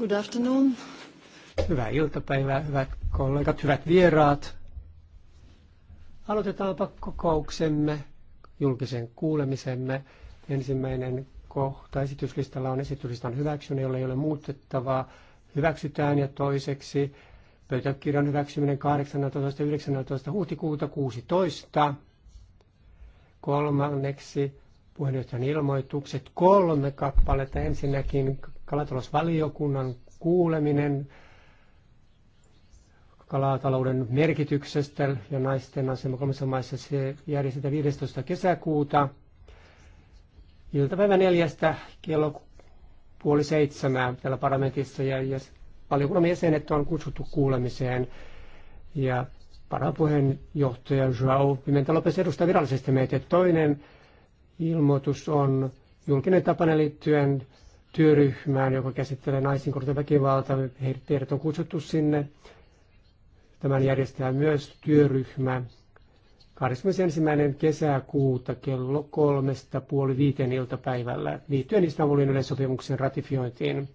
Good afternoon. Hyvää iltapäivää, hyvät kollegat, hyvät vieraat. Aloitetaanpa kokouksemme, julkisen kuulemisemme. Ensimmäinen kohta esityslistalla on esityslistan hyväksyminen, jolle ei ole muutettavaa. Hyväksytään ja toiseksi pöytäkirjan hyväksyminen 18. ja 19. huhtikuuta 16. Kolmanneksi puheenjohtajan ilmoitukset kolme kappaletta. Ensinnäkin kalatalousvaliokunnan kuuleminen kalatalouden merkityksestä ja naisten asema kolmessa maissa se järjestetään 15. kesäkuuta iltapäivä neljästä kello puoli seitsemää täällä parlamentissa ja, ja valiokunnan jäsenet on kutsuttu kuulemiseen ja parapuheenjohtaja Joao Pimenta Lopes edustaa virallisesti meitä. Toinen ilmoitus on julkinen tapana liittyen työryhmään, joka käsittelee naisiin kohdistuvaa väkivaltaa. Heidät on kutsuttu sinne. Tämän järjestää myös työryhmä 21. kesäkuuta kello kolmesta puoli viiteen iltapäivällä liittyen Istanbulin yleissopimuksen ratifiointiin.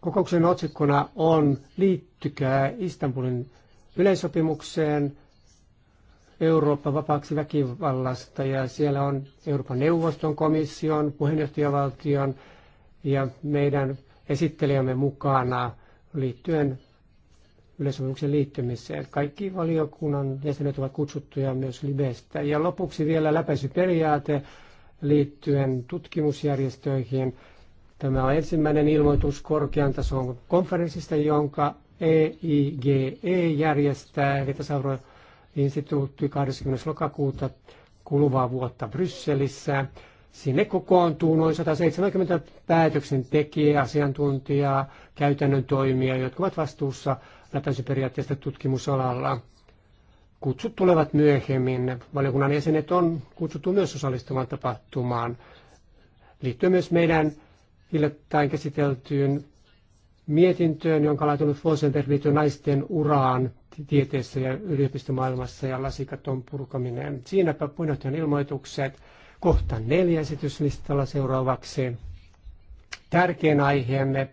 Kokouksen otsikkona on Liittykää Istanbulin yleissopimukseen – Eurooppa vapaaksi väkivallasta ja siellä on Euroopan neuvoston komission, puheenjohtajavaltion ja meidän esittelijämme mukana liittyen yleisopimuksen liittymiseen. Kaikki valiokunnan jäsenet ovat kutsuttuja myös Libestä. Ja lopuksi vielä läpäisyperiaate liittyen tutkimusjärjestöihin. Tämä on ensimmäinen ilmoitus korkean tason konferenssista, jonka EIGE e järjestää, eli tasa instituutti 20. lokakuuta kuluvaa vuotta Brysselissä. Sinne kokoontuu noin 170 päätöksentekijää, asiantuntijaa, käytännön toimia, jotka ovat vastuussa ratkaisuperiaatteesta tutkimusalalla. Kutsut tulevat myöhemmin. Valiokunnan jäsenet on kutsuttu myös osallistumaan tapahtumaan. Liittyy myös meidän hiljattain käsiteltyyn mietintöön, jonka laitunut Fosenberg liittyy naisten uraan tieteessä ja yliopistomaailmassa ja lasikaton purkaminen. Siinäpä puheenjohtajan ilmoitukset. Kohta neljä esityslistalla seuraavaksi. Tärkein aiheemme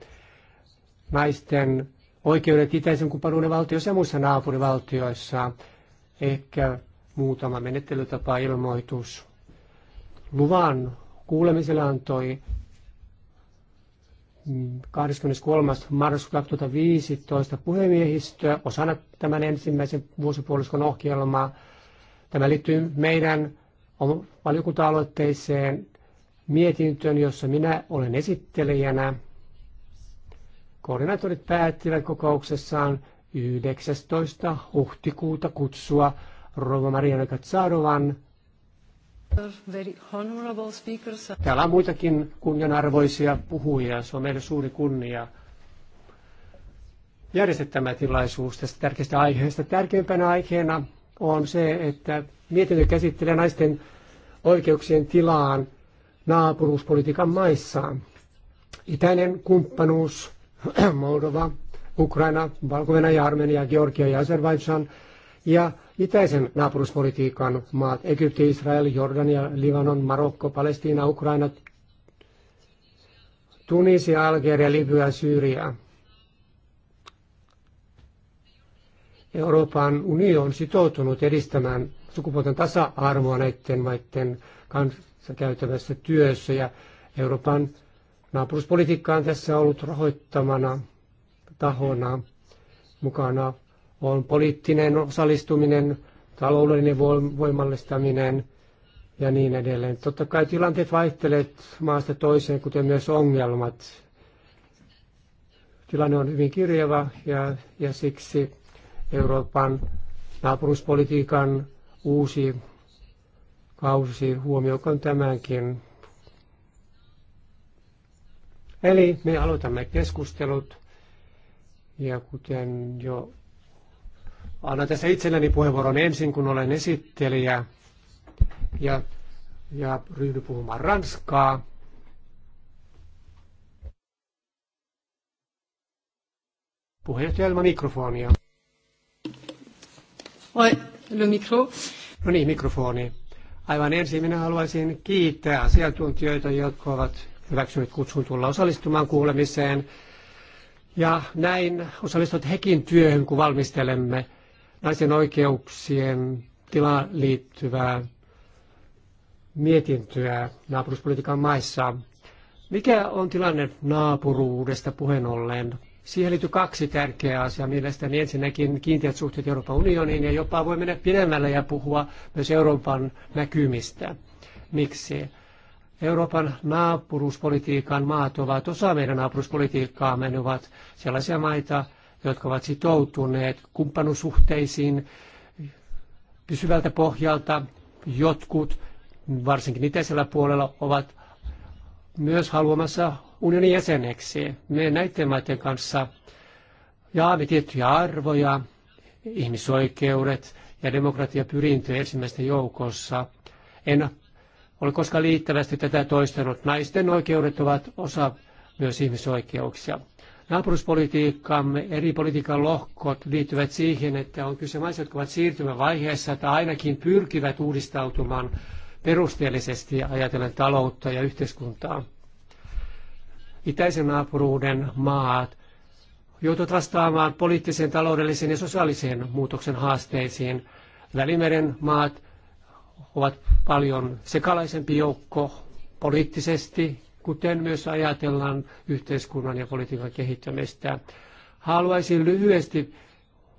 naisten oikeudet itäisen kumppanuuden valtioissa ja muissa naapurivaltioissa. Ehkä muutama menettelytapa ilmoitus. Luvan kuulemiselle antoi 23. marraskuuta 2015 puhemiehistöä osana tämän ensimmäisen vuosipuoliskon ohjelmaa. Tämä liittyy meidän valiokunta-aloitteiseen mietintöön, jossa minä olen esittelijänä. Koordinaattorit päättivät kokouksessaan 19. huhtikuuta kutsua Rova Maria Katsarovan Täällä on muitakin kunnianarvoisia puhujia. Se on meille suuri kunnia järjestää tämä tilaisuus tästä tärkeästä aiheesta. Tärkeimpänä aiheena on se, että mietintö käsittelee naisten oikeuksien tilaan naapuruuspolitiikan maissaan. Itäinen kumppanuus, Moldova, Ukraina, valko venäjä Armenia, Georgia ja Azerbaijan ja itäisen naapuruspolitiikan maat, Egypti, Israel, Jordania, Libanon, Marokko, Palestiina, Ukraina, Tunisia, Algeria, Libya, Syyria. Euroopan unio on sitoutunut edistämään sukupuolten tasa-arvoa näiden maiden kanssa käytävässä työssä ja Euroopan naapuruspolitiikka on tässä ollut rahoittamana tahona mukana on poliittinen osallistuminen, taloudellinen voimallistaminen ja niin edelleen. Totta kai tilanteet vaihtelevat maasta toiseen, kuten myös ongelmat. Tilanne on hyvin kirjava ja, ja siksi Euroopan naapuruspolitiikan uusi kausi huomioon tämänkin. Eli me aloitamme keskustelut ja kuten jo Annan tässä itselleni puheenvuoron ensin, kun olen esittelijä ja, ja ryhdy puhumaan ranskaa. Puheenjohtaja ilman mikrofonia. Oi, le mikro. No niin, mikrofoni. Aivan ensin minä haluaisin kiittää asiantuntijoita, jotka ovat hyväksyneet kutsun tulla osallistumaan kuulemiseen. Ja näin osallistut hekin työhön, kun valmistelemme naisen oikeuksien tilaan liittyvää mietintöä naapuruspolitiikan maissa. Mikä on tilanne naapuruudesta puheen ollen? Siihen liittyy kaksi tärkeää asiaa mielestäni. Ensinnäkin kiinteät suhteet Euroopan unioniin ja jopa voi mennä pidemmälle ja puhua myös Euroopan näkymistä. Miksi? Euroopan naapuruuspolitiikan maat ovat osa meidän naapuruspolitiikkaa Ne ovat sellaisia maita, jotka ovat sitoutuneet kumppanusuhteisiin pysyvältä pohjalta. Jotkut, varsinkin itäisellä puolella, ovat myös haluamassa unionin jäseneksi. Me näiden maiden kanssa jaamme tiettyjä arvoja, ihmisoikeudet ja demokratiapyrintö ensimmäistä joukossa. En ole koskaan liittävästi tätä toistanut. Naisten oikeudet ovat osa myös ihmisoikeuksia. Naapuruspolitiikkamme eri politiikan lohkot liittyvät siihen, että on kyse maista, jotka ovat siirtymävaiheessa tai ainakin pyrkivät uudistautumaan perusteellisesti ajatellen taloutta ja yhteiskuntaa. Itäisen naapuruuden maat joutuvat vastaamaan poliittiseen, taloudelliseen ja sosiaaliseen muutoksen haasteisiin. Välimeren maat ovat paljon sekalaisempi joukko poliittisesti kuten myös ajatellaan yhteiskunnan ja politiikan kehittämistä. Haluaisin lyhyesti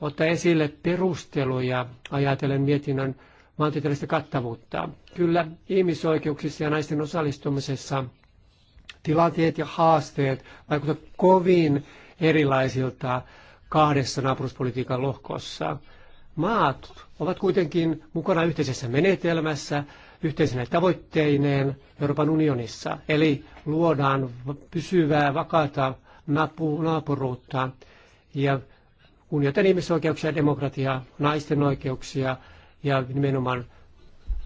ottaa esille perusteluja ajatellen mietinnän maantieteellistä kattavuutta. Kyllä ihmisoikeuksissa ja naisten osallistumisessa tilanteet ja haasteet vaikuttavat kovin erilaisilta kahdessa naapuruspolitiikan lohkossa. Maat ovat kuitenkin mukana yhteisessä menetelmässä, yhteisenä tavoitteineen Euroopan unionissa. Eli luodaan pysyvää, vakaata naapuruutta ja kunnioitetaan ihmisoikeuksia, demokratiaa, naisten oikeuksia ja nimenomaan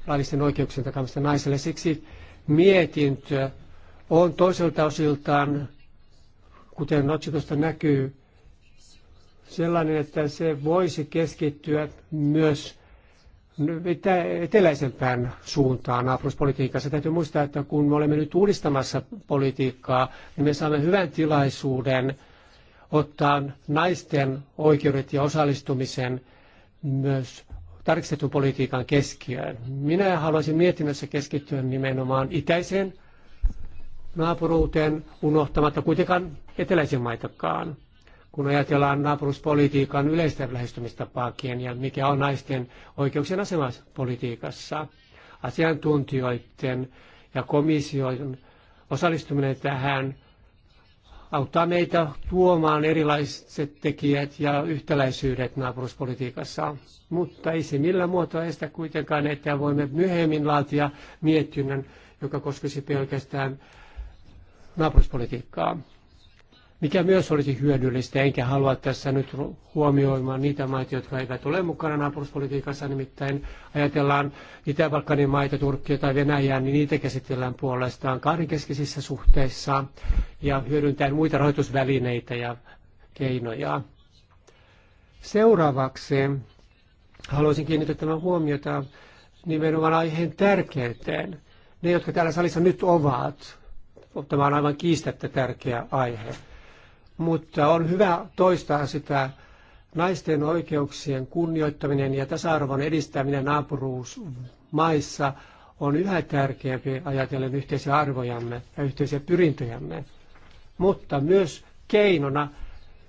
laillisten oikeuksien takamista naiselle. Siksi mietintö on toiselta osiltaan, kuten otsikosta näkyy, sellainen, että se voisi keskittyä myös mitä eteläisempään suuntaan naapuruspolitiikassa. Täytyy muistaa, että kun me olemme nyt uudistamassa politiikkaa, niin me saamme hyvän tilaisuuden ottaa naisten oikeudet ja osallistumisen myös tarkistetun politiikan keskiöön. Minä haluaisin mietinnössä keskittyä nimenomaan itäiseen naapuruuteen unohtamatta kuitenkaan eteläisen maitakaan kun ajatellaan naapuruspolitiikan yleistä lähestymistapaakin ja mikä on naisten oikeuksien asema politiikassa. Asiantuntijoiden ja komission osallistuminen tähän auttaa meitä tuomaan erilaiset tekijät ja yhtäläisyydet naapuruspolitiikassa. Mutta ei se millään muotoa estä kuitenkaan, että voimme myöhemmin laatia miettinnän, joka koskisi pelkästään naapuruspolitiikkaa mikä myös olisi hyödyllistä. Enkä halua tässä nyt huomioimaan niitä maita, jotka eivät ole mukana naapuruspolitiikassa, nimittäin ajatellaan Itä-Balkanin maita, Turkkia tai Venäjää, niin niitä käsitellään puolestaan kahdenkeskisissä suhteissa ja hyödyntäen muita rahoitusvälineitä ja keinoja. Seuraavaksi haluaisin kiinnittää tämän huomiota nimenomaan aiheen tärkeyteen. Ne, jotka täällä salissa nyt ovat, tämä on aivan kiistettä tärkeä aihe mutta on hyvä toistaa sitä naisten oikeuksien kunnioittaminen ja tasa-arvon edistäminen naapuruusmaissa on yhä tärkeämpi ajatellen yhteisiä arvojamme ja yhteisiä pyrintöjämme, mutta myös keinona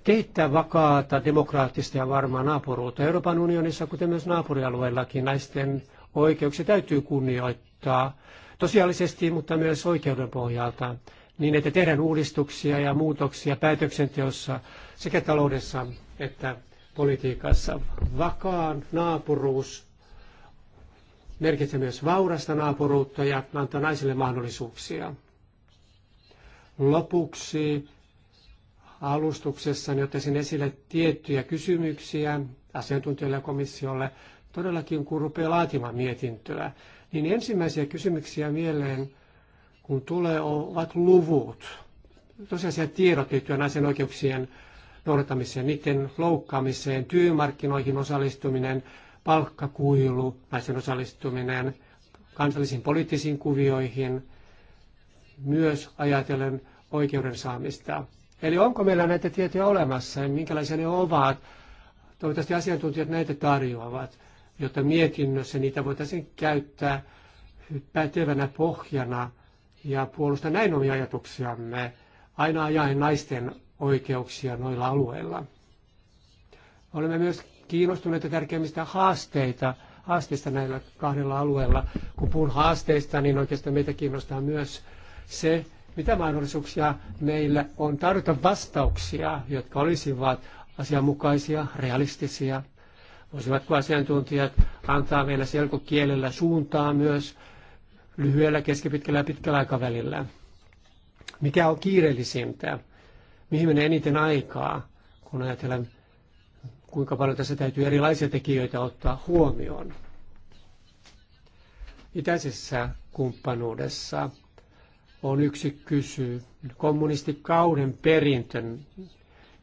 kehittää vakaata, demokraattista ja varmaa naapuruutta. Euroopan unionissa, kuten myös naapurialueillakin, naisten oikeuksia täytyy kunnioittaa tosiaalisesti, mutta myös oikeuden pohjalta niin että tehdään uudistuksia ja muutoksia päätöksenteossa sekä taloudessa että politiikassa. Vakaan naapuruus merkitsee myös vaurasta naapuruutta ja antaa naisille mahdollisuuksia. Lopuksi alustuksessa ottaisin esille tiettyjä kysymyksiä asiantuntijoille ja komissiolle. Todellakin kun rupeaa laatimaan mietintöä, niin ensimmäisiä kysymyksiä mieleen – kun tulee, ovat luvut. siellä tiedot liittyen naisen oikeuksien noudattamiseen, niiden loukkaamiseen, työmarkkinoihin osallistuminen, palkkakuilu, naisen osallistuminen kansallisiin poliittisiin kuvioihin, myös ajatellen oikeuden saamista. Eli onko meillä näitä tietoja olemassa ja minkälaisia ne ovat? Toivottavasti asiantuntijat näitä tarjoavat, jotta mietinnössä niitä voitaisiin käyttää pätevänä pohjana ja puolusta näin omia ajatuksiamme aina ajaen naisten oikeuksia noilla alueilla. Olemme myös kiinnostuneita tärkeimmistä haasteita, haasteista näillä kahdella alueella. Kun puhun haasteista, niin oikeastaan meitä kiinnostaa myös se, mitä mahdollisuuksia meillä on tarjota vastauksia, jotka olisivat asianmukaisia, realistisia. Voisivatko asiantuntijat antaa meillä selkokielellä suuntaa myös lyhyellä, keskipitkällä ja pitkällä aikavälillä. Mikä on kiireellisintä? Mihin menee eniten aikaa, kun ajatellaan, kuinka paljon tässä täytyy erilaisia tekijöitä ottaa huomioon? Itäisessä kumppanuudessa on yksi kysy kommunistikauden perintön,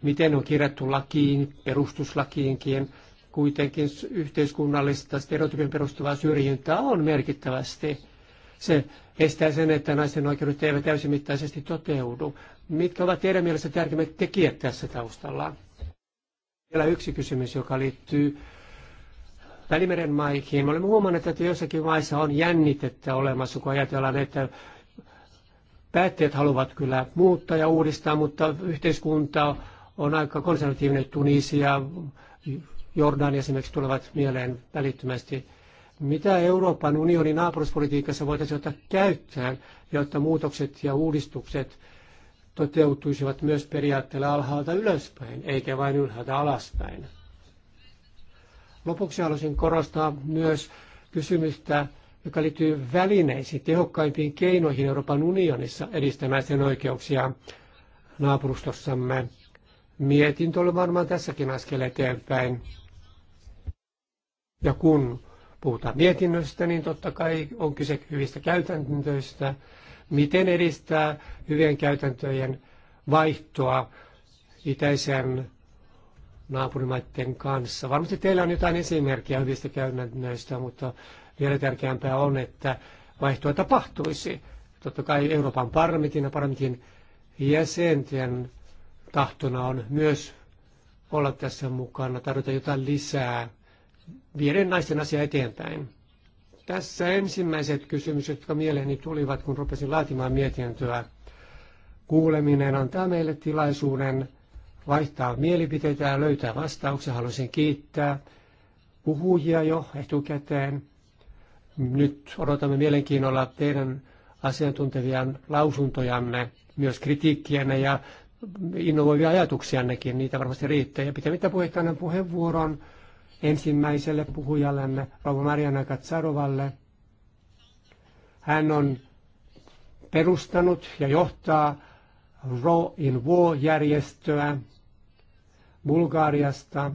miten on kirjattu lakiin, perustuslakiinkin, kuitenkin yhteiskunnallista stereotypin perustuvaa syrjintää on merkittävästi. Se estää sen, että naisten oikeudet eivät täysimittaisesti toteudu. Mitkä ovat teidän mielestä tärkeimmät tekijät tässä taustalla? Vielä yksi kysymys, joka liittyy Välimeren maihin. Me olemme huomanneet, että joissakin maissa on jännitettä olemassa, kun ajatellaan, että päätteet haluavat kyllä muuttaa ja uudistaa, mutta yhteiskunta on aika konservatiivinen Tunisia, Jordania esimerkiksi tulevat mieleen välittömästi mitä Euroopan unionin naapuruspolitiikassa voitaisiin ottaa käyttöön, jotta muutokset ja uudistukset toteutuisivat myös periaatteella alhaalta ylöspäin, eikä vain ylhäältä alaspäin. Lopuksi haluaisin korostaa myös kysymystä, joka liittyy välineisiin, tehokkaimpiin keinoihin Euroopan unionissa edistämään sen oikeuksia naapurustossamme. Mietintö oli varmaan tässäkin askel eteenpäin. Ja kun puhutaan mietinnöstä, niin totta kai on kyse hyvistä käytäntöistä, miten edistää hyvien käytäntöjen vaihtoa itäisen naapurimaiden kanssa. Varmasti teillä on jotain esimerkkiä hyvistä käytännöistä, mutta vielä tärkeämpää on, että vaihtoa tapahtuisi. Totta kai Euroopan parlamentin ja parlamentin jäsenten tahtona on myös olla tässä mukana, tarjota jotain lisää viiden naisten asia eteenpäin. Tässä ensimmäiset kysymykset, jotka mieleeni tulivat, kun rupesin laatimaan mietintöä. Kuuleminen antaa meille tilaisuuden vaihtaa mielipiteitä ja löytää vastauksia. Haluaisin kiittää puhujia jo etukäteen. Nyt odotamme mielenkiinnolla teidän asiantuntevien lausuntojanne, myös kritiikkienne ja innovoivia ajatuksiannekin. Niitä varmasti riittää. Ja pitämättä puheenjohtajan puheenvuoron ensimmäiselle puhujallemme, Rauva Mariana Katsarovalle. Hän on perustanut ja johtaa Raw in War-järjestöä Bulgariasta.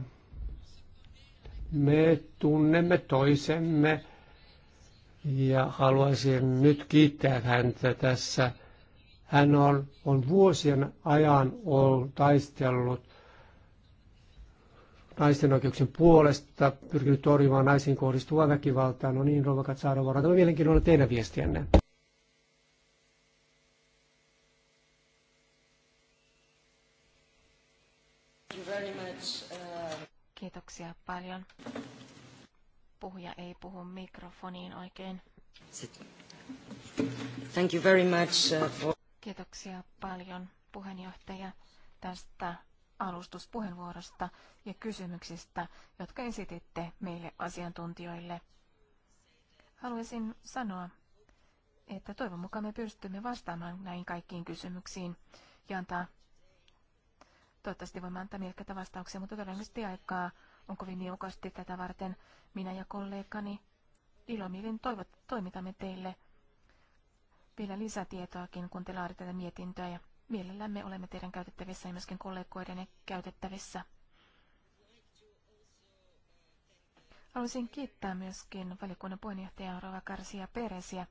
Me tunnemme toisemme ja haluaisin nyt kiittää häntä tässä. Hän on, on vuosien ajan ollut taistellut naisten oikeuksien puolesta, pyrkinyt torjumaan naisiin kohdistuvaa väkivaltaa. No niin, Rova Katsaarova, odotamme mielenkiinnolla teidän viestiänne. Uh, Kiitoksia paljon. Puhuja ei puhu mikrofoniin oikein. Thank you very much uh, for... Kiitoksia paljon puheenjohtaja tästä alustuspuheenvuorosta ja kysymyksistä, jotka esititte meille asiantuntijoille. Haluaisin sanoa, että toivon mukaan me pystymme vastaamaan näihin kaikkiin kysymyksiin ja antaa, toivottavasti voimme antaa mielekkäitä vastauksia, mutta todennäköisesti aikaa on kovin niukasti tätä varten. Minä ja kollegani ilomielin toivot, toimitamme teille vielä lisätietoakin, kun te laaditte tätä mietintöä ja Mielellämme olemme teidän käytettävissä ja myöskin kollegoiden käytettävissä. Haluaisin kiittää myöskin valiokunnan puheenjohtaja Rova Karsia Peresiä.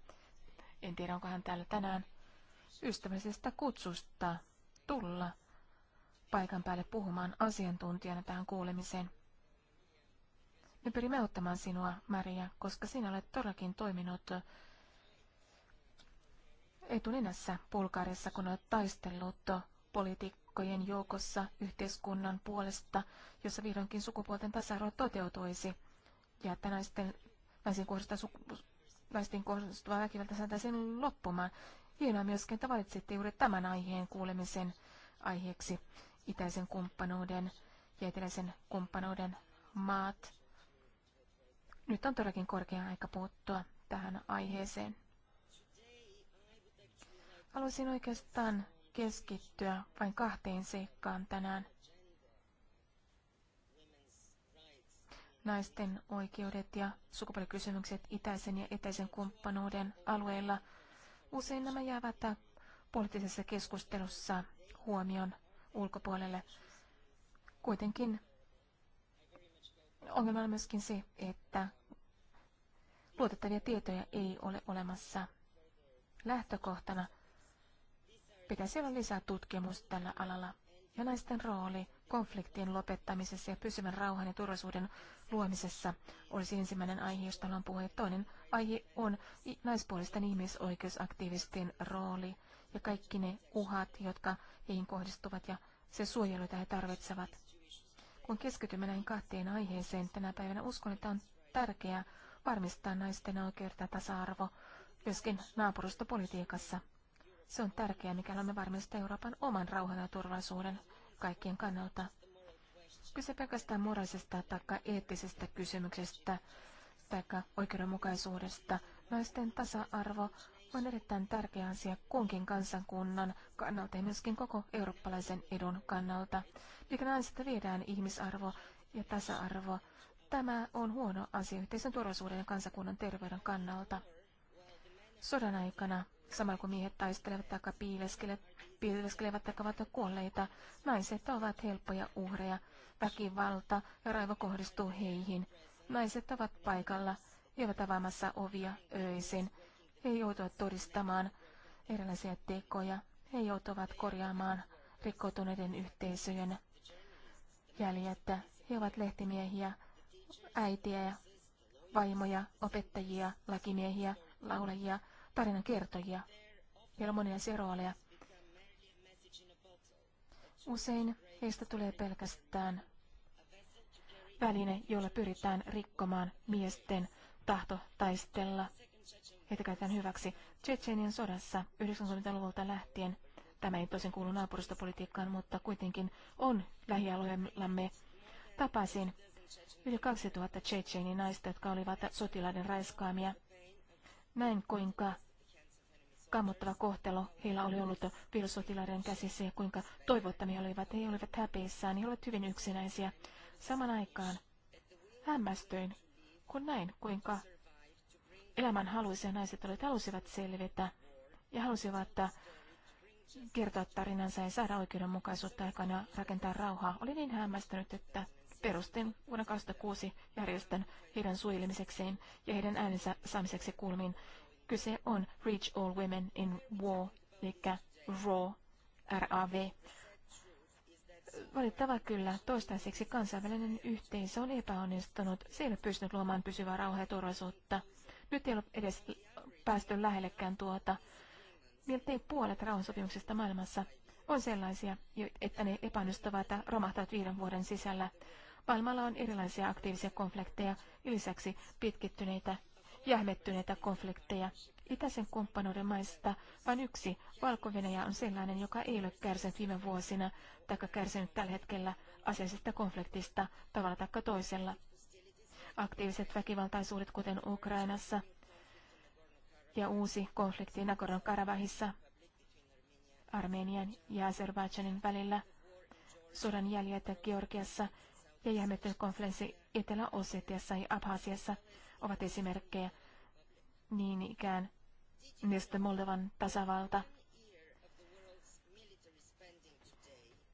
En tiedä, onko hän täällä tänään ystävällisestä kutsusta tulla paikan päälle puhumaan asiantuntijana tähän kuulemiseen. Me pyrimme auttamaan sinua, Maria, koska sinä olet todellakin toiminut etunenässä Bulgariassa, kun olet taistellut poliitikkojen joukossa yhteiskunnan puolesta, jossa vihdoinkin sukupuolten tasa-arvo toteutuisi ja että naisten, naisiin kohdistuva, suku, naisiin kohdistuva väkivalta saataisiin loppumaan. Hienoa myöskin, että valitsitte juuri tämän aiheen kuulemisen aiheeksi itäisen kumppanuuden ja eteläisen kumppanuuden maat. Nyt on todellakin korkea aika puuttua tähän aiheeseen. Haluaisin oikeastaan keskittyä vain kahteen seikkaan tänään. Naisten oikeudet ja sukupuolikysymykset itäisen ja etäisen kumppanuuden alueilla. Usein nämä jäävät poliittisessa keskustelussa huomion ulkopuolelle. Kuitenkin ongelma on myöskin se, että luotettavia tietoja ei ole olemassa. Lähtökohtana Pitäisi olla lisää tutkimusta tällä alalla. Ja naisten rooli konfliktien lopettamisessa ja pysyvän rauhan ja turvallisuuden luomisessa olisi ensimmäinen aihe, josta haluan puhua. Toinen aihe on naispuolisten ihmisoikeusaktivistien rooli ja kaikki ne uhat, jotka heihin kohdistuvat ja se suojelu, jota he tarvitsevat. Kun keskitymme näihin kahteen aiheeseen tänä päivänä, uskon, että on tärkeää varmistaa naisten oikeutta ja tasa-arvo myöskin naapurustopolitiikassa. Se on tärkeää, mikä me varmistaa Euroopan oman rauhan ja turvallisuuden kaikkien kannalta. Kyse pelkästään moraalisesta tai eettisestä kysymyksestä tai oikeudenmukaisuudesta. Naisten tasa-arvo on erittäin tärkeä asia kunkin kansankunnan kannalta ja myöskin koko eurooppalaisen edun kannalta. Mikä naisista viedään ihmisarvo ja tasa-arvo. Tämä on huono asia yhteisen turvallisuuden ja kansakunnan terveyden kannalta. Sodan aikana Samalla kun miehet taistelevat tai piileskelevat, piileskelevat tai ovat kuolleita, naiset ovat helppoja uhreja. Väkivalta ja raivo kohdistuu heihin. Naiset ovat paikalla, eivät avaamassa ovia öisin. He joutuvat todistamaan erilaisia tekoja. He joutuvat korjaamaan rikkoutuneiden yhteisöjen jäljettä. He ovat lehtimiehiä, äitiä ja vaimoja, opettajia, lakimiehiä, laulajia – tarinan kertojia. Meillä on monia seroaleja. Usein heistä tulee pelkästään väline, jolla pyritään rikkomaan miesten tahto taistella. Heitä käytetään hyväksi. Tsetseenien sodassa 90-luvulta lähtien, tämä ei tosin kuulu naapuristopolitiikkaan, mutta kuitenkin on lähialueellamme, tapasin yli 2000 Tsetseenin naista, jotka olivat sotilaiden raiskaamia. Näin kuinka kammottava kohtelo heillä oli ollut piilosotilaiden käsissä ja kuinka toivottamia olivat. He olivat häpeissään, he olivat hyvin yksinäisiä. Saman aikaan hämmästyin, kun näin, kuinka elämän haluisia naiset olivat, halusivat selvitä ja halusivat kertoa tarinansa ja saada oikeudenmukaisuutta aikana rakentaa rauhaa. Oli niin hämmästynyt, että perustin vuonna 2006 järjestön heidän suojelemisekseen ja heidän äänensä saamiseksi kulmiin. Kyse on Reach All Women in War, eli RAW, RAV. Valittava kyllä, toistaiseksi kansainvälinen yhteisö on epäonnistunut. Se ei ole pystynyt luomaan pysyvää rauhaa ja turvallisuutta. Nyt ei ole edes päästy lähellekään tuota. Miltei puolet rauhansopimuksesta maailmassa on sellaisia, että ne epäonnistuvat ja romahtavat viiden vuoden sisällä. Maailmalla on erilaisia aktiivisia konflikteja lisäksi pitkittyneitä, jähmettyneitä konflikteja. Itäisen kumppanuuden maista vain yksi, valko on sellainen, joka ei ole kärsinyt viime vuosina tai kärsinyt tällä hetkellä aseellisesta konfliktista tavalla tai toisella. Aktiiviset väkivaltaisuudet, kuten Ukrainassa ja uusi konflikti Nagorno-Karabahissa, Armenian ja Azerbaidžanin välillä, sodan jäljet Georgiassa ja jähmettelykonferenssi Etelä-Osetiassa ja Abhasiassa ovat esimerkkejä. Niin ikään Neste Moldovan tasavalta.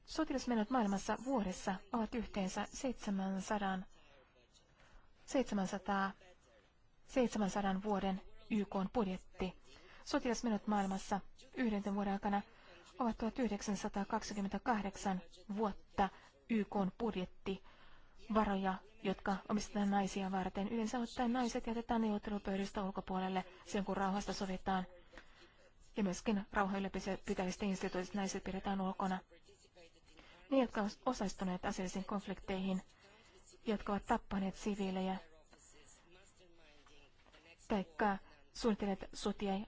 Sotilasmenot maailmassa vuodessa ovat yhteensä 700, 700, 700 vuoden YK budjetti. Sotilasmenot maailmassa yhdenten vuoden aikana ovat 1928 vuotta YK budjetti varoja, jotka omistetaan naisia varten. Yleensä ottaen naiset jätetään neuvottelupöydästä ulkopuolelle sen, kun rauhasta sovitaan. Ja myöskin rauhoille pitävistä instituutista naiset pidetään ulkona. Ne, jotka ovat osallistuneet aseellisiin konflikteihin, jotka ovat tappaneet siviilejä, tai suunnitelleet sotia ja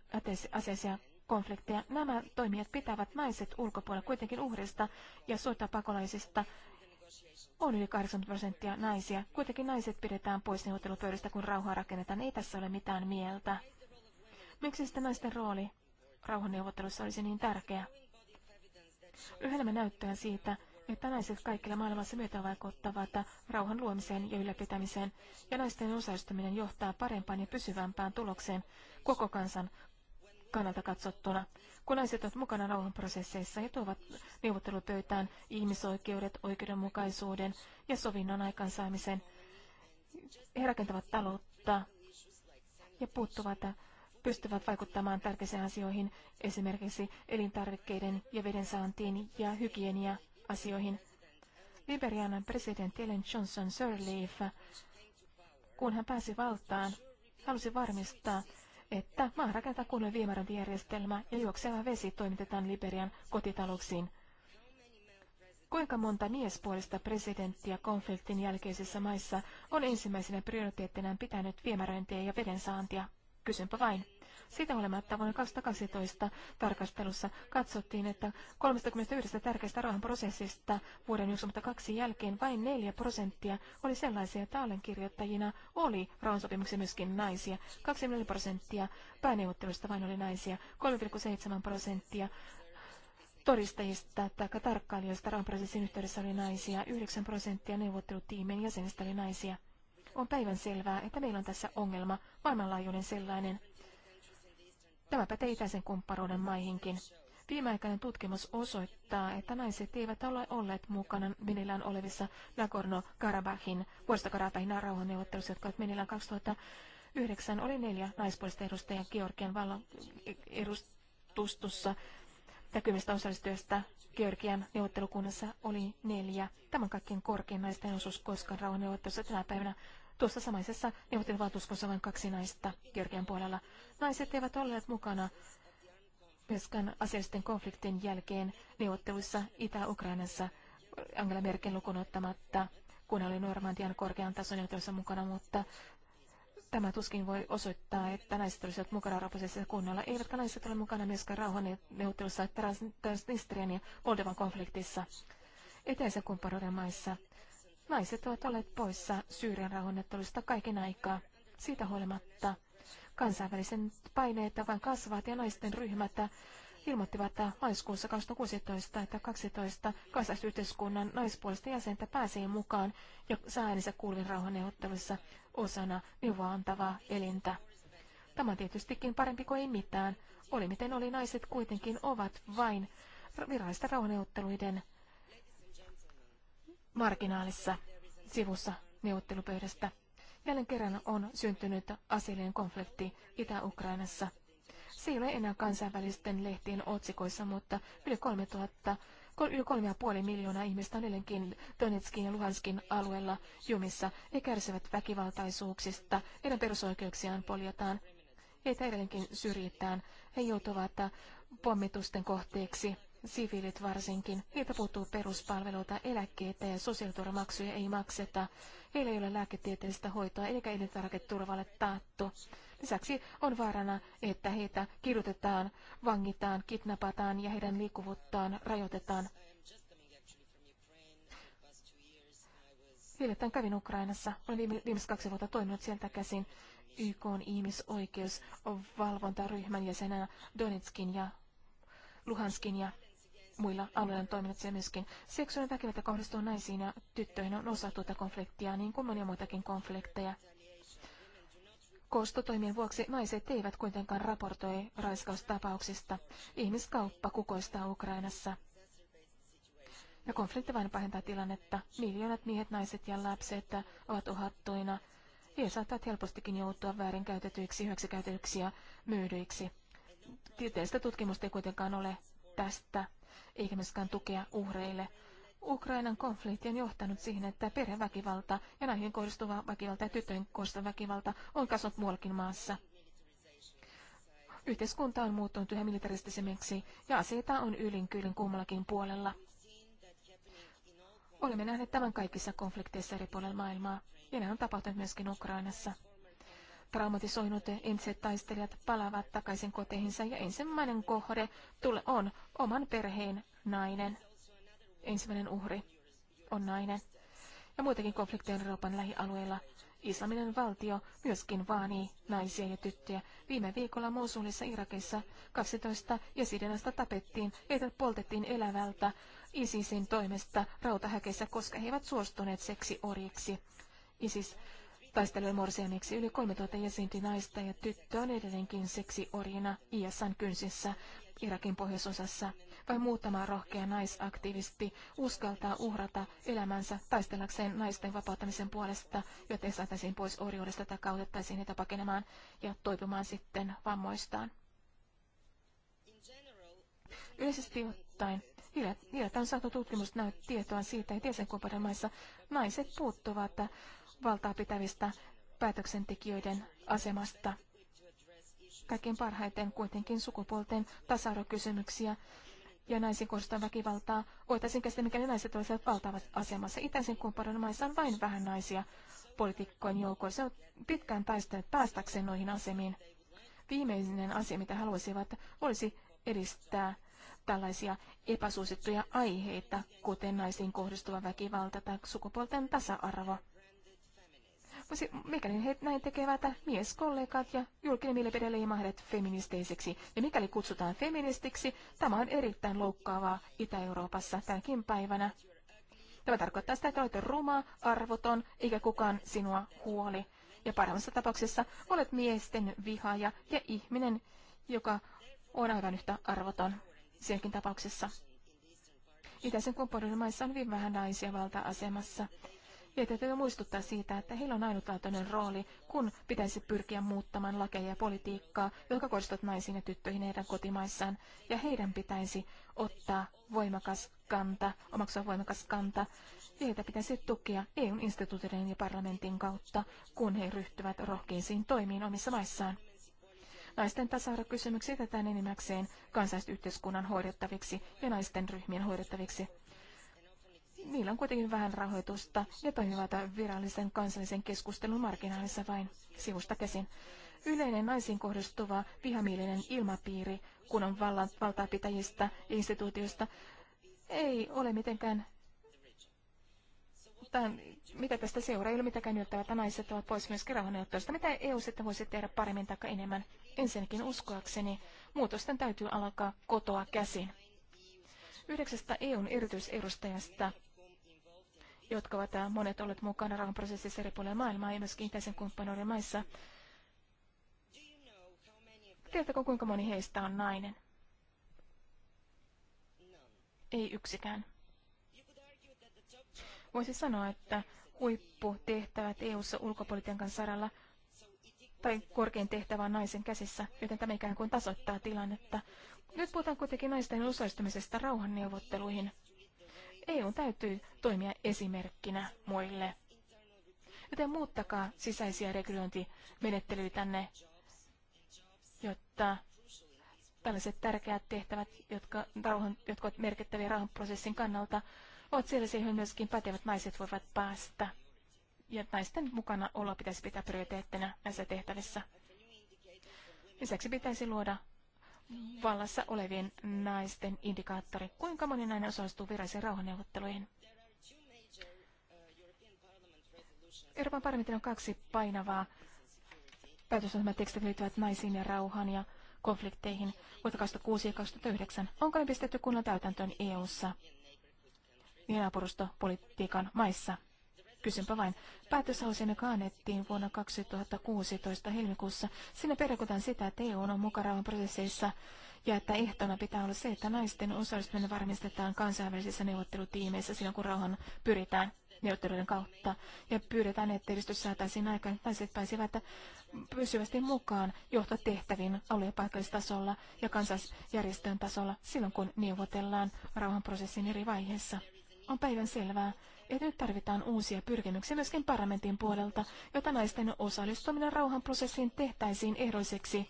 aseellisia konflikteja. Nämä toimijat pitävät naiset ulkopuolella kuitenkin uhrista ja sotapakolaisista on yli 80 prosenttia naisia. Kuitenkin naiset pidetään pois neuvottelupöydästä, kun rauhaa rakennetaan. Ei tässä ole mitään mieltä. Miksi sitten naisten rooli rauhanneuvottelussa olisi niin tärkeä? Yhdellä näyttöä siitä, että naiset kaikilla maailmassa myötävaikuttavat rauhan luomiseen ja ylläpitämiseen, ja naisten osallistuminen johtaa parempaan ja pysyvämpään tulokseen koko kansan kannalta katsottuna. Kun naiset ovat mukana rauhanprosesseissa, he tuovat neuvottelupöytään ihmisoikeudet, oikeudenmukaisuuden ja sovinnon aikaansaamisen. He rakentavat taloutta ja puuttuvat pystyvät vaikuttamaan tärkeisiin asioihin, esimerkiksi elintarvikkeiden ja veden saantiin ja hygienia-asioihin. Liberian presidentti Ellen Johnson Sirleaf, kun hän pääsi valtaan, halusi varmistaa, että maa rakentaa kunnon viemäröintijärjestelmä ja juokseva vesi toimitetaan Liberian kotitalouksiin. Kuinka monta miespuolista presidenttiä konfliktin jälkeisissä maissa on ensimmäisenä prioriteettinaan pitänyt viemäröintiä ja vedensaantia? Kysynpä vain. Sitä olematta vuonna 2012 tarkastelussa katsottiin, että 31 tärkeästä rauhanprosessista vuoden 1992 jälkeen vain 4 prosenttia oli sellaisia, että allenkirjoittajina oli rauhansopimuksen myöskin naisia. 24 prosenttia pääneuvotteluista vain oli naisia, 3,7 prosenttia todistajista tai tarkkailijoista rauhanprosessin yhteydessä oli naisia, 9 prosenttia neuvottelutiimin jäsenistä oli naisia. On päivän selvää, että meillä on tässä ongelma, maailmanlaajuinen sellainen. Tämä pätee itäisen kumppanuuden maihinkin. Viimeaikainen tutkimus osoittaa, että naiset eivät ole olleet mukana minillään olevissa Nagorno-Karabahin, vuoristokarabahin rauhanneuvottelussa, jotka ovat minillään 2009. Oli neljä naispuolista edustajaa Georgian vallan edustustussa. Ja kymmenestä osallistujasta Georgian neuvottelukunnassa oli neljä. Tämän kaikkien korkein naisten osuus koskaan rauhanneuvottelussa tänä päivänä Tuossa samaisessa neuvotteluvaltuuskunnassa vain kaksi naista Georgian puolella. Naiset eivät olleet mukana myöskään aseellisten konfliktin jälkeen neuvotteluissa Itä-Ukrainassa Angela Merkel lukuun ottamatta, kun oli Normandian korkean tason neuvottelussa mukana, mutta tämä tuskin voi osoittaa, että naiset olisivat mukana rauhaprosessissa kunnolla. Eivätkä naiset ole mukana myöskään neuvottelussa Transnistrian ja Moldovan konfliktissa. Eteisen kumppanuuden maissa Naiset ovat olleet poissa Syyrian rauhanneuvottelusta kaiken aikaa. Siitä huolimatta kansainvälisen paineet vain kasvavat ja naisten ryhmät ilmoittivat maaliskuussa 2016, että 12 kansalaisyhteiskunnan naispuolista jäsentä pääsee mukaan ja saa äänensä kuulin rauhanneuvottelussa osana neuvoa antavaa elintä. Tämä on tietystikin parempi kuin ei mitään. Oli miten oli, naiset kuitenkin ovat vain virallisten rauhanneuvotteluiden marginaalissa sivussa neuvottelupöydästä. Jälleen kerran on syntynyt asiallinen konflikti Itä-Ukrainassa. Se ei ole enää kansainvälisten lehtien otsikoissa, mutta yli 3000 yli 3,5 miljoonaa ihmistä on edelleenkin Donetskin ja Luhanskin alueella jumissa He kärsivät väkivaltaisuuksista, heidän perusoikeuksiaan poljetaan, heitä edelleenkin syrjitään, he joutuvat pommitusten kohteeksi siviilit varsinkin, heiltä puuttuu peruspalveluita, eläkkeitä ja sosiaaliturvamaksuja ei makseta. Heillä ei ole lääketieteellistä hoitoa eikä elintarviketurvalle taattu. Lisäksi on vaarana, että heitä kirjoitetaan, vangitaan, kidnapataan ja heidän liikkuvuuttaan rajoitetaan. Hiljattain kävin Ukrainassa. Olen viime, viimeiset kaksi vuotta toiminut sieltä käsin YK on ihmisoikeusvalvontaryhmän jäsenenä Donetskin ja Luhanskin ja muilla alueilla toiminut se myöskin. Seksuaalinen väkivalta kohdistuu naisiin ja tyttöihin on osa tuota konfliktia, niin kuin monia muitakin konflikteja. Kostotoimien vuoksi naiset eivät kuitenkaan raportoi raiskaustapauksista. Ihmiskauppa kukoistaa Ukrainassa. Ja konflikti vain pahentaa tilannetta. Miljoonat miehet, naiset ja lapset ovat uhattuina. He saattavat helpostikin joutua väärinkäytetyiksi, hyväksikäytetyiksi ja myydyiksi. Tieteellistä tutkimusta ei kuitenkaan ole tästä eikä myöskään tukea uhreille. Ukrainan konflikti on johtanut siihen, että perheväkivalta ja naihin kohdistuva väkivalta ja tyttöjen kohdistuva väkivalta on kasvanut muuallakin maassa. Yhteiskunta on muuttunut yhä militaristisemmiksi ja aseita on ylin kyllin kummallakin puolella. Olemme nähneet tämän kaikissa konflikteissa eri puolilla maailmaa, ja nämä on tapahtunut myöskin Ukrainassa traumatisoinut entiset taistelijat palaavat takaisin koteihinsa ja ensimmäinen kohde tule on oman perheen nainen. Ensimmäinen uhri on nainen. Ja muitakin konflikteja Euroopan lähialueilla. Islaminen valtio myöskin vaanii naisia ja tyttöjä. Viime viikolla Mosulissa Irakissa 12 jesidinasta tapettiin, heitä poltettiin elävältä ISISin toimesta rautahäkeissä, koska he eivät suostuneet oriksi. ISIS taistelee morsiamiksi yli 3000 jäsenkin naista ja tyttö on edelleenkin seksiorjina ISAn kynsissä Irakin pohjoisosassa. Vain muutama rohkea naisaktivisti uskaltaa uhrata elämänsä taistellakseen naisten vapauttamisen puolesta, joten saataisiin pois orjuudesta tai kautettaisiin niitä pakenemaan ja toipumaan sitten vammoistaan. Yleisesti ottaen Hiljattain saatu tutkimus näyttää tietoa siitä, että jäsenkumpanimaissa naiset puuttuvat valtaa pitävistä päätöksentekijöiden asemasta. Kaikkein parhaiten kuitenkin sukupuolten tasa-arvokysymyksiä ja naisiin kohdistuvaa väkivaltaa voitaisiin käsitellä, mikäli naiset olisivat valtavat asemassa. Itäisen kumppanin maissa on vain vähän naisia poliitikkojen joukoissa. on pitkään taistellut päästäkseen noihin asemiin. Viimeinen asia, mitä haluaisivat, olisi edistää tällaisia epäsuosittuja aiheita, kuten naisiin kohdistuva väkivalta tai sukupuolten tasa-arvo mikäli he näin tekevät, mieskollegat ja julkinen mielipide leimahdet feministeiseksi. Ja mikäli kutsutaan feministiksi, tämä on erittäin loukkaavaa Itä-Euroopassa tänäkin päivänä. Tämä tarkoittaa sitä, että olet ruma, arvoton, eikä kukaan sinua huoli. Ja parhaimmassa tapauksessa olet miesten vihaaja ja ihminen, joka on aivan yhtä arvoton siinäkin tapauksessa. Itäisen kumppanuuden maissa on hyvin vähän naisia valta-asemassa. Ja täytyy muistuttaa siitä, että heillä on ainutlaatuinen rooli, kun pitäisi pyrkiä muuttamaan lakeja ja politiikkaa, jotka kohdistuvat naisiin ja tyttöihin heidän kotimaissaan. Ja heidän pitäisi ottaa voimakas kanta, omaksua voimakas kanta. Ja heitä pitäisi tukea eu instituutioiden ja parlamentin kautta, kun he ryhtyvät rohkeisiin toimiin omissa maissaan. Naisten tasa-arvokysymykset jätetään enimmäkseen kansalaisyhteiskunnan hoidettaviksi ja naisten ryhmien hoidettaviksi niillä on kuitenkin vähän rahoitusta. Ne toimivat virallisen kansallisen keskustelun marginaalissa vain sivusta käsin. Yleinen naisiin kohdistuva vihamielinen ilmapiiri, kun on vallan, valtaapitäjistä ja instituutioista, ei ole mitenkään Tämän, mitä tästä seuraa? Ei ole mitenkään yllättävää, että naiset ovat pois myös rahanneuvottelusta. Mitä EU sitten voisi tehdä paremmin tai enemmän? Ensinnäkin uskoakseni muutosten täytyy alkaa kotoa käsin. Yhdeksästä EUn erityisedustajasta jotka ovat äh, monet olleet mukana rauhanprosessissa eri puolilla maailmaa ja myöskin itäisen kumppanuuden maissa. Tiedätkö, kuinka moni heistä on nainen? Ei yksikään. Voisi sanoa, että huipputehtävät EU-ssa ulkopolitiikan saralla tai korkein tehtävä on naisen käsissä, joten tämä ikään kuin tasoittaa tilannetta. Nyt puhutaan kuitenkin naisten osallistumisesta rauhanneuvotteluihin. EU täytyy toimia esimerkkinä muille. Joten muuttakaa sisäisiä tänne, jotta tällaiset tärkeät tehtävät, jotka, rauhan, jotka ovat merkittäviä rauhanprosessin kannalta, ovat siellä siihen myöskin pätevät naiset voivat päästä. Ja naisten mukana olla pitäisi pitää prioriteettina näissä tehtävissä. Lisäksi pitäisi luoda vallassa olevien naisten indikaattori. Kuinka moni nainen osallistuu virallisiin rauhanneuvotteluihin? Euroopan parlamentin on kaksi painavaa päätösosamatekstit liittyvät naisiin ja rauhaan ja konflikteihin vuotta 2006 ja 2009. Onko ne pistetty kunnan täytäntöön EU-ssa ja naapurustopolitiikan maissa? Kysynpä vain. Päätöshausemme joka vuonna 2016 helmikuussa, sinne perkutan sitä, että EU on mukana prosesseissa ja että ehtona pitää olla se, että naisten osallistuminen varmistetaan kansainvälisissä neuvottelutiimeissä silloin, kun rauhan pyritään neuvotteluiden kautta ja pyydetään, että edistys saataisiin aikaan, että naiset pääsivät pysyvästi mukaan johtotehtäviin alue- ja paikallistasolla ja kansallisjärjestön tasolla silloin, kun neuvotellaan rauhanprosessin eri vaiheissa. On päivän selvää, ja nyt tarvitaan uusia pyrkimyksiä myöskin parlamentin puolelta, jota naisten osallistuminen rauhanprosessiin tehtäisiin ehdoiseksi.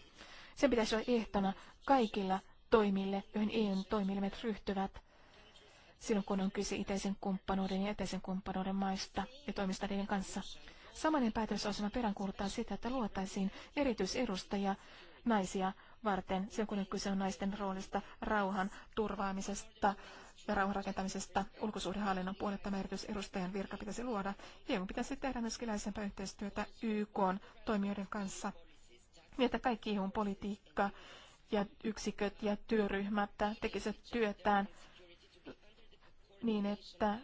Se pitäisi olla ehtona kaikilla toimille, joihin EUn toimilimet ryhtyvät silloin, kun on kyse itäisen kumppanuuden ja etäisen kumppanuuden maista ja toimista niiden kanssa. Samainen päätösosana peräänkuuluttaa sitä, että luotaisiin erityisedustajia naisia varten, silloin kun on kyse on naisten roolista, rauhan turvaamisesta, ja rauhanrakentamisesta ulkosuhdehallinnon puolelle tämä erityisedustajan virka pitäisi luoda. EU pitäisi tehdä myös läheisempää yhteistyötä YK toimijoiden kanssa, niin että kaikki EUn politiikka ja yksiköt ja työryhmät tekisivät työtään niin, että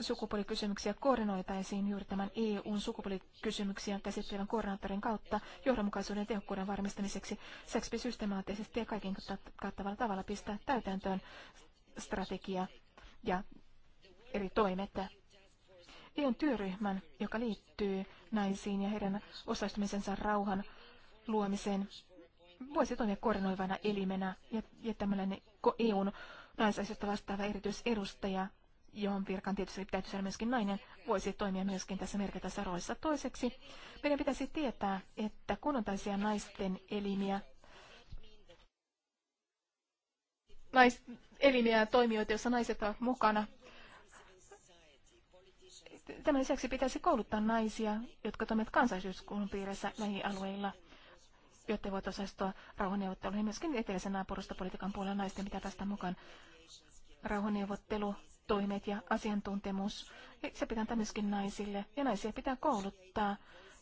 sukupuolikysymyksiä koordinoitaisiin juuri tämän EUn sukupuolikysymyksiä käsittelevän koordinaattorin kautta johdonmukaisuuden ja tehokkuuden varmistamiseksi. Seksi systemaattisesti ja kaiken kattavalla tavalla pistää täytäntöön strategia ja eri toimet. EUn työryhmän, joka liittyy naisiin ja heidän osallistumisensa rauhan luomiseen, voisi toimia koordinoivana elimenä ja, ja tämmöinen EUn naisasioista vastaava erityisedustaja, johon virkan tietysti täytyisi olla myöskin nainen, voisi toimia myöskin tässä merkittävässä roolissa. Toiseksi meidän pitäisi tietää, että kun on naisten elimiä, nais, elimiä ja toimijoita, joissa naiset ovat mukana. Tämän lisäksi pitäisi kouluttaa naisia, jotka toimivat kansallisyyskunnan piirissä lähialueilla, jotta voit osallistua rauhanneuvotteluihin. Myöskin eteläisen naapurusta politiikan puolella naisten pitää päästä mukaan rauhanneuvottelu toimet ja asiantuntemus. Se pitää antaa myöskin naisille ja naisia pitää kouluttaa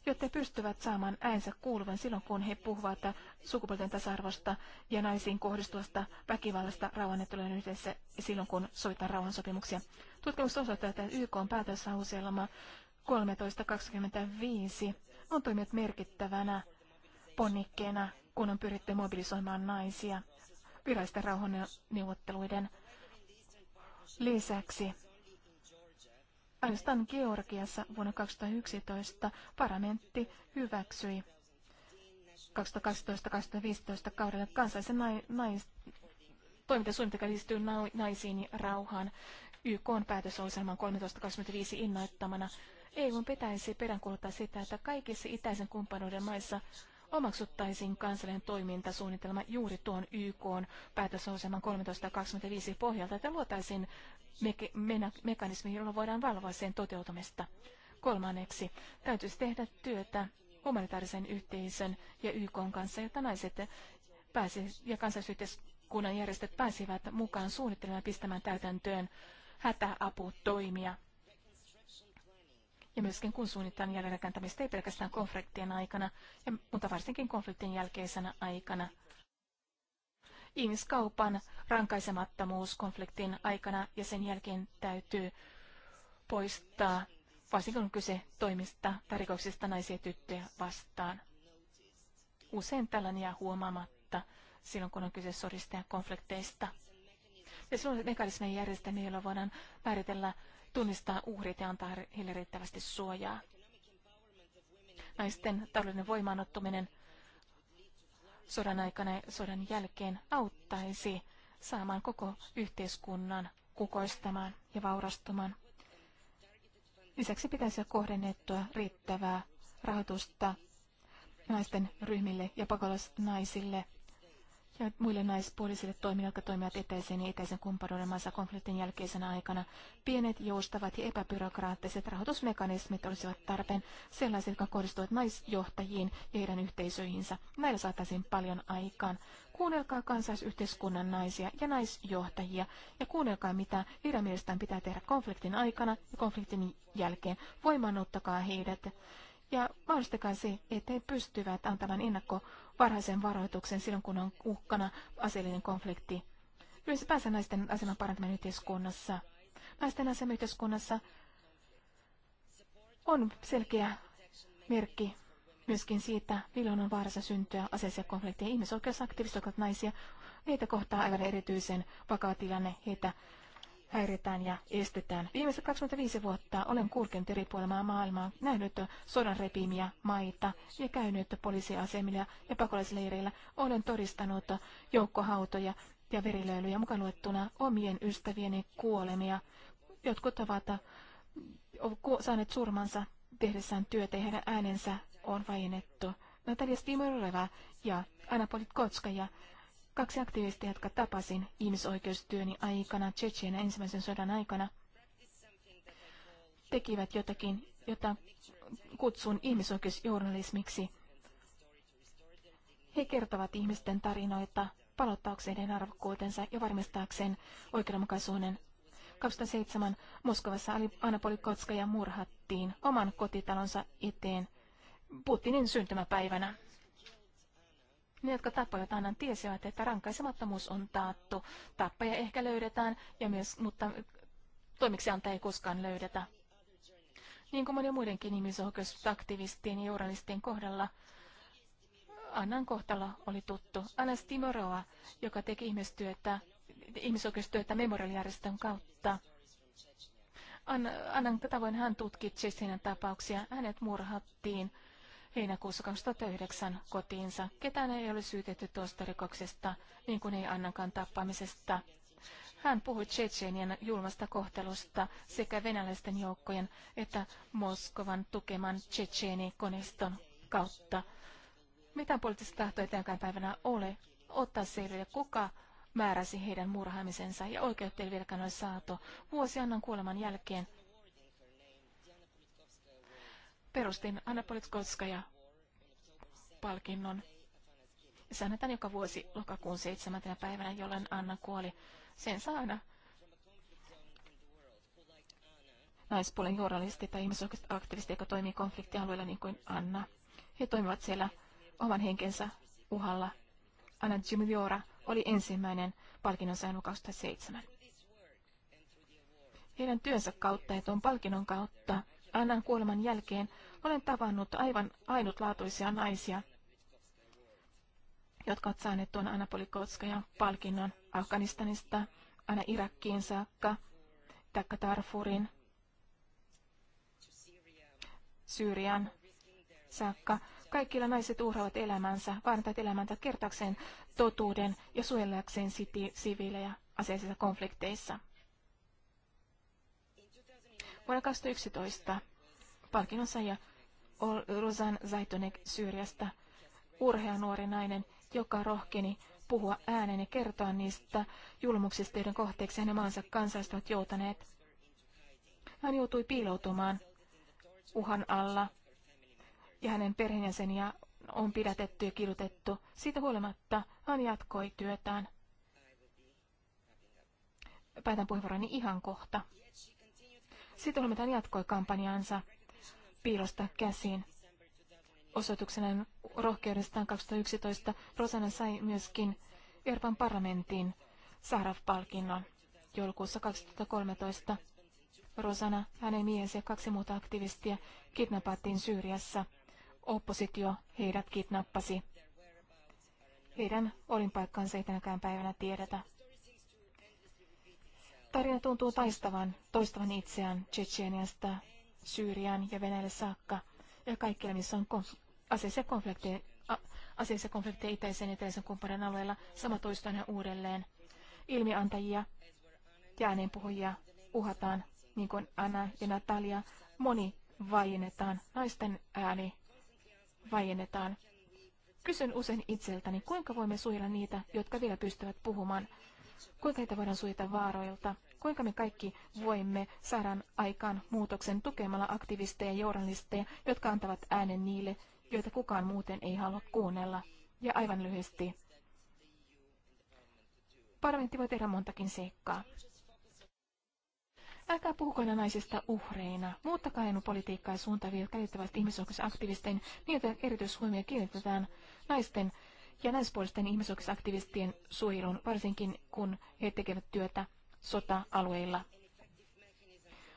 jotta he pystyvät saamaan äänsä kuuluvan silloin, kun he puhuvat sukupuolten tasa-arvosta ja naisiin kohdistuvasta väkivallasta rauhanneuvottelujen yhdessä silloin, kun sovitaan rauhansopimuksia. Tutkimus osoittaa, että YK on päätösauselma 1325 on toiminut merkittävänä ponnikkeena, kun on pyritty mobilisoimaan naisia virallisten rauhanneuvotteluiden lisäksi Ainoastaan Georgiassa vuonna 2011 parlamentti hyväksyi 2012-2015 kaudella kansallisen nais, nais toimintasuunnitelma, joka liittyy naisiin ja rauhaan. YK on päätösohjelman 1325 innoittamana. EU pitäisi peräänkuuluttaa sitä, että kaikissa itäisen kumppanuuden maissa omaksuttaisiin kansallinen toimintasuunnitelma juuri tuon YK päätösohjelman 1325 pohjalta, että luotaisiin mekanismi, jolla voidaan valvoa sen toteutumista. Kolmanneksi, täytyisi tehdä työtä humanitaarisen yhteisön ja YK kanssa, jotta naiset pääsi, ja kansallisyhteiskunnan järjestöt pääsivät mukaan suunnittelemaan ja pistämään täytäntöön hätäaputoimia. Ja myöskin kun suunnitellaan jälleenrakentamista ei pelkästään konfliktien aikana, ja, mutta varsinkin konfliktien jälkeisenä aikana – ihmiskaupan rankaisemattomuus konfliktin aikana ja sen jälkeen täytyy poistaa, varsinkin kun kyse toimista tai rikoksista naisia ja tyttöjä vastaan. Usein tällainen jää huomaamatta silloin, kun on kyse sodista ja konflikteista. Ja silloin mekanismien järjestelmiä, joilla voidaan määritellä, tunnistaa uhrit ja antaa heille riittävästi suojaa. Naisten taloudellinen voimaanottuminen – sodan aikana ja sodan jälkeen auttaisi saamaan koko yhteiskunnan kukoistamaan ja vaurastumaan. Lisäksi pitäisi kohdennettua riittävää rahoitusta naisten ryhmille ja pakolaisnaisille – ja muille naispuolisille toimijoille, jotka toimivat etäisen ja etäisen kumppanuuden maassa konfliktin jälkeisenä aikana. Pienet, joustavat ja epäbyrokraattiset rahoitusmekanismit olisivat tarpeen sellaiset, jotka kohdistuvat naisjohtajiin ja heidän yhteisöihinsä. Näillä saataisiin paljon aikaan. Kuunnelkaa kansaisyhteiskunnan naisia ja naisjohtajia ja kuunnelkaa, mitä heidän mielestään pitää tehdä konfliktin aikana ja konfliktin jälkeen. Voimannuttakaa heidät ja mahdollistakaa se, että he pystyvät antamaan ennakko varhaisen varoituksen silloin, kun on uhkana aseellinen konflikti. Ylipäänsä naisten aseman parantaminen yhteiskunnassa. Naisten asema yhteiskunnassa on selkeä merkki myöskin siitä, milloin on vaarassa syntyä aseellisia konflikteja. Ihmisoikeusaktivistit ovat naisia. Heitä kohtaa aivan erityisen vakava tilanne. Heitä häiritään ja estetään. Viimeiset 25 vuotta olen kulkenut eri puolilla maailmaa, nähnyt sodan repimiä maita ja käynyt poliisiasemilla ja pakolaisleireillä. Olen todistanut joukkohautoja ja verilöilyjä mukaan luettuna omien ystävieni kuolemia. Jotkut ovat saaneet surmansa tehdessään työtä ja heidän äänensä on vainettu. Natalia Stimorova ja Anna ja kaksi aktivistia, jotka tapasin ihmisoikeustyöni aikana, Tsechien ensimmäisen sodan aikana, tekivät jotakin, jota kutsun ihmisoikeusjournalismiksi. He kertovat ihmisten tarinoita palauttaakseen heidän arvokkuutensa ja varmistaakseen oikeudenmukaisuuden. 2007 Moskovassa Anna Polikotskaja murhattiin oman kotitalonsa eteen Putinin syntymäpäivänä. Ne, jotka tappoivat Annan, tiesivät, että rankaisemattomuus on taattu. Tappaja ehkä löydetään, ja myös, mutta toimiksianta ei koskaan löydetä. Niin kuin monen muidenkin ihmisoikeusaktivistien ja journalistien kohdalla, Annan kohtalo oli tuttu. Anna Timoroa, joka teki ihmistyötä, ihmisoikeustyötä memorialijärjestön kautta. Annan, Annan tavoin hän tutki Chesinan tapauksia. Hänet murhattiin heinäkuussa 2009 kotiinsa. Ketään ei ole syytetty tuosta rikoksesta, niin kuin ei annankaan tappamisesta. Hän puhui Tsetseenien julmasta kohtelusta sekä venäläisten joukkojen että Moskovan tukeman Tsetseeni-koneiston kautta. Mitään poliittista tahtoa ei päivänä ole ottaa selville, kuka määräsi heidän murhaamisensa ja oikeutta ei saato. Vuosi annan kuoleman jälkeen perustin Anna Politkovskaja palkinnon. Se annetaan joka vuosi lokakuun 7. päivänä, jolloin Anna kuoli. Sen saa aina naispuolen journalisti tai ihmisoikeusaktivisti, joka toimii konfliktialueella niin kuin Anna. He toimivat siellä oman henkensä uhalla. Anna Jimiviora oli ensimmäinen palkinnon saanut 2007. Heidän työnsä kautta ja tuon palkinnon kautta Annan kuoleman jälkeen olen tavannut aivan ainutlaatuisia naisia, jotka ovat saaneet tuon Anna Polikotskajan palkinnon Afganistanista aina Irakkiin saakka, taikka Tarfurin, Syyrian saakka. Kaikilla naiset uhraavat elämänsä, vaarantavat elämäntä kertakseen totuuden ja suojellakseen siviilejä aseellisissa konflikteissa. Vuonna 2011 palkinnon saaja Rosan Zaitonek Syyriasta, urhea nuori nainen, joka rohkeni puhua ääneen ja kertoa niistä julmuksista, joiden kohteeksi hänen maansa kansalaiset ovat joutuneet. Hän joutui piiloutumaan uhan alla ja hänen perheenjäseniä on pidätetty ja kidutettu. Siitä huolimatta hän jatkoi työtään. Päätän puheenvuoroni ihan kohta. Sitten Olmetan jatkoi kampanjansa piilosta käsiin. Osoituksena rohkeudestaan 2011 Rosanna sai myöskin Euroopan parlamentin saraf palkinnon joulukuussa 2013. Rosana, hänen miehensä ja kaksi muuta aktivistia kidnappattiin Syyriassa. Oppositio heidät kidnappasi. Heidän olinpaikkaansa ei tänäkään päivänä tiedetä. Tarina tuntuu taistavan, toistavan itseään Tsetseeniasta, Syyrian ja Venäjälle saakka ja kaikkialla, missä on konf- aseellisia konflikteja, aseellisia konflikteja itäisen ja eteläisen kumppanin alueella. Sama toistaan ja uudelleen. Ilmiantajia ja äänenpuhujia uhataan, niin kuin Anna ja Natalia. Moni vaiennetaan, naisten ääni vaiennetaan. Kysyn usein itseltäni, kuinka voimme suojella niitä, jotka vielä pystyvät puhumaan – Kuinka heitä voidaan suojata vaaroilta? Kuinka me kaikki voimme saada aikaan muutoksen tukemalla aktivisteja ja journalisteja, jotka antavat äänen niille, joita kukaan muuten ei halua kuunnella? Ja aivan lyhyesti. Parlamentti voi tehdä montakin seikkaa. Älkää puhuko naisista uhreina. Muuttakaa ennen politiikkaa ja suuntaviot käyttävät niin niitä erityishuomia kiinnitetään naisten ja naispuolisten ihmisoikeusaktivistien suojeluun, varsinkin kun he tekevät työtä sota-alueilla.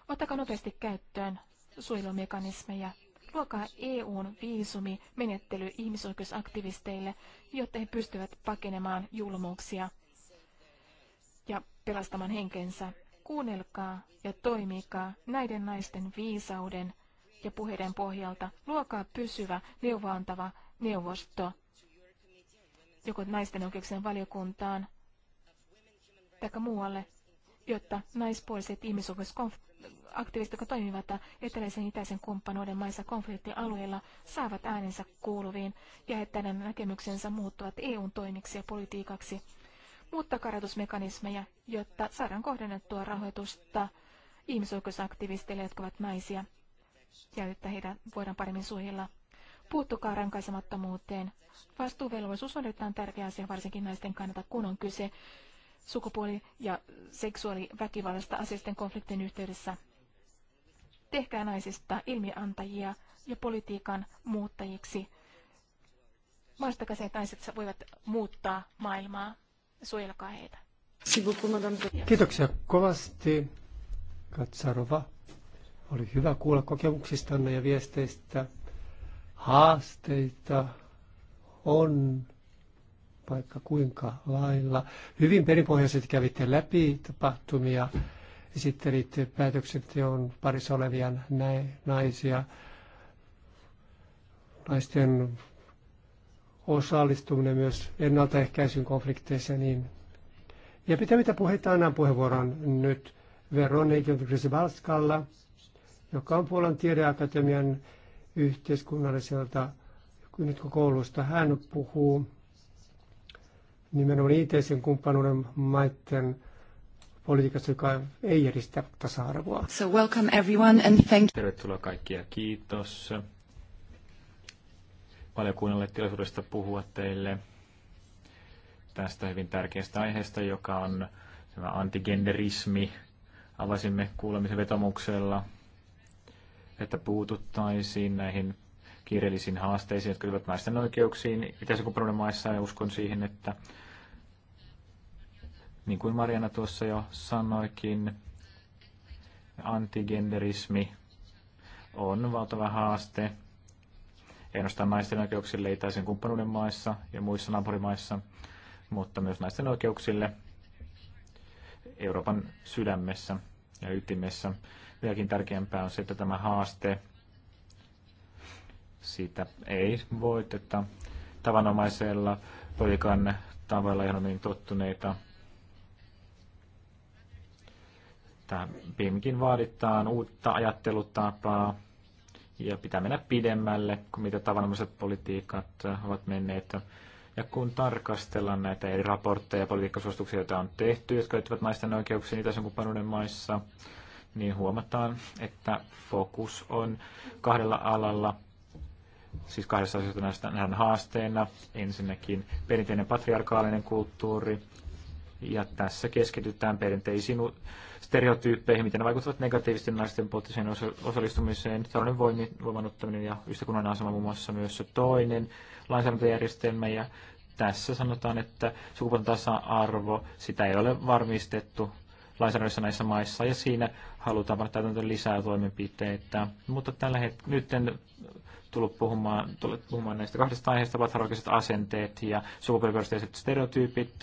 Ottakaa nopeasti käyttöön suojelumekanismeja. Luokaa EUn viisumi menettely ihmisoikeusaktivisteille, jotta he pystyvät pakenemaan julmuuksia ja pelastamaan henkensä. Kuunnelkaa ja toimikaa näiden naisten viisauden ja puheiden pohjalta. Luokaa pysyvä neuvoantava neuvosto joko naisten oikeuksien valiokuntaan tai muualle, jotta naispuoliset ihmisoikeusaktivistit, jotka toimivat eteläisen itäisen kumppanuuden maissa konfliktialueilla, saavat äänensä kuuluviin ja että heidän näkemyksensä muuttuvat EUn toimiksi ja politiikaksi. Mutta karatusmekanismeja, jotta saadaan kohdennettua rahoitusta ihmisoikeusaktivisteille, jotka ovat naisia, ja että heitä voidaan paremmin suojella. Puuttukaa rankaisemattomuuteen. Vastuuvelvollisuus on erittäin tärkeä asia, varsinkin naisten kannalta, kun on kyse sukupuoli- ja seksuaaliväkivallasta aseisten konfliktin yhteydessä. Tehkää naisista ilmiantajia ja politiikan muuttajiksi. Maistakaa se, että naiset voivat muuttaa maailmaa. Suojelkaa heitä. Kiitoksia kovasti, Katsarova. Oli hyvä kuulla kokemuksistanne ja viesteistä haasteita on vaikka kuinka lailla. Hyvin perinpohjaisesti kävitte läpi tapahtumia, esittelitte päätöksenteon parissa olevia naisia, naisten osallistuminen myös ennaltaehkäisyn konflikteissa. Niin. Ja pitämättä puheita annan puheenvuoron nyt Veronika Grisbalskalla, joka on Puolan tiedeakatemian yhteiskunnalliselta, nyt kun koulusta hän puhuu nimenomaan itäisen kumppanuuden maiden politiikasta, joka ei edistä tasa-arvoa. So welcome everyone and thank you. Tervetuloa kaikkia, kiitos valiokunnalle tilaisuudesta puhua teille tästä hyvin tärkeästä aiheesta, joka on tämä antigenderismi. Avasimme kuulemisen vetomuksella että puututtaisiin näihin kiireellisiin haasteisiin, jotka liittyvät naisten oikeuksiin itäisen maissa, ja uskon siihen, että niin kuin Mariana tuossa jo sanoikin, antigenderismi on valtava haaste, ei ainoastaan naisten oikeuksille itäisen kumppanuuden maissa ja muissa naapurimaissa, mutta myös naisten oikeuksille Euroopan sydämessä ja ytimessä. Vieläkin tärkeämpää on se, että tämä haaste, siitä ei voiteta tavanomaisella politiikan tavoilla, johon niin tottuneita. Tämä PIMkin vaaditaan uutta ajattelutapaa ja pitää mennä pidemmälle kuin mitä tavanomaiset politiikat ovat menneet. Ja kun tarkastellaan näitä eri raportteja ja politiikkasuosituksia, joita on tehty, jotka liittyvät naisten oikeuksiin itäisen kumppanuuden maissa, niin huomataan, että fokus on kahdella alalla, siis kahdessa asioissa nähdään haasteena. Ensinnäkin perinteinen patriarkaalinen kulttuuri, ja tässä keskitytään perinteisiin stereotyyppeihin, miten ne vaikuttavat negatiivisesti naisten poliittiseen osallistumiseen, talouden voimannuttaminen ja ystäkunnan asema muun muassa myös toinen lainsäädäntöjärjestelmä. Ja tässä sanotaan, että sukupuolten tasa-arvo, sitä ei ole varmistettu lainsäädännössä näissä maissa, ja siinä halutaan panna täytäntöön lisää toimenpiteitä. Mutta tällä hetkellä nyt en tullut puhumaan, tullut puhumaan näistä kahdesta aiheesta, pathologiset asenteet ja sukupuoliperusteiset stereotyypit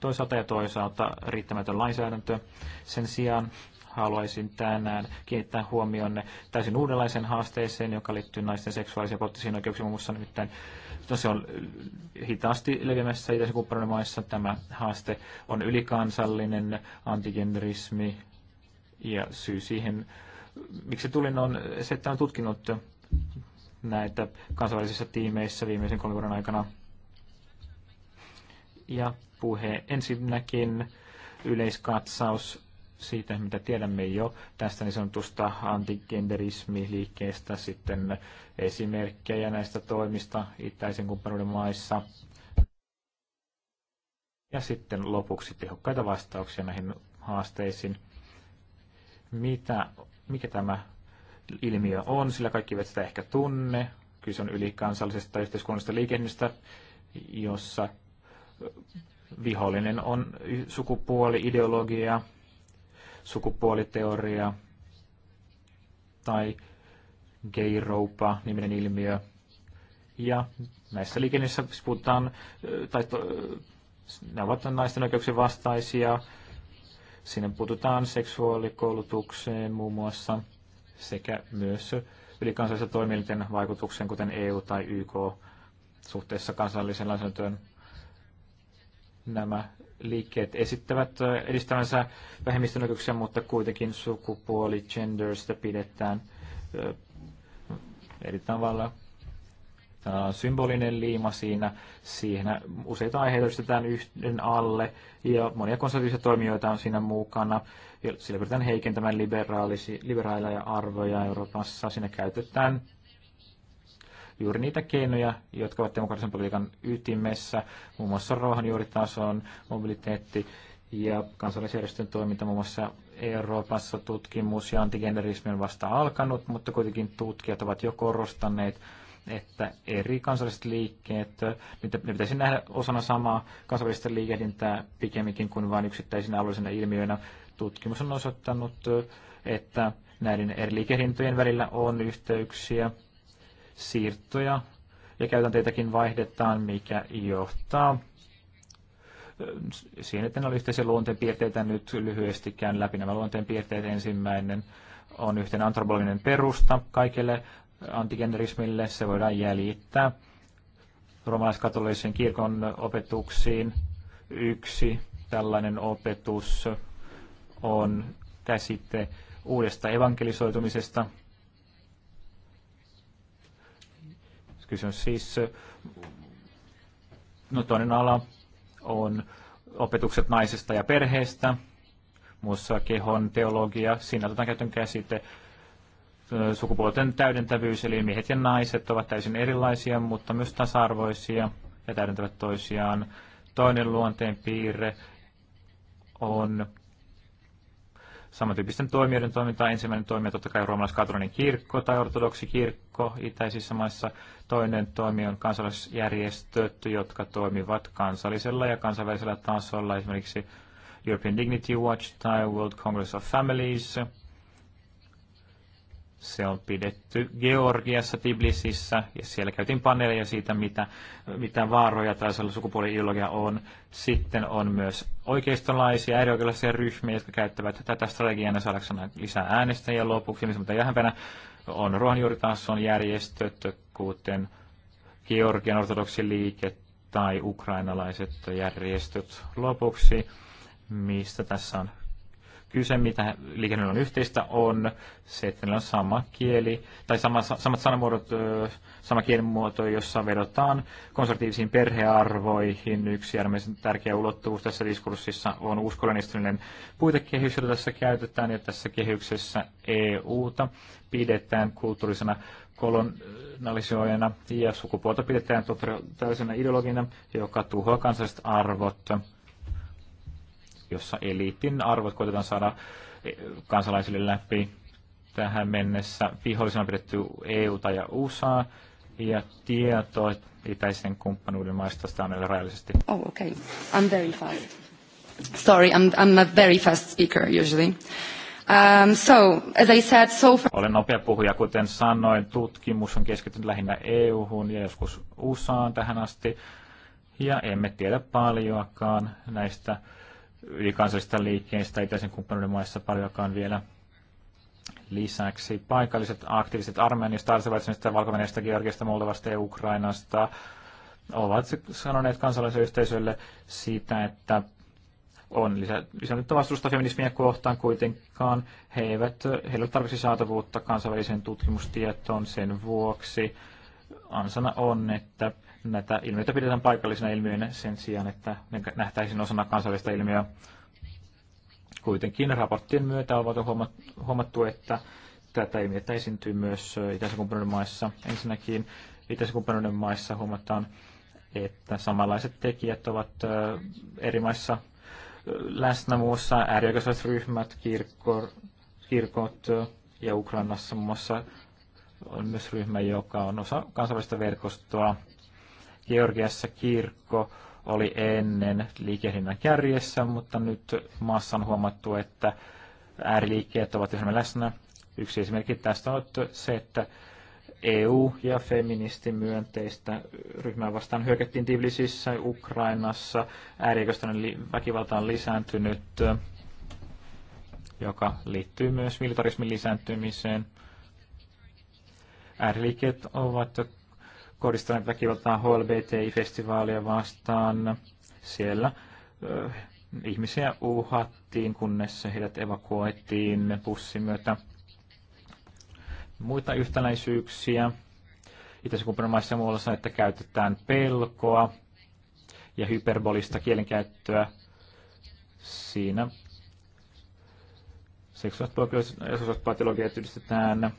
toisaalta ja toisaalta riittämätön lainsäädäntö. Sen sijaan haluaisin tänään kiinnittää huomionne täysin uudenlaiseen haasteeseen, joka liittyy naisten seksuaalisiin ja poliittisiin oikeuksiin, muun muassa nimittäin no, se on hitaasti leviämässä itäisen kumppanimaissa. Tämä haaste on ylikansallinen antigenderismi, ja syy siihen, miksi tulin, on se, että olen tutkinut näitä kansainvälisissä tiimeissä viimeisen kolmen vuoden aikana. Ja puhe ensinnäkin yleiskatsaus siitä, mitä tiedämme jo tästä niin sanotusta antigenderismiliikkeestä, sitten esimerkkejä näistä toimista itäisen kumppanuuden maissa. Ja sitten lopuksi tehokkaita vastauksia näihin haasteisiin mitä, mikä tämä ilmiö on, sillä kaikki eivät sitä ehkä tunne. Kyse on ylikansallisesta yhteiskunnallisesta liikennestä, jossa vihollinen on sukupuoli-ideologia, sukupuoliteoria tai geiroupa niminen ilmiö. Ja näissä liikennissä puhutaan, tai to, ne ovat naisten oikeuksien vastaisia, Siinä puututaan seksuaalikoulutukseen muun muassa sekä myös ylikansallisen toimielinten vaikutukseen, kuten EU tai YK suhteessa kansalliseen lainsäädäntöön. Nämä liikkeet esittävät edistävänsä vähemmistön oikeuksia, mutta kuitenkin sukupuoli, genders sitä pidetään eri tavalla symbolinen liima siinä. Siinä useita aiheita yhdistetään yhden alle ja monia konservatiivisia toimijoita on siinä mukana. Sillä pyritään heikentämään liberaaleja arvoja Euroopassa. Siinä käytetään juuri niitä keinoja, jotka ovat demokraattisen politiikan ytimessä, muun muassa ruohonjuuritason mobiliteetti ja kansallisjärjestön toiminta muun muassa Euroopassa tutkimus ja antigenderismi on vasta alkanut, mutta kuitenkin tutkijat ovat jo korostaneet että eri kansalliset liikkeet, niitä, ne pitäisi nähdä osana samaa kansainvälistä liikehdintää pikemminkin kuin vain yksittäisinä alueellisina ilmiöinä. Tutkimus on osoittanut, että näiden eri liikehdintojen välillä on yhteyksiä, siirtoja ja käytänteitäkin vaihdetaan, mikä johtaa siihen, että ne oli yhteisiä luonteenpiirteitä nyt lyhyestikään läpi. Nämä luonteenpiirteet ensimmäinen on yhteen antropologinen perusta kaikille antigenerismille. Se voidaan jäljittää romalaiskatolisen kirkon opetuksiin. Yksi tällainen opetus on käsite uudesta evankelisoitumisesta. Kysy on siis, no toinen ala on opetukset naisesta ja perheestä, muussa kehon teologia, siinä otetaan käytön käsite sukupuolten täydentävyys, eli miehet ja naiset ovat täysin erilaisia, mutta myös tasa-arvoisia ja täydentävät toisiaan. Toinen luonteen piirre on samantyyppisten toimijoiden toimintaa. Ensimmäinen toimija totta kai ruomalaiskatolinen kirkko tai ortodoksi kirkko itäisissä maissa. Toinen toimija on kansalaisjärjestöt, jotka toimivat kansallisella ja kansainvälisellä tasolla, esimerkiksi European Dignity Watch tai World Congress of Families – se on pidetty Georgiassa, Tbilisissä, ja siellä käytiin paneeleja siitä, mitä, mitä vaaroja tai sukupuoli-ideologia on. Sitten on myös oikeistolaisia, äärioikeistolaisia ryhmiä, jotka käyttävät tätä strategiana saadakseen lisää äänestäjiä lopuksi. Niin Mutta jähempänä on ruohonjuuritason järjestöt, kuten Georgian ortodoksiliike tai ukrainalaiset järjestöt lopuksi, mistä tässä on kyse, mitä liikennellä on yhteistä, on se, että niillä on sama kieli tai sama, samat sanamuodot, sama kielimuoto, jossa vedotaan konservatiivisiin perhearvoihin. Yksi äärimmäisen tärkeä ulottuvuus tässä diskurssissa on uskollinen puitekehys, jota tässä käytetään, ja tässä kehyksessä EUta pidetään kulttuurisena kolonialisoijana ja sukupuolta pidetään tällaisena ideologina, joka tuhoaa kansalliset arvot jossa eliitin arvot koitetaan saada eh, kansalaisille läpi. Tähän mennessä vihollisena pidetty EUta ja USA ja tieto itäisen kumppanuuden maista sitä on meillä rajallisesti. Oh, okay. I'm very fast. Sorry, I'm, I'm a very fast speaker usually. Um, so, as I said, so far... Olen nopea puhuja, kuten sanoin, tutkimus on keskittynyt lähinnä EU-hun ja joskus USAan tähän asti, ja emme tiedä paljoakaan näistä ylikansallisista liikkeistä itäisen kumppanuuden maissa paljonkaan vielä. Lisäksi paikalliset aktiiviset Armeniasta, Arsevaitsemista, valko Georgiasta, Moldovasta ja Ukrainasta ovat sanoneet yhteisölle siitä, että on lisännyt vastusta feminismiä kohtaan kuitenkaan. He eivät, heillä tarvitsisi saatavuutta kansainväliseen tutkimustietoon sen vuoksi. Ansana on, että näitä ilmiöitä pidetään paikallisina ilmiöinä sen sijaan, että ne nähtäisiin osana kansallista ilmiöä. Kuitenkin raporttien myötä on huomattu, että tätä ilmiötä esiintyy myös itäisen kumppanuuden maissa. Ensinnäkin itäisen kumppanuuden maissa huomataan, että samanlaiset tekijät ovat eri maissa läsnä muussa äärioikeiset ryhmät, kirkko, kirkot ja Ukrainassa muun muassa on myös ryhmä, joka on osa kansainvälistä verkostoa, Georgiassa kirkko oli ennen liikehdinnän kärjessä, mutta nyt maassa on huomattu, että ääriliikkeet ovat yhä läsnä. Yksi esimerkki tästä on se, että EU- ja myönteistä ryhmää vastaan hyökättiin Tbilisissä, Ukrainassa. Ääriäköistöinen väkivalta on lisääntynyt, joka liittyy myös militarismin lisääntymiseen. Ääriliikkeet ovat kohdistaneet väkivaltaa HLBTI-festivaalia vastaan. Siellä äh, ihmisiä uhattiin, kunnes heidät evakuoitiin pussin myötä. Muita yhtäläisyyksiä itäisen kumppanimaissa ja muualla että käytetään pelkoa ja hyperbolista kielenkäyttöä siinä. Seksuaaliset ja sosiaaliset yhdistetään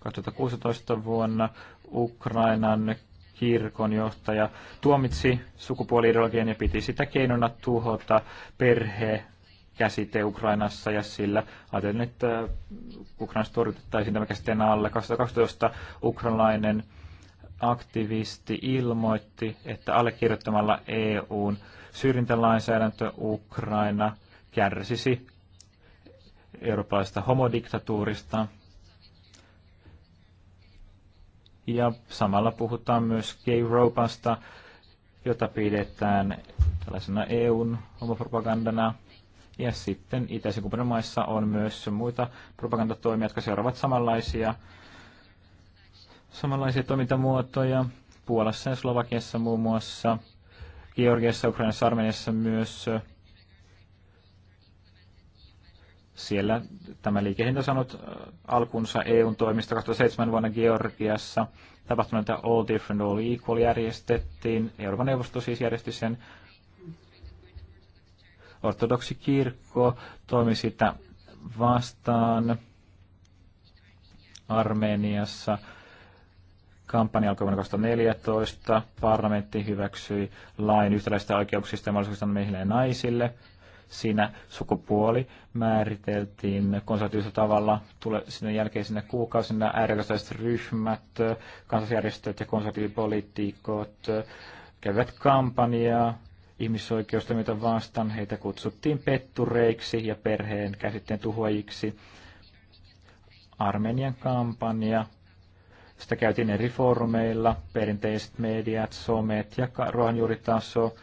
2016 vuonna Ukrainan kirkon johtaja tuomitsi sukupuoliideologian ja piti sitä keinona tuhota perhe käsite Ukrainassa ja sillä ajattelin, että äh, Ukrainassa torjutettaisiin tämä käsitteen alle. 2012 ukrainalainen aktivisti ilmoitti, että allekirjoittamalla EUn syrjintälainsäädäntö Ukraina kärsisi eurooppalaisesta homodiktatuurista, ja samalla puhutaan myös Gay-Euroopasta, jota pidetään tällaisena EUn homopropagandana. Ja sitten itä maissa on myös muita propagandatoimia, jotka seuraavat samanlaisia, samanlaisia toimintamuotoja. Puolassa ja Slovakiassa muun muassa, Georgiassa, Ukrainassa, Armeniassa myös siellä tämä liikehinta on saanut alkunsa EUn toimista 2007 vuonna Georgiassa. Tapahtuneita All Different All Equal järjestettiin. Euroopan neuvosto siis järjesti sen. Ortodoksi kirkko toimi sitä vastaan Armeniassa. Kampanja alkoi vuonna 2014. Parlamentti hyväksyi lain yhtäläisistä oikeuksista ja mahdollisuuksista miehille ja naisille. Siinä sukupuoli määriteltiin konservatiivisella tavalla tule, sinne jälkeisinä kuukausina äärikäiset ryhmät, kansallisjärjestöt ja konservatiivipoliitikot kävivät kampanjaa ihmisoikeustoimilta vastaan. Heitä kutsuttiin pettureiksi ja perheen käsitteen tuhoajiksi. Armenian kampanja. Sitä käytiin eri foorumeilla, perinteiset mediat, somet ja ruohonjuuritaso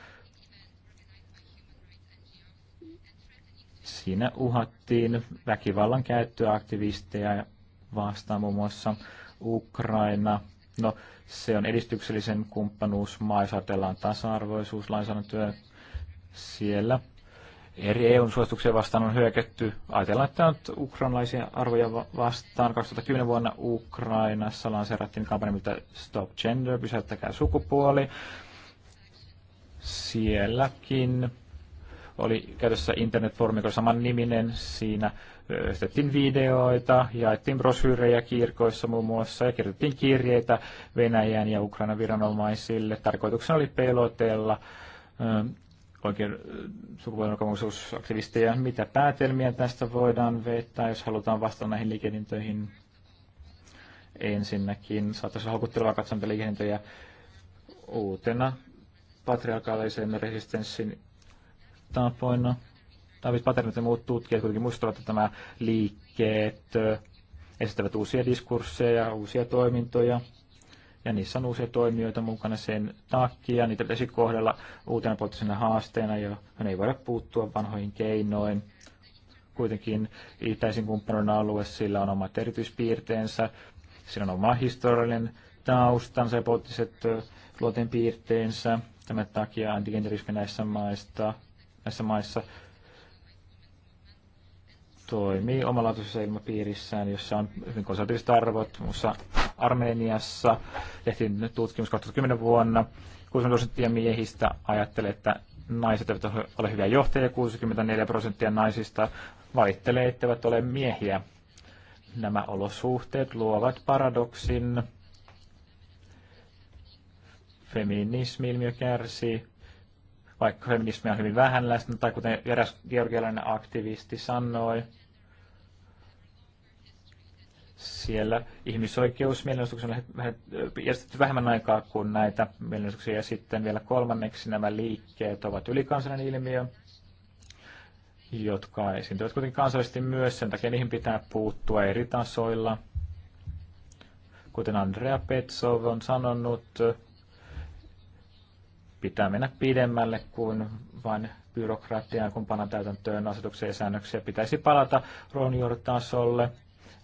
Siinä uhattiin väkivallan käyttöä aktivisteja vastaan muun muassa Ukraina. No, se on edistyksellisen kumppanuus maisatellaan ajatellaan tasa-arvoisuuslainsäädäntöä siellä. Eri EUn suosituksia vastaan on hyökätty. Ajatellaan, että on ukrainalaisia arvoja vastaan. 2010 vuonna Ukrainassa lanseerattiin kampanja, mitä Stop Gender, pysäyttäkää sukupuoli. Sielläkin oli käytössä internetfoorumi, joka saman niminen. Siinä yhdistettiin videoita, jaettiin brosyyrejä kirkoissa muun muassa ja kirjoitettiin kirjeitä Venäjän ja Ukrainan viranomaisille. Tarkoituksena oli pelotella oikein sukupuolenokamuisuusaktivisteja. Mitä päätelmiä tästä voidaan vetää, jos halutaan vastata näihin liikennintöihin Ensinnäkin saattaisi olla houkuttelevaa katsoa niitä uutena patriarkaalisen resistenssin tapoina. paternit ja muut tutkijat kuitenkin muistavat, että tämä liikkeet esittävät uusia diskursseja, uusia toimintoja, ja niissä on uusia toimijoita mukana sen takia. Niitä pitäisi kohdella uutena poliittisena haasteena, ja ne ei voida puuttua vanhoihin keinoin. Kuitenkin itäisin kumppanuuden alue, sillä on omat erityispiirteensä, sillä on oma historiallinen taustansa ja poliittiset luoteen piirteensä. Tämän takia antigenderismi näissä maissa näissä maissa toimii omalaatuisessa ilmapiirissään, jossa on hyvin konservatiiviset arvot, muussa Armeniassa tehtiin tutkimus 2010 vuonna. 60 prosenttia miehistä ajattelee, että naiset eivät ole hyviä johtajia, 64 prosenttia naisista valittelee, etteivät ole miehiä. Nämä olosuhteet luovat paradoksin. Feminismi-ilmiö kärsii vaikka feminismi on hyvin vähän läsnä, tai kuten eräs georgialainen aktivisti sanoi, siellä ihmisoikeus mielenosoituksessa on järjestetty vähemmän aikaa kuin näitä mielenosoituksia, ja sitten vielä kolmanneksi nämä liikkeet ovat ylikansallinen ilmiö, jotka esiintyvät kuitenkin kansallisesti myös, sen takia niihin pitää puuttua eri tasoilla. Kuten Andrea Petsov on sanonut, Pitää mennä pidemmälle kuin vain byrokratiaan, kun pannaan täytäntöön asetuksia ja säännöksiä. Pitäisi palata ruohonjuuritasolle.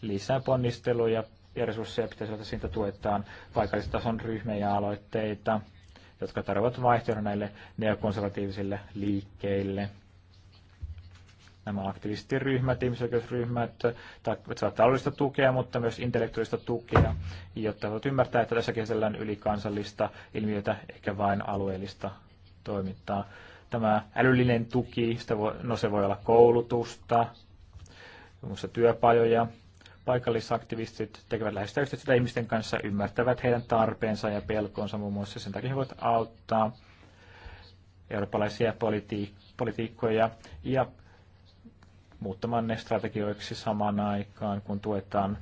Lisää ponnisteluja ja resursseja pitäisi ottaa siitä tuetaan paikallistason ryhmejä ja aloitteita, jotka tarvitsevat vaihtoehdon näille neokonservatiivisille liikkeille. Nämä aktivistiryhmät, ihmisoikeusryhmät saavat taloudellista tukea, mutta myös intellektuaalista tukea, jotta voit ymmärtää, että tässä käsitellään ylikansallista ilmiötä eikä vain alueellista toimintaa. Tämä älyllinen tuki, sitä voi, no se voi olla koulutusta, työpajoja, paikallisaktivistit tekevät läheistä yhteistyötä ihmisten kanssa, ymmärtävät heidän tarpeensa ja pelkoonsa muun muassa. Sen takia he voivat auttaa eurooppalaisia politiik- politiikkoja ja muuttamaan ne strategioiksi samaan aikaan, kun tuetaan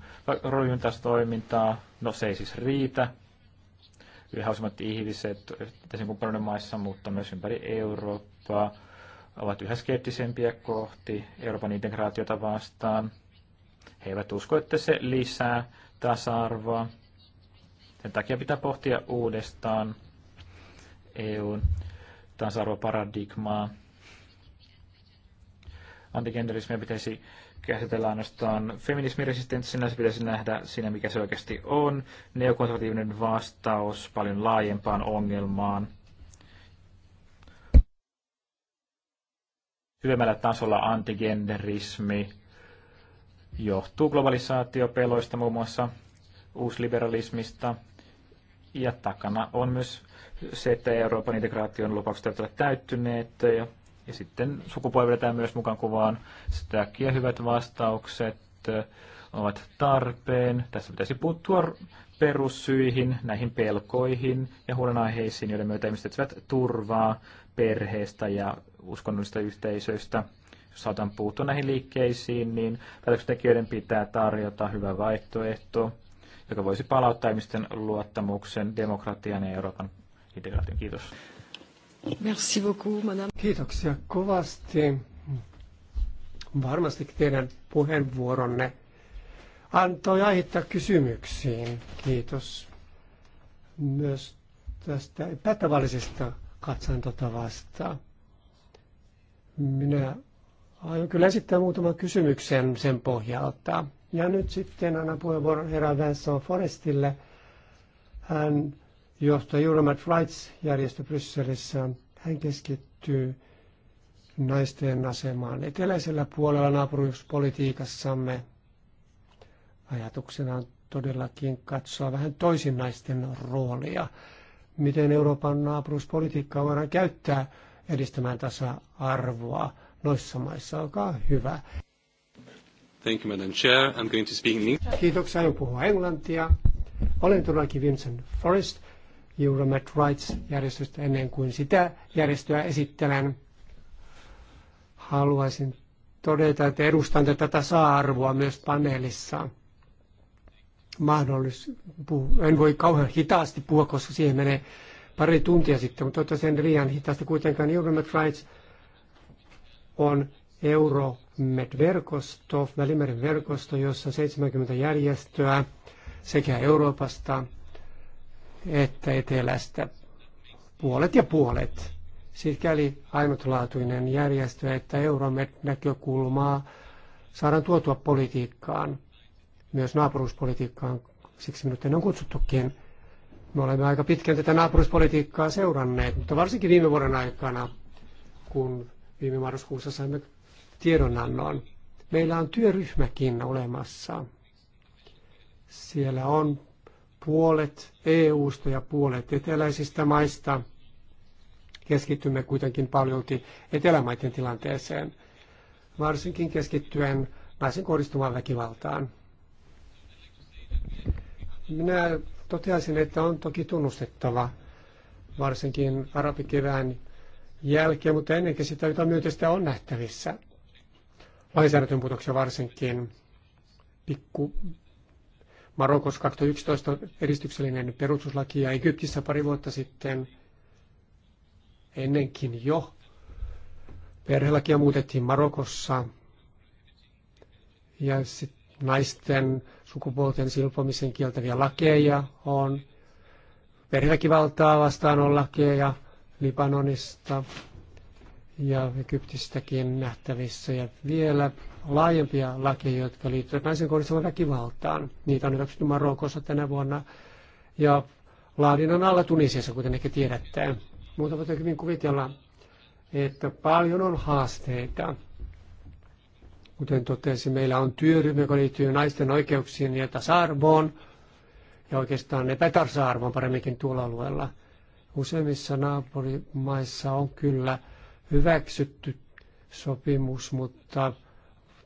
toimintaa. No se ei siis riitä. Yhä useimmat ihmiset yhteisen niin kumppanuuden maissa, mutta myös ympäri Eurooppaa ovat yhä skeptisempiä kohti Euroopan integraatiota vastaan. He eivät usko, että se lisää tasa-arvoa. Sen takia pitää pohtia uudestaan EUn tasa-arvoparadigmaa antigenderismiä pitäisi käsitellä ainoastaan feminismiresistenssinä, se pitäisi nähdä siinä, mikä se oikeasti on, neokonservatiivinen vastaus paljon laajempaan ongelmaan. Syvemmällä tasolla antigenderismi johtuu globalisaatiopeloista muun muassa uusliberalismista, ja takana on myös se, että Euroopan integraation lupaukset ovat täyttyneet ja ja sitten sukupuoli vedetään myös mukaan kuvaan. Sitäkin hyvät vastaukset äh, ovat tarpeen. Tässä pitäisi puuttua perussyihin, näihin pelkoihin ja huolenaiheisiin, joiden myötä ihmiset etsivät turvaa perheestä ja uskonnollisista yhteisöistä. Jos saatan puuttua näihin liikkeisiin, niin päätöksentekijöiden pitää tarjota hyvä vaihtoehto, joka voisi palauttaa ihmisten luottamuksen demokratian ja Euroopan integraation. Kiitos. Merci beaucoup, madame. Kiitoksia kovasti. Varmasti teidän puheenvuoronne antoi aihetta kysymyksiin. Kiitos myös tästä epätavallisesta katsantotavasta. Minä aion kyllä esittää muutaman kysymyksen sen pohjalta. Ja nyt sitten annan puheenvuoron herra Vincent Forestille. Hän johtaja Euromat Rights-järjestö Brysselissä. Hän keskittyy naisten asemaan eteläisellä puolella naapuruuspolitiikassamme. Ajatuksena on todellakin katsoa vähän toisin naisten roolia, miten Euroopan naapuruuspolitiikkaa voidaan käyttää edistämään tasa-arvoa noissa maissa. Olkaa hyvä. Thank you, Madam Chair. I'm going to speak in English. Kiitoksia, aion puhua englantia. Olen todellakin Vincent Forrest Euromed Rights-järjestöstä ennen kuin sitä järjestöä esittelen. Haluaisin todeta, että edustan tätä tasa-arvoa myös paneelissa. Mahdollis, en voi kauhean hitaasti puhua, koska siihen menee pari tuntia sitten, mutta toivottavasti en liian hitaasti kuitenkaan. Euromed Rights on Euromed-verkosto, Välimeren verkosto, jossa 70 järjestöä sekä Euroopasta että etelästä puolet ja puolet. Sikäli siis ainutlaatuinen järjestö, että Euromed näkökulmaa saadaan tuotua politiikkaan, myös naapuruuspolitiikkaan, siksi minut on kutsuttukin. Me olemme aika pitkään tätä naapuruuspolitiikkaa seuranneet, mutta varsinkin viime vuoden aikana, kun viime marraskuussa saimme tiedonannon. Meillä on työryhmäkin olemassa. Siellä on puolet EU-sta ja puolet eteläisistä maista. Keskitymme kuitenkin paljolti etelämaiden tilanteeseen, varsinkin keskittyen naisen kohdistumaan väkivaltaan. Minä toteaisin, että on toki tunnustettava, varsinkin arabikevään jälkeen, mutta ennenkin sitä jotain myönteistä on nähtävissä. Lainsäädäntön muutoksia varsinkin pikku Marokossa 2011 edistyksellinen perustuslaki ja Egyptissä pari vuotta sitten ennenkin jo perhelakia muutettiin Marokossa ja naisten sukupuolten silpomisen kieltäviä lakeja on. Perheväkivaltaa vastaan on lakeja Libanonista ja Egyptistäkin nähtävissä ja vielä laajempia lakeja, jotka liittyvät naisen kohdistuvan väkivaltaan. Niitä on hyväksytty Marokossa tänä vuonna ja laadinnan alla Tunisiassa, kuten ehkä tiedätte. Mutta voitte hyvin kuvitella, että paljon on haasteita. Kuten totesin, meillä on työryhmä, joka liittyy naisten oikeuksiin ja tasa-arvoon ja oikeastaan epätasa-arvoon paremminkin tuolla alueella. Useimmissa naapurimaissa on kyllä hyväksytty sopimus, mutta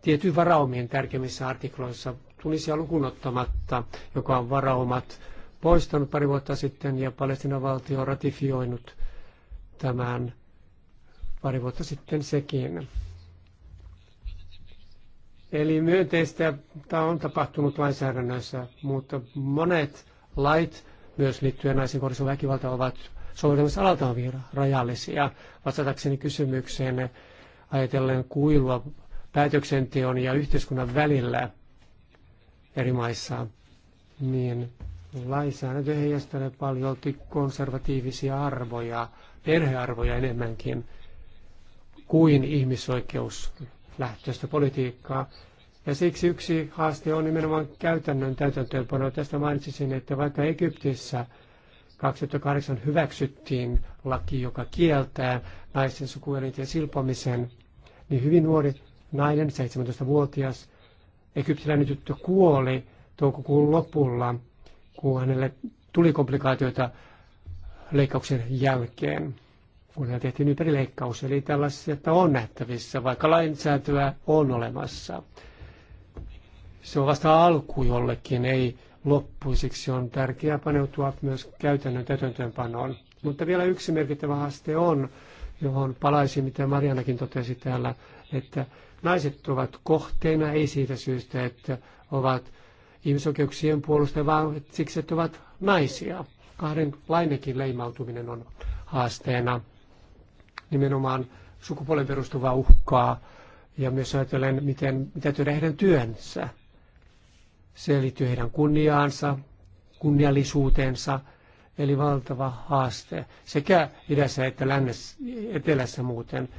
tietyin varaumien tärkeimmissä artikloissa Tunisia lukuun ottamatta, joka on varaumat poistanut pari vuotta sitten ja Palestinan valtio on ratifioinut tämän pari vuotta sitten sekin. Eli myönteistä tämä on tapahtunut lainsäädännössä, mutta monet lait myös liittyen naisen kohdassa väkivalta ovat alaltaan vielä rajallisia. Vastatakseni kysymykseen ajatellen kuilua päätöksenteon ja yhteiskunnan välillä eri maissa, niin lainsäädäntö heijastelee paljon konservatiivisia arvoja, perhearvoja enemmänkin kuin ihmisoikeuslähtöistä politiikkaa. Ja siksi yksi haaste on nimenomaan käytännön täytäntöönpano. Tästä mainitsisin, että vaikka Egyptissä 2008 hyväksyttiin laki, joka kieltää naisten sukuelinten silpomisen, niin hyvin nuori nainen, 17-vuotias, egyptiläinen tyttö kuoli toukokuun lopulla, kun hänelle tuli komplikaatioita leikkauksen jälkeen, kun hän tehtiin ympärileikkaus. Eli että on nähtävissä, vaikka lainsäätöä on olemassa. Se on vasta alku jollekin, ei loppu. Siksi on tärkeää paneutua myös käytännön täytäntöönpanoon. Mutta vielä yksi merkittävä haaste on, johon palaisin, mitä Marianakin totesi täällä, että Naiset ovat kohteena ei siitä syystä, että ovat ihmisoikeuksien puolustajia, vaan siksi, että ovat naisia. Kahden lainekin leimautuminen on haasteena. Nimenomaan sukupuolen perustuvaa uhkaa ja myös ajatellen, miten, mitä tehdä heidän työnsä. Se liittyy heidän kunniaansa, kunniallisuuteensa, eli valtava haaste sekä idässä että lännessä, etelässä muuten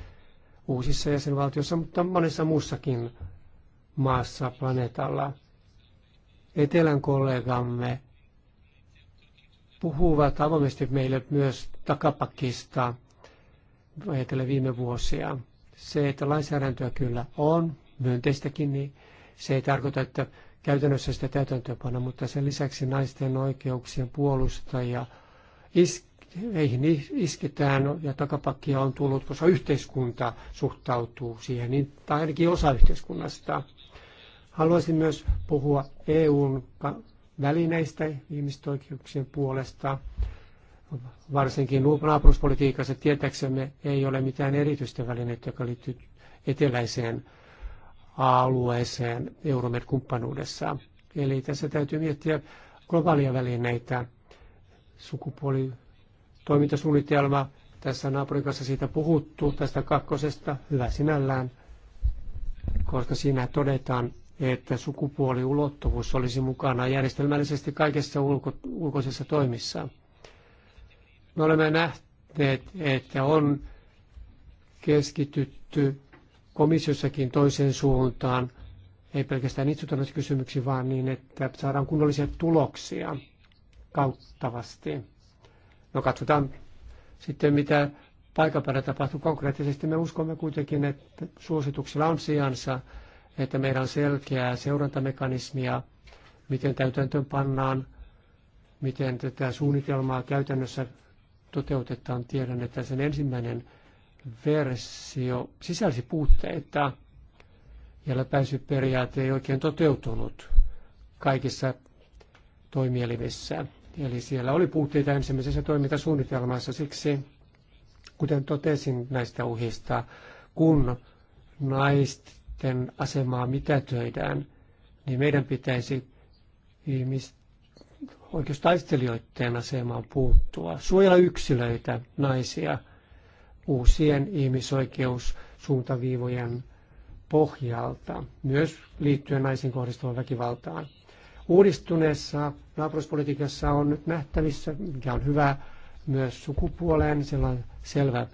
uusissa jäsenvaltioissa, mutta monessa muussakin maassa planeetalla. Etelän kollegamme puhuvat avoimesti meille myös takapakista ajatellen viime vuosia. Se, että lainsäädäntöä kyllä on, myönteistäkin, niin se ei tarkoita, että käytännössä sitä täytäntöönpana, mutta sen lisäksi naisten oikeuksien puolustaja, is, heihin isketään ja takapakkia on tullut, koska yhteiskunta suhtautuu siihen, niin, tai ainakin osa yhteiskunnasta. Haluaisin myös puhua EUn välineistä ihmisoikeuksien puolesta, varsinkin naapuruspolitiikassa tietääksemme ei ole mitään erityistä välineitä, joka liittyy eteläiseen alueeseen Euromed-kumppanuudessa. Eli tässä täytyy miettiä globaalia välineitä, sukupuoli toimintasuunnitelma. Tässä on naapurin kanssa siitä puhuttu, tästä kakkosesta, hyvä sinällään, koska siinä todetaan, että sukupuoliulottuvuus olisi mukana järjestelmällisesti kaikessa ulko- ulkoisessa toimissa. Me olemme nähneet, että on keskitytty komissiossakin toiseen suuntaan, ei pelkästään itsutannuskysymyksiin, vaan niin, että saadaan kunnollisia tuloksia kauttavasti. No katsotaan sitten, mitä paikan päällä tapahtuu konkreettisesti. Me uskomme kuitenkin, että suosituksilla on sijansa, että meillä on selkeää seurantamekanismia, miten täytäntöön pannaan, miten tätä suunnitelmaa käytännössä toteutetaan. Tiedän, että sen ensimmäinen versio sisälsi puutteita ja läpäisyperiaate ei oikein toteutunut kaikissa toimielimissä. Eli siellä oli puutteita ensimmäisessä toimintasuunnitelmassa. Siksi, kuten totesin näistä uhista, kun naisten asemaa mitätöidään, niin meidän pitäisi ihmisten oikeustaistelijoiden asemaan puuttua, suojella yksilöitä, naisia, uusien ihmisoikeussuuntaviivojen pohjalta, myös liittyen naisiin kohdistuvaan väkivaltaan. Uudistuneessa naapuruspolitiikassa on nyt nähtävissä, mikä on hyvä myös sukupuoleen, siellä on selvä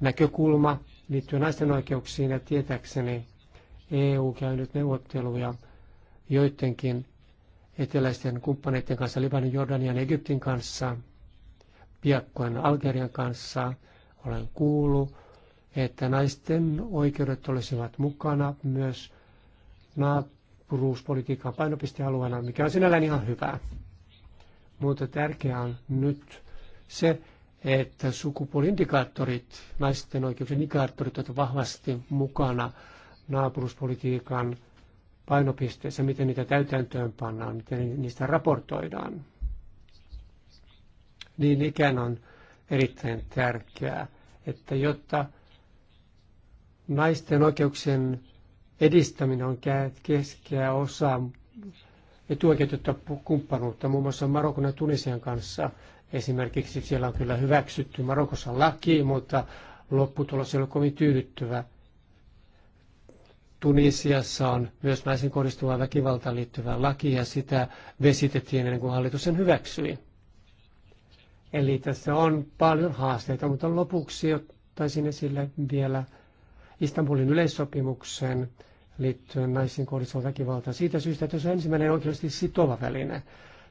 näkökulma liittyen naisten oikeuksiin ja tietääkseni EU käy nyt neuvotteluja joidenkin eteläisten kumppaneiden kanssa, Libanon, Jordanian, Egyptin kanssa, piakkoen Algerian kanssa. Olen kuullut, että naisten oikeudet olisivat mukana myös naapuruuspolitiikan painopistealueena, mikä on sinällään ihan hyvä. Mutta tärkeää on nyt se, että sukupuoliindikaattorit, naisten oikeuksien indikaattorit ovat vahvasti mukana naapuruspolitiikan painopisteessä, miten niitä täytäntöön pannaan, miten niistä raportoidaan. Niin ikään on erittäin tärkeää, että jotta naisten oikeuksien edistäminen on keskeä osa etuoikeutettua kumppanuutta muun muassa Marokon ja Tunisian kanssa. Esimerkiksi siellä on kyllä hyväksytty Marokossa laki, mutta lopputulos ei ole kovin tyydyttävä. Tunisiassa on myös naisen kohdistuvaa väkivaltaan liittyvää laki ja sitä vesitettiin ennen kuin hallitus sen hyväksyi. Eli tässä on paljon haasteita, mutta lopuksi ottaisin esille vielä Istanbulin yleissopimukseen liittyen naisiin kohdistuva väkivalta siitä syystä, että se on ensimmäinen oikeasti sitova väline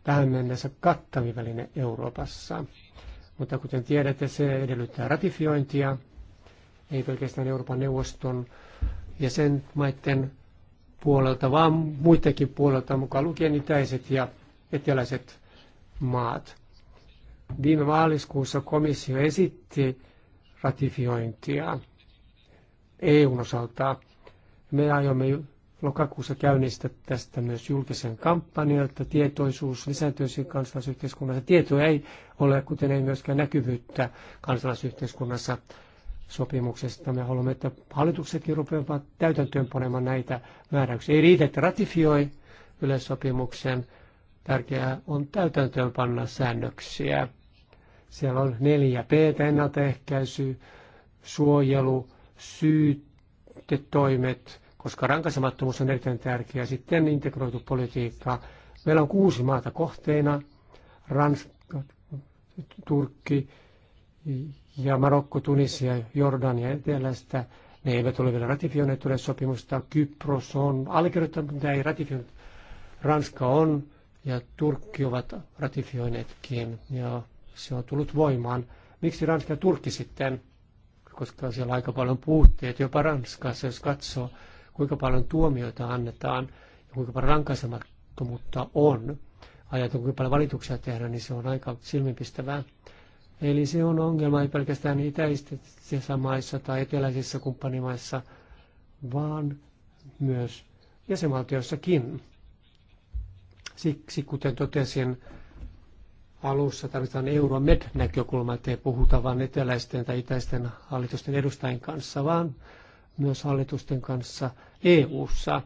tähän mennessä kattavi väline Euroopassa. Mutta kuten tiedätte, se edellyttää ratifiointia, ei pelkästään Euroopan neuvoston maiden puolelta, vaan muidenkin puolelta, mukaan lukien itäiset ja eteläiset maat. Viime maaliskuussa komissio esitti ratifiointia EUn osalta. Me aiomme lokakuussa käynnistää tästä myös julkisen kampanjan, että tietoisuus lisääntyisi kansalaisyhteiskunnassa. Tietoja ei ole, kuten ei myöskään näkyvyyttä kansalaisyhteiskunnassa sopimuksesta. Me haluamme, että hallituksetkin rupeavat täytäntöönpanemaan näitä määräyksiä. Ei riitä, että ratifioi yleissopimuksen. Tärkeää on panna säännöksiä. Siellä on neljä P, ennaltaehkäisy, suojelu, syytetoimet, koska rankasemattomuus on erittäin tärkeä Sitten integroitu politiikka. Meillä on kuusi maata kohteena. Ranska, Turkki ja Marokko, Tunisia, Jordania etelästä. Ne eivät ole vielä ratifioineet sopimusta. Kypros on allekirjoittanut, mutta ei ratifioinut. Ranska on ja Turkki ovat ratifioineetkin ja se on tullut voimaan. Miksi Ranska ja Turkki sitten? koska siellä on aika paljon puutteet, jopa Ranskassa, jos katsoo, kuinka paljon tuomioita annetaan ja kuinka paljon rankaisemattomuutta on. Ajatun, kuinka paljon valituksia tehdään, niin se on aika silmipistävää. Eli se on ongelma ei pelkästään itäisissä maissa tai eteläisissä kumppanimaissa, vaan myös jäsenvaltioissakin. Siksi, kuten totesin, alussa tarvitaan Euromed-näkökulma, ettei puhuta vain eteläisten tai itäisten hallitusten edustajien kanssa, vaan myös hallitusten kanssa EU-ssa.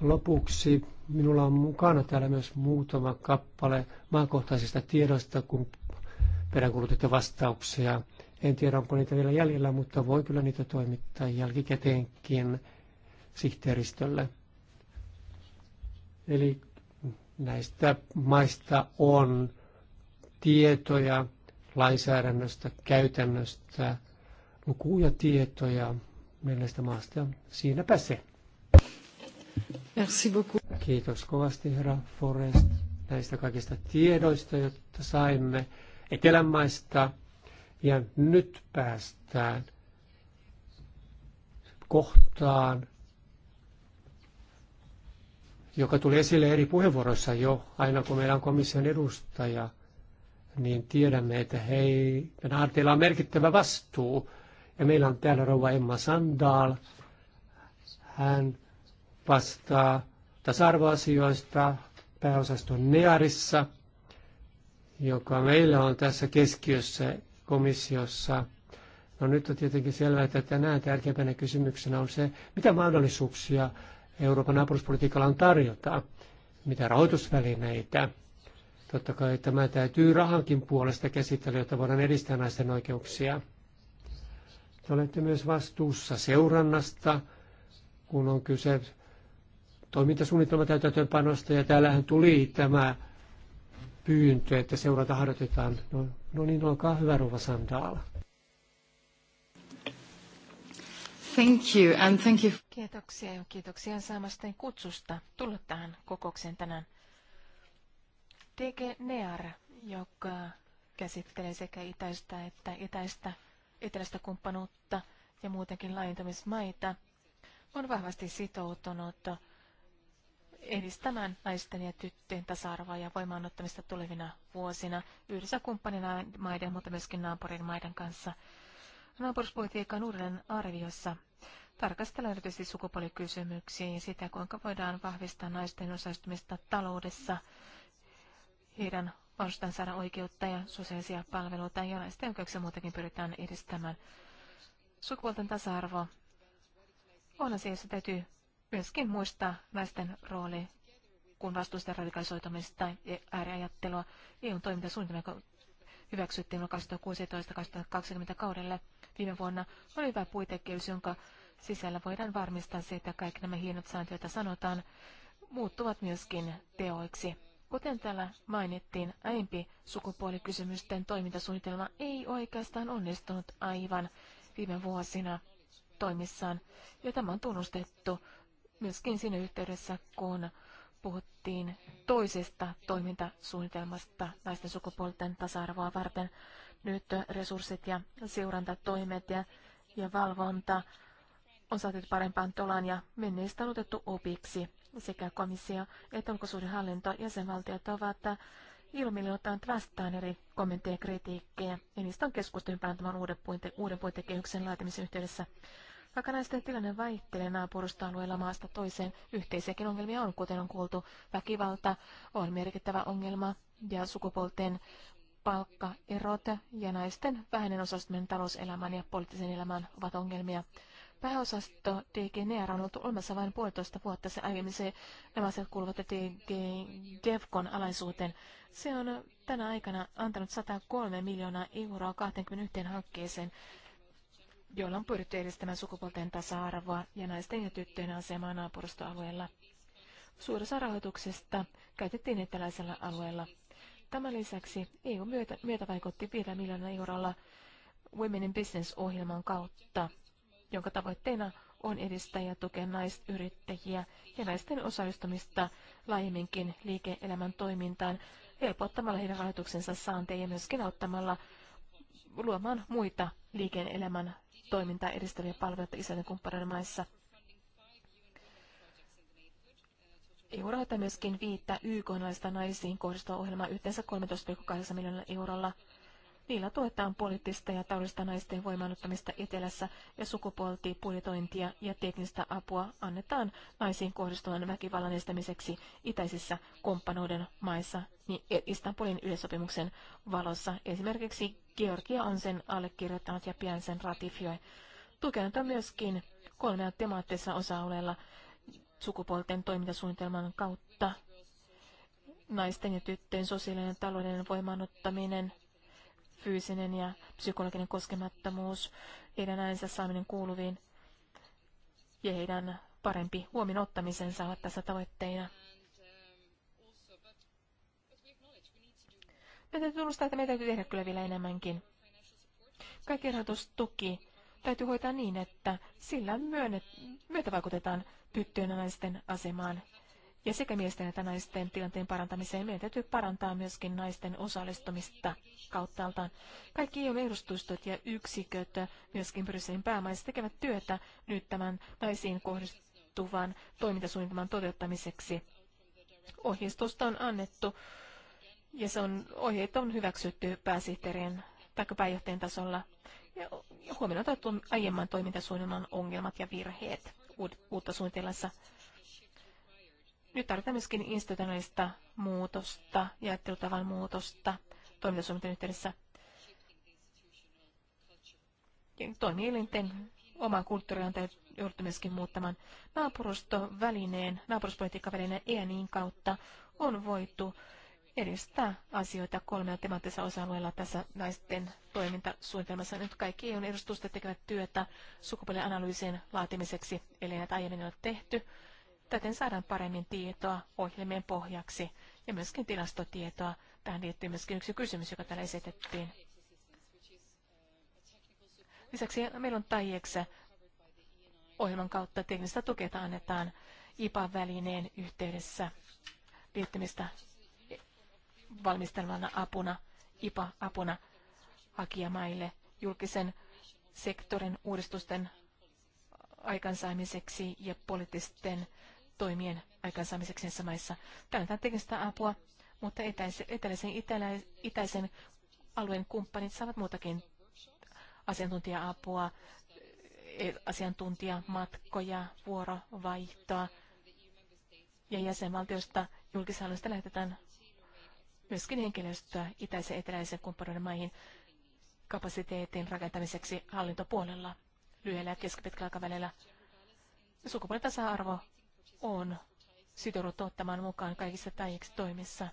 Lopuksi minulla on mukana täällä myös muutama kappale maakohtaisista tiedoista, kun peräänkuulutitte vastauksia. En tiedä, onko niitä vielä jäljellä, mutta voi kyllä niitä toimittaa jälkikäteenkin sihteeristölle. Eli näistä maista on tietoja lainsäädännöstä, käytännöstä, lukuja tietoja neljästä maasta. Siinäpä se. Merci beaucoup. Kiitos kovasti herra Forrest näistä kaikista tiedoista, joita saimme etelämaista Ja nyt päästään kohtaan, joka tuli esille eri puheenvuoroissa jo, aina kun meillä on komission edustaja – niin tiedämme, että heidän harteilla on merkittävä vastuu. Ja meillä on täällä rouva Emma Sandal. Hän vastaa tasa-arvoasioista pääosaston Nearissa, joka meillä on tässä keskiössä komissiossa. No nyt on tietenkin selvää, että tänään tärkeimpänä kysymyksenä on se, mitä mahdollisuuksia Euroopan naapuruspolitiikalla on tarjota, mitä rahoitusvälineitä – Totta kai tämä täytyy rahankin puolesta käsitellä, jotta voidaan edistää naisten oikeuksia. Te olette myös vastuussa seurannasta, kun on kyse toimintasuunnitelman täytäntöönpanosta, ja täällähän tuli tämä pyyntö, että seurata harjoitetaan. No, no niin, olkaa hyvä, Ruva Sandaala. Thank you and thank you. Kiitoksia ja kiitoksia saamasta kutsusta tulla tähän kokoukseen tänään. DG NEAR, joka käsittelee sekä itäistä että itäistä, etelästä kumppanuutta ja muutenkin laajentamismaita, on vahvasti sitoutunut edistämään naisten ja tyttöjen tasa-arvoa ja voimaanottamista tulevina vuosina yhdessä kumppanina maiden, mutta myöskin naapurin maiden kanssa. Naapuruspolitiikan uuden arviossa tarkastellaan erityisesti sukupuolikysymyksiä ja sitä, kuinka voidaan vahvistaa naisten osallistumista taloudessa heidän panostaan saada oikeutta ja sosiaalisia palveluita ja naisten oikeuksia muutenkin pyritään edistämään. Sukupuolten tasa-arvo on asia, jossa täytyy myöskin muistaa naisten rooli, kun vastustaa radikalisoitumista ja ääriajattelua. EUn toimintasuunnitelma hyväksyttiin 2016-2020 kaudelle viime vuonna oli hyvä puitekeys, jonka sisällä voidaan varmistaa se, että kaikki nämä hienot säännöt, joita sanotaan, muuttuvat myöskin teoiksi. Kuten täällä mainittiin, aiempi sukupuolikysymysten toimintasuunnitelma ei oikeastaan onnistunut aivan viime vuosina toimissaan, ja tämä on tunnustettu myöskin siinä yhteydessä, kun puhuttiin toisesta toimintasuunnitelmasta naisten sukupuolten tasa-arvoa varten. Nyt resurssit ja seurantatoimet ja, ja valvonta on saatu parempaan tolaan ja menneistä on otettu opiksi sekä komissio että ulkosuhdehallinto jäsenvaltiot ovat ilmiliotaan vastaan eri kommentteja ja kritiikkejä, ja niistä on keskusteltu tämän uuden, puinte, uuden puitekehyksen laatimisen yhteydessä. Vaikka naisten tilanne vaihtelee naapurustoalueella maasta toiseen, yhteisiäkin ongelmia on, kuten on kuultu. Väkivalta on merkittävä ongelma, ja sukupuolten palkkaerot ja naisten vähäinen osallistuminen talouselämään ja poliittisen elämään ovat ongelmia. Pääosasto DGNR e on ollut olemassa vain puolitoista vuotta. Se aiemmin se, nämä asiat kuuluvat DG e DEVCON alaisuuteen. Se on tänä aikana antanut 103 miljoonaa euroa 21 hankkeeseen, joilla on pyritty edistämään sukupuolten tasa-arvoa ja naisten ja tyttöjen asemaa naapurustoalueella. Suurissa rahoituksesta käytettiin eteläisellä alueella. Tämän lisäksi EU myötä, myötä vaikutti 5 miljoonaa eurolla Women in Business-ohjelman kautta jonka tavoitteena on edistää ja tukea naisyrittäjiä ja naisten osallistumista laajemminkin liike-elämän toimintaan helpottamalla heidän rahoituksensa saantia ja myöskin auttamalla luomaan muita liike-elämän toimintaa edistäviä palveluita isoiden kumppaneiden maissa. EU rahoittaa myöskin viittä YK-naista naisiin kohdistuva ohjelmaa yhteensä 13,8 miljoonalla eurolla – Niillä tuetaan poliittista ja taloudellista naisten voimannuttamista etelässä ja sukupuoltibudjetointia ja teknistä apua annetaan naisiin kohdistuvan väkivallan estämiseksi itäisissä komppanoiden maissa niin e- Istanbulin yleissopimuksen valossa. Esimerkiksi Georgia on sen allekirjoittanut ja pian sen ratifioi. Tukenut on myöskin kolmea temaattisella osa-alueella sukupuolten toimintasuunnitelman kautta. Naisten ja tyttöjen sosiaalinen ja taloudellinen voimaanottaminen, fyysinen ja psykologinen koskemattomuus, heidän äänensä saaminen kuuluviin ja heidän parempi huomioon ottamisensa ovat tässä tavoitteina. Meidän täytyy tunnustaa, että meidän täytyy tehdä kyllä vielä enemmänkin. Kaikki rahoitustuki täytyy hoitaa niin, että sillä myötä vaikutetaan tyttöjen ja naisten asemaan ja sekä miesten että naisten tilanteen parantamiseen meidän täytyy parantaa myöskin naisten osallistumista kauttaaltaan. Kaikki EU-edustustot ja yksiköt myöskin Brysselin päämaissa tekevät työtä nyt tämän naisiin kohdistuvan toimintasuunnitelman toteuttamiseksi. Ohjeistusta on annettu ja se on, ohjeet on hyväksytty pääsihteerien tai pääjohtajan tasolla. Ja huomioon otettu aiemman toimintasuunnitelman ongelmat ja virheet uutta suunnitelmassa nyt tarvitaan myöskin institutionaalista muutosta, jaettelutavan muutosta toimintasuunnitelman yhteydessä toimielinten oman kulttuurin on jouduttu myöskin muuttamaan. Naapurustovälineen, naapuruspolitiikkavälineen niin kautta on voitu edistää asioita kolmella temaattisella osa-alueella tässä naisten toimintasuunnitelmassa. Nyt kaikki EUn edustusta tekevät työtä analyysin laatimiseksi, eli näitä aiemmin on tehty. Täten saadaan paremmin tietoa ohjelmien pohjaksi ja myöskin tilastotietoa. Tähän liittyy myöskin yksi kysymys, joka täällä esitettiin. Lisäksi meillä on TAIEX ohjelman kautta teknistä tukea annetaan IPA-välineen yhteydessä liittymistä valmistelmana apuna, IPA-apuna hakijamaille julkisen sektorin uudistusten aikansaamiseksi ja poliittisten toimien aikaansaamiseksi näissä maissa. Tarvitaan teknistä apua, mutta etäisen, itäisen, itäisen alueen kumppanit saavat muutakin asiantuntija-apua, e- asiantuntijamatkoja, vuorovaihtoa ja jäsenvaltiosta julkishallinnosta lähetetään myöskin henkilöstöä itäisen ja eteläisen kumppanuuden maihin kapasiteetin rakentamiseksi hallintopuolella lyhyellä ja keskipitkällä aikavälillä. Sukupuolitasa-arvo on sitoutunut ottamaan mukaan kaikissa taiksi toimissa.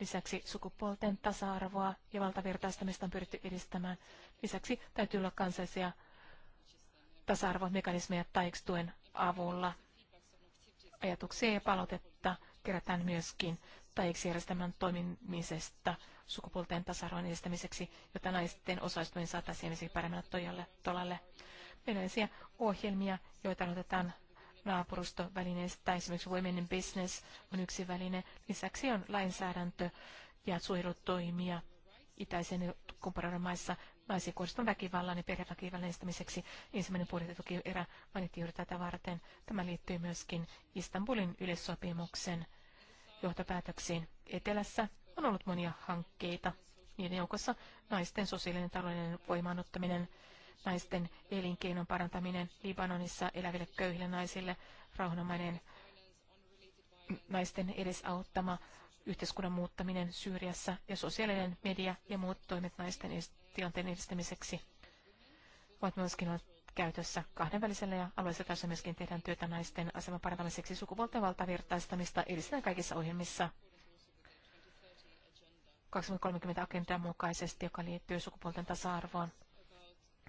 Lisäksi sukupuolten tasa-arvoa ja valtavirtaistamista on pyritty edistämään. Lisäksi täytyy olla kansallisia tasa-arvomekanismeja TAIX-tuen avulla. Ajatuksia ja palautetta kerätään myöskin TAIX-järjestelmän toimimisesta sukupuolten tasa-arvon edistämiseksi, jotta naisten osallistuminen saataisiin paremmalle tolalle. Meillä on ohjelmia, joita otetaan naapurustovälineistä. Esimerkiksi Women in Business on yksi väline. Lisäksi on lainsäädäntö ja suojelutoimia itäisen kumppanuuden maissa naisiin kohdistuvan väkivallan ja perheväkivallan estämiseksi. Ensimmäinen budjetituki erä mainittiin juuri tätä varten. Tämä liittyy myöskin Istanbulin yleissopimuksen johtopäätöksiin. Etelässä on ollut monia hankkeita. Niiden joukossa naisten sosiaalinen taloudellinen voimaanottaminen, naisten elinkeinon parantaminen Libanonissa eläville köyhille naisille, rauhanomainen naisten edesauttama yhteiskunnan muuttaminen Syyriassa ja sosiaalinen media ja muut toimet naisten tilanteen edistämiseksi ovat myöskin käytössä kahdenvälisellä ja alueellisella tasolla myöskin tehdään työtä naisten aseman parantamiseksi sukupuolten valtavirtaistamista edistetään kaikissa ohjelmissa. 2030 agendan mukaisesti, joka liittyy sukupuolten tasa-arvoon.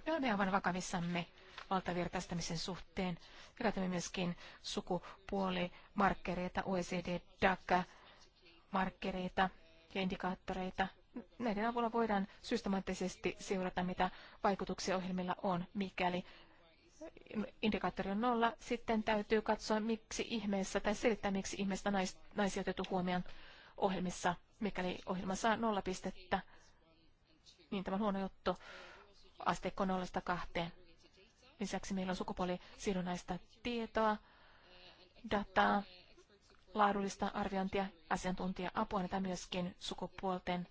Me olemme aivan vakavissamme valtavirtaistamisen suhteen. Käytämme myöskin sukupuolimarkkereita, OECD, DACA, markkereita ja indikaattoreita. Näiden avulla voidaan systemaattisesti seurata, mitä vaikutuksia ohjelmilla on, mikäli indikaattori on nolla, sitten täytyy katsoa, miksi ihmeessä, tai selittää, miksi ihmeessä nais, naisia otettu huomioon ohjelmissa, mikäli ohjelma saa nolla pistettä, niin tämä on huono juttu asteikko 0 kahteen. Lisäksi meillä on sukupuolisidonnaista tietoa, dataa, laadullista arviointia, asiantuntija-apua, näitä myöskin sukupuolten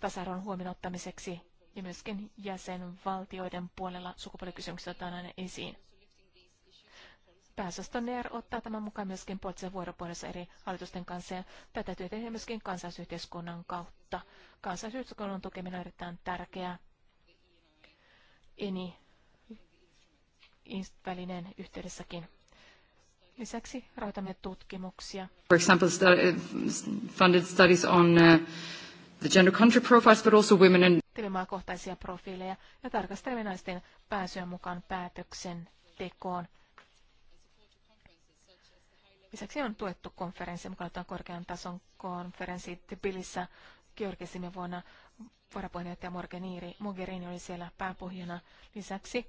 tasa-arvon huomioon ottamiseksi ja myöskin jäsenvaltioiden puolella sukupuolikysymykset otetaan aina esiin. Pääosasto NER ottaa tämän mukaan myöskin poliittisen vuoropuhelussa eri hallitusten kanssa ja tätä työtä tehdään myöskin kansalaisyhteiskunnan kautta. Kansalaisyhteiskunnan tukeminen on erittäin tärkeää eni välinen yhteydessäkin. Lisäksi rahoitamme tutkimuksia. For example, funded studies on uh, the gender country profiles, but also women and kohtaisia profiileja ja tarkastelemme naisten pääsyä mukaan päätöksen tekoon. Lisäksi on tuettu konferenssi, mukaan korkean tason konferenssi Tbilissä Georgisimme vuonna varapuheenjohtaja Morganiri Mogherini oli siellä pääpohjana Lisäksi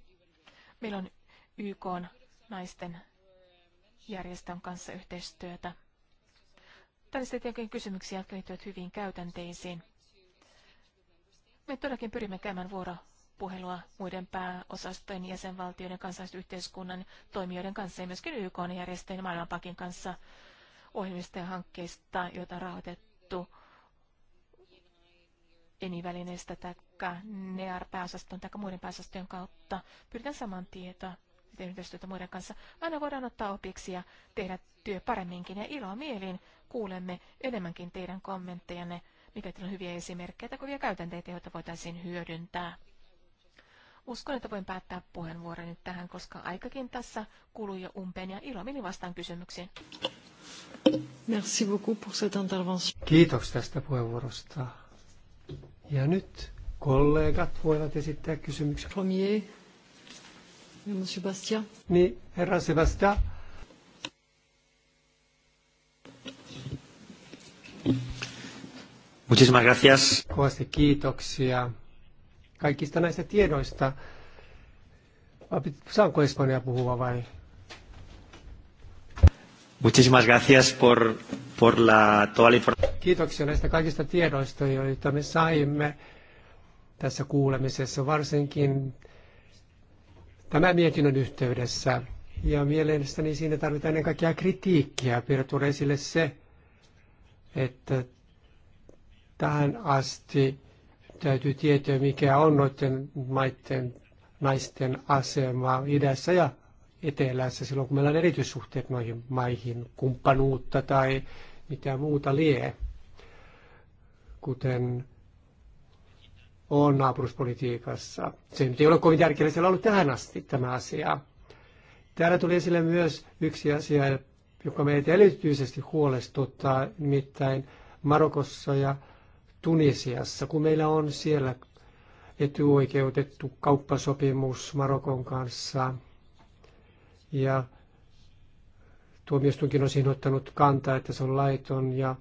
meillä on YK naisten järjestön kanssa yhteistyötä. Tällaiset tietenkin kysymyksiä, jotka liittyvät hyvin käytänteisiin. Me todellakin pyrimme käymään vuoropuhelua muiden pääosastojen, jäsenvaltioiden, kansalaisyhteiskunnan toimijoiden kanssa ja myöskin YK-järjestöjen maailmanpakin kanssa ohjelmista ja hankkeista, joita on rahoitettu enivälineestä tai NEAR-pääosaston tai muiden pääosastojen kautta. Pyritään saman tietoa tehdä yhteistyötä muiden kanssa. Aina voidaan ottaa opiksi ja tehdä työ paremminkin ja iloa mielin kuulemme enemmänkin teidän kommenttejanne, mikä teillä on hyviä esimerkkejä tai kovia käytänteitä, joita voitaisiin hyödyntää. Uskon, että voin päättää puheenvuoron nyt tähän, koska aikakin tässä kuluu jo umpeen ja ilomieli vastaan kysymyksiin. Merci beaucoup pour cette intervention. Kiitos tästä puheenvuorosta. Ja nyt kollegat voivat esittää kysymyksiä. Premier, Monsieur Bastia. Niin, herra Sebastian. Muchísimas gracias. Kovasti kiitoksia kaikista näistä tiedoista. Saanko Espanja puhua vai? Muchísimas gracias por, por la, toda la información. Kiitoksia näistä kaikista tiedoista, joita me saimme tässä kuulemisessa, varsinkin tämän mietinnön yhteydessä. Ja mielestäni siinä tarvitaan ennen kaikkea kritiikkiä. Pidä tuoda esille se, että tähän asti täytyy tietää, mikä on noiden maiden naisten asema idässä ja etelässä silloin, kun meillä on erityissuhteet noihin maihin, kumppanuutta tai mitä muuta lie kuten on naapuruspolitiikassa. Se nyt ei ole kovin tärkeää siellä ollut tähän asti tämä asia. Täällä tuli esille myös yksi asia, joka meitä erityisesti huolestuttaa, nimittäin Marokossa ja Tunisiassa, kun meillä on siellä etuoikeutettu kauppasopimus Marokon kanssa. Ja tuomioistuinkin on siinä ottanut kantaa, että se on laiton ja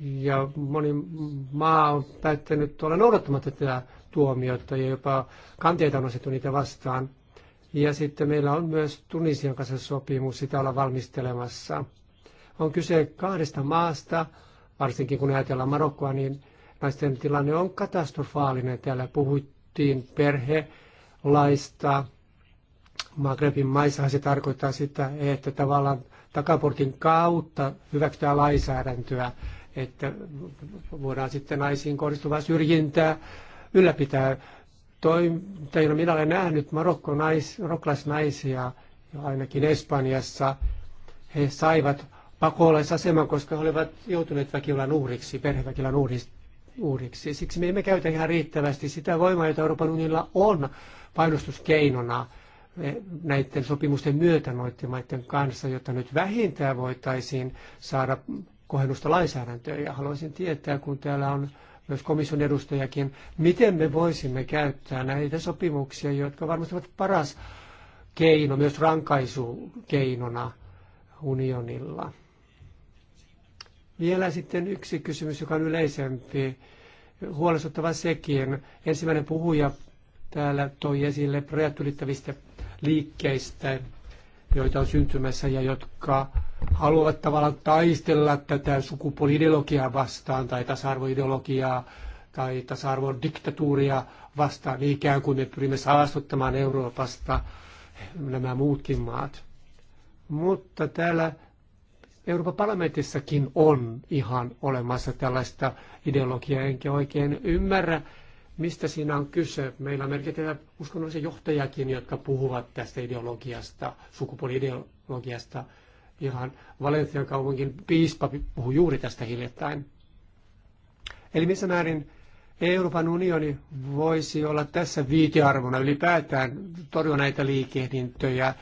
ja moni maa on päättänyt olla noudattamatta tätä tuomiota ja jopa kanteita on asettu niitä vastaan. Ja sitten meillä on myös Tunisian kanssa sopimus, sitä olla valmistelemassa. On kyse kahdesta maasta, varsinkin kun ajatellaan Marokkoa, niin naisten tilanne on katastrofaalinen. Täällä puhuttiin perhelaista. Magrebin maissa se tarkoittaa sitä, että tavallaan takaportin kautta hyväksytään lainsäädäntöä, että voidaan sitten naisiin kohdistuvaa syrjintää ylläpitää. no minä olen nähnyt marokkolaisnaisia jo ainakin Espanjassa. He saivat pakolaisaseman, koska he olivat joutuneet väkivallan uhriksi, perheväkivallan uhriksi. Siksi me emme käytä ihan riittävästi sitä voimaa, jota Euroopan unionilla on painostuskeinona e, näiden sopimusten myötä noiden maiden kanssa, jotta nyt vähintään voitaisiin saada kohennusta lainsäädäntöön. Ja haluaisin tietää, kun täällä on myös komission edustajakin, miten me voisimme käyttää näitä sopimuksia, jotka varmasti ovat paras keino, myös rankaisukeinona unionilla. Vielä sitten yksi kysymys, joka on yleisempi. Huolestuttava sekin. Ensimmäinen puhuja täällä toi esille rajat ylittävistä liikkeistä, joita on syntymässä ja jotka haluavat tavallaan taistella tätä sukupuoliideologiaa vastaan tai tasa-arvoideologiaa tai tasa-arvon diktatuuria vastaan, niin ikään kuin me pyrimme saastuttamaan Euroopasta nämä muutkin maat. Mutta täällä Euroopan parlamentissakin on ihan olemassa tällaista ideologiaa, enkä oikein ymmärrä, mistä siinä on kyse. Meillä merkitään uskonnollisia johtajakin, jotka puhuvat tästä ideologiasta, sukupuoliideologiasta. Ihan Valensian kaupungin piispa puhui juuri tästä hiljattain. Eli missä määrin Euroopan unioni voisi olla tässä viitearvona ylipäätään torjua näitä liikehdintöjä,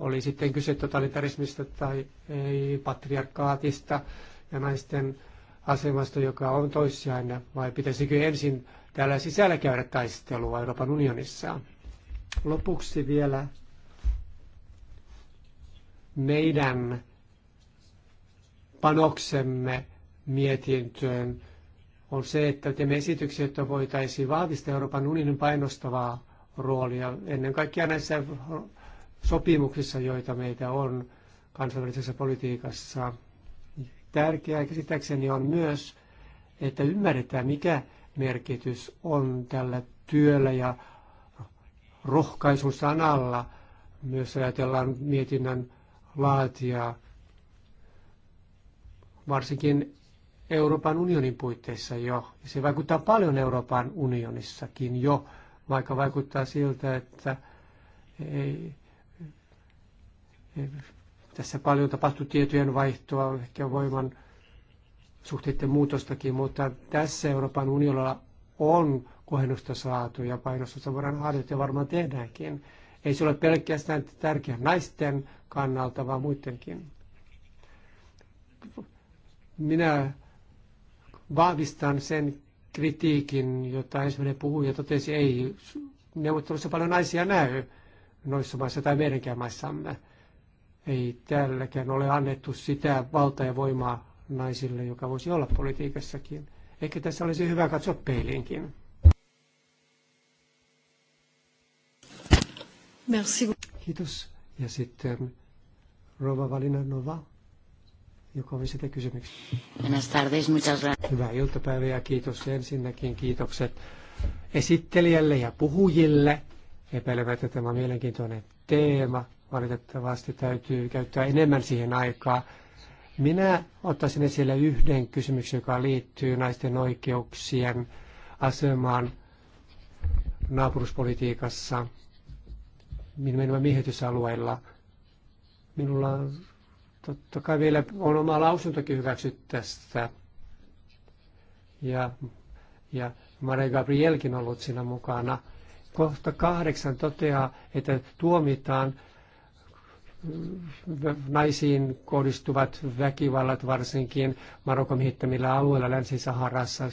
oli sitten kyse totalitarismista tai ei, patriarkaatista ja naisten asemasta, joka on toissijainen, vai pitäisikö ensin täällä sisällä käydä taistelua Euroopan unionissa? Lopuksi vielä meidän panoksemme mietintöön on se, että teemme esityksiä, että voitaisiin vahvistaa Euroopan unionin painostavaa roolia ennen kaikkea näissä sopimuksissa, joita meitä on kansainvälisessä politiikassa. Tärkeää käsittääkseni on myös, että ymmärretään, mikä merkitys on tällä työllä ja rohkaisun sanalla. Myös ajatellaan mietinnän laatijaa varsinkin Euroopan unionin puitteissa jo. Se vaikuttaa paljon Euroopan unionissakin jo, vaikka vaikuttaa siltä, että ei, ei, tässä paljon tapahtuu tietojen vaihtoa, ehkä voiman suhteiden muutostakin, mutta tässä Euroopan unionilla on kohennusta saatu ja painostusta voidaan harjoittaa ja varmaan tehdäänkin. Ei se ole pelkästään tärkeä naisten kannalta, vaan muidenkin minä vahvistan sen kritiikin, jota ensimmäinen puhuja totesi, ei neuvottelussa paljon naisia näy noissa maissa tai meidänkään maissamme. Ei tälläkään ole annettu sitä valtaa ja voimaa naisille, joka voisi olla politiikassakin. Ehkä tässä olisi hyvä katsoa peiliinkin. Merci. Kiitos. Ja sitten Rova Valinanova joka oli sitä kysymyksiä. Buenas tardes, muchas gracias. Hyvää iltapäivää ja kiitos ensinnäkin kiitokset esittelijälle ja puhujille. Epäilemättä tämä on mielenkiintoinen teema. Valitettavasti täytyy käyttää enemmän siihen aikaa. Minä ottaisin esille yhden kysymyksen, joka liittyy naisten oikeuksien asemaan naapuruspolitiikassa, nimenomaan miehitysalueilla. Minulla on Totta kai vielä on oma lausuntokin hyväksytty tästä. Ja, ja Mare Gabrielkin on ollut siinä mukana. Kohta kahdeksan toteaa, että tuomitaan naisiin kohdistuvat väkivallat varsinkin Marokon hittämillä alueilla Länsi-Saharassa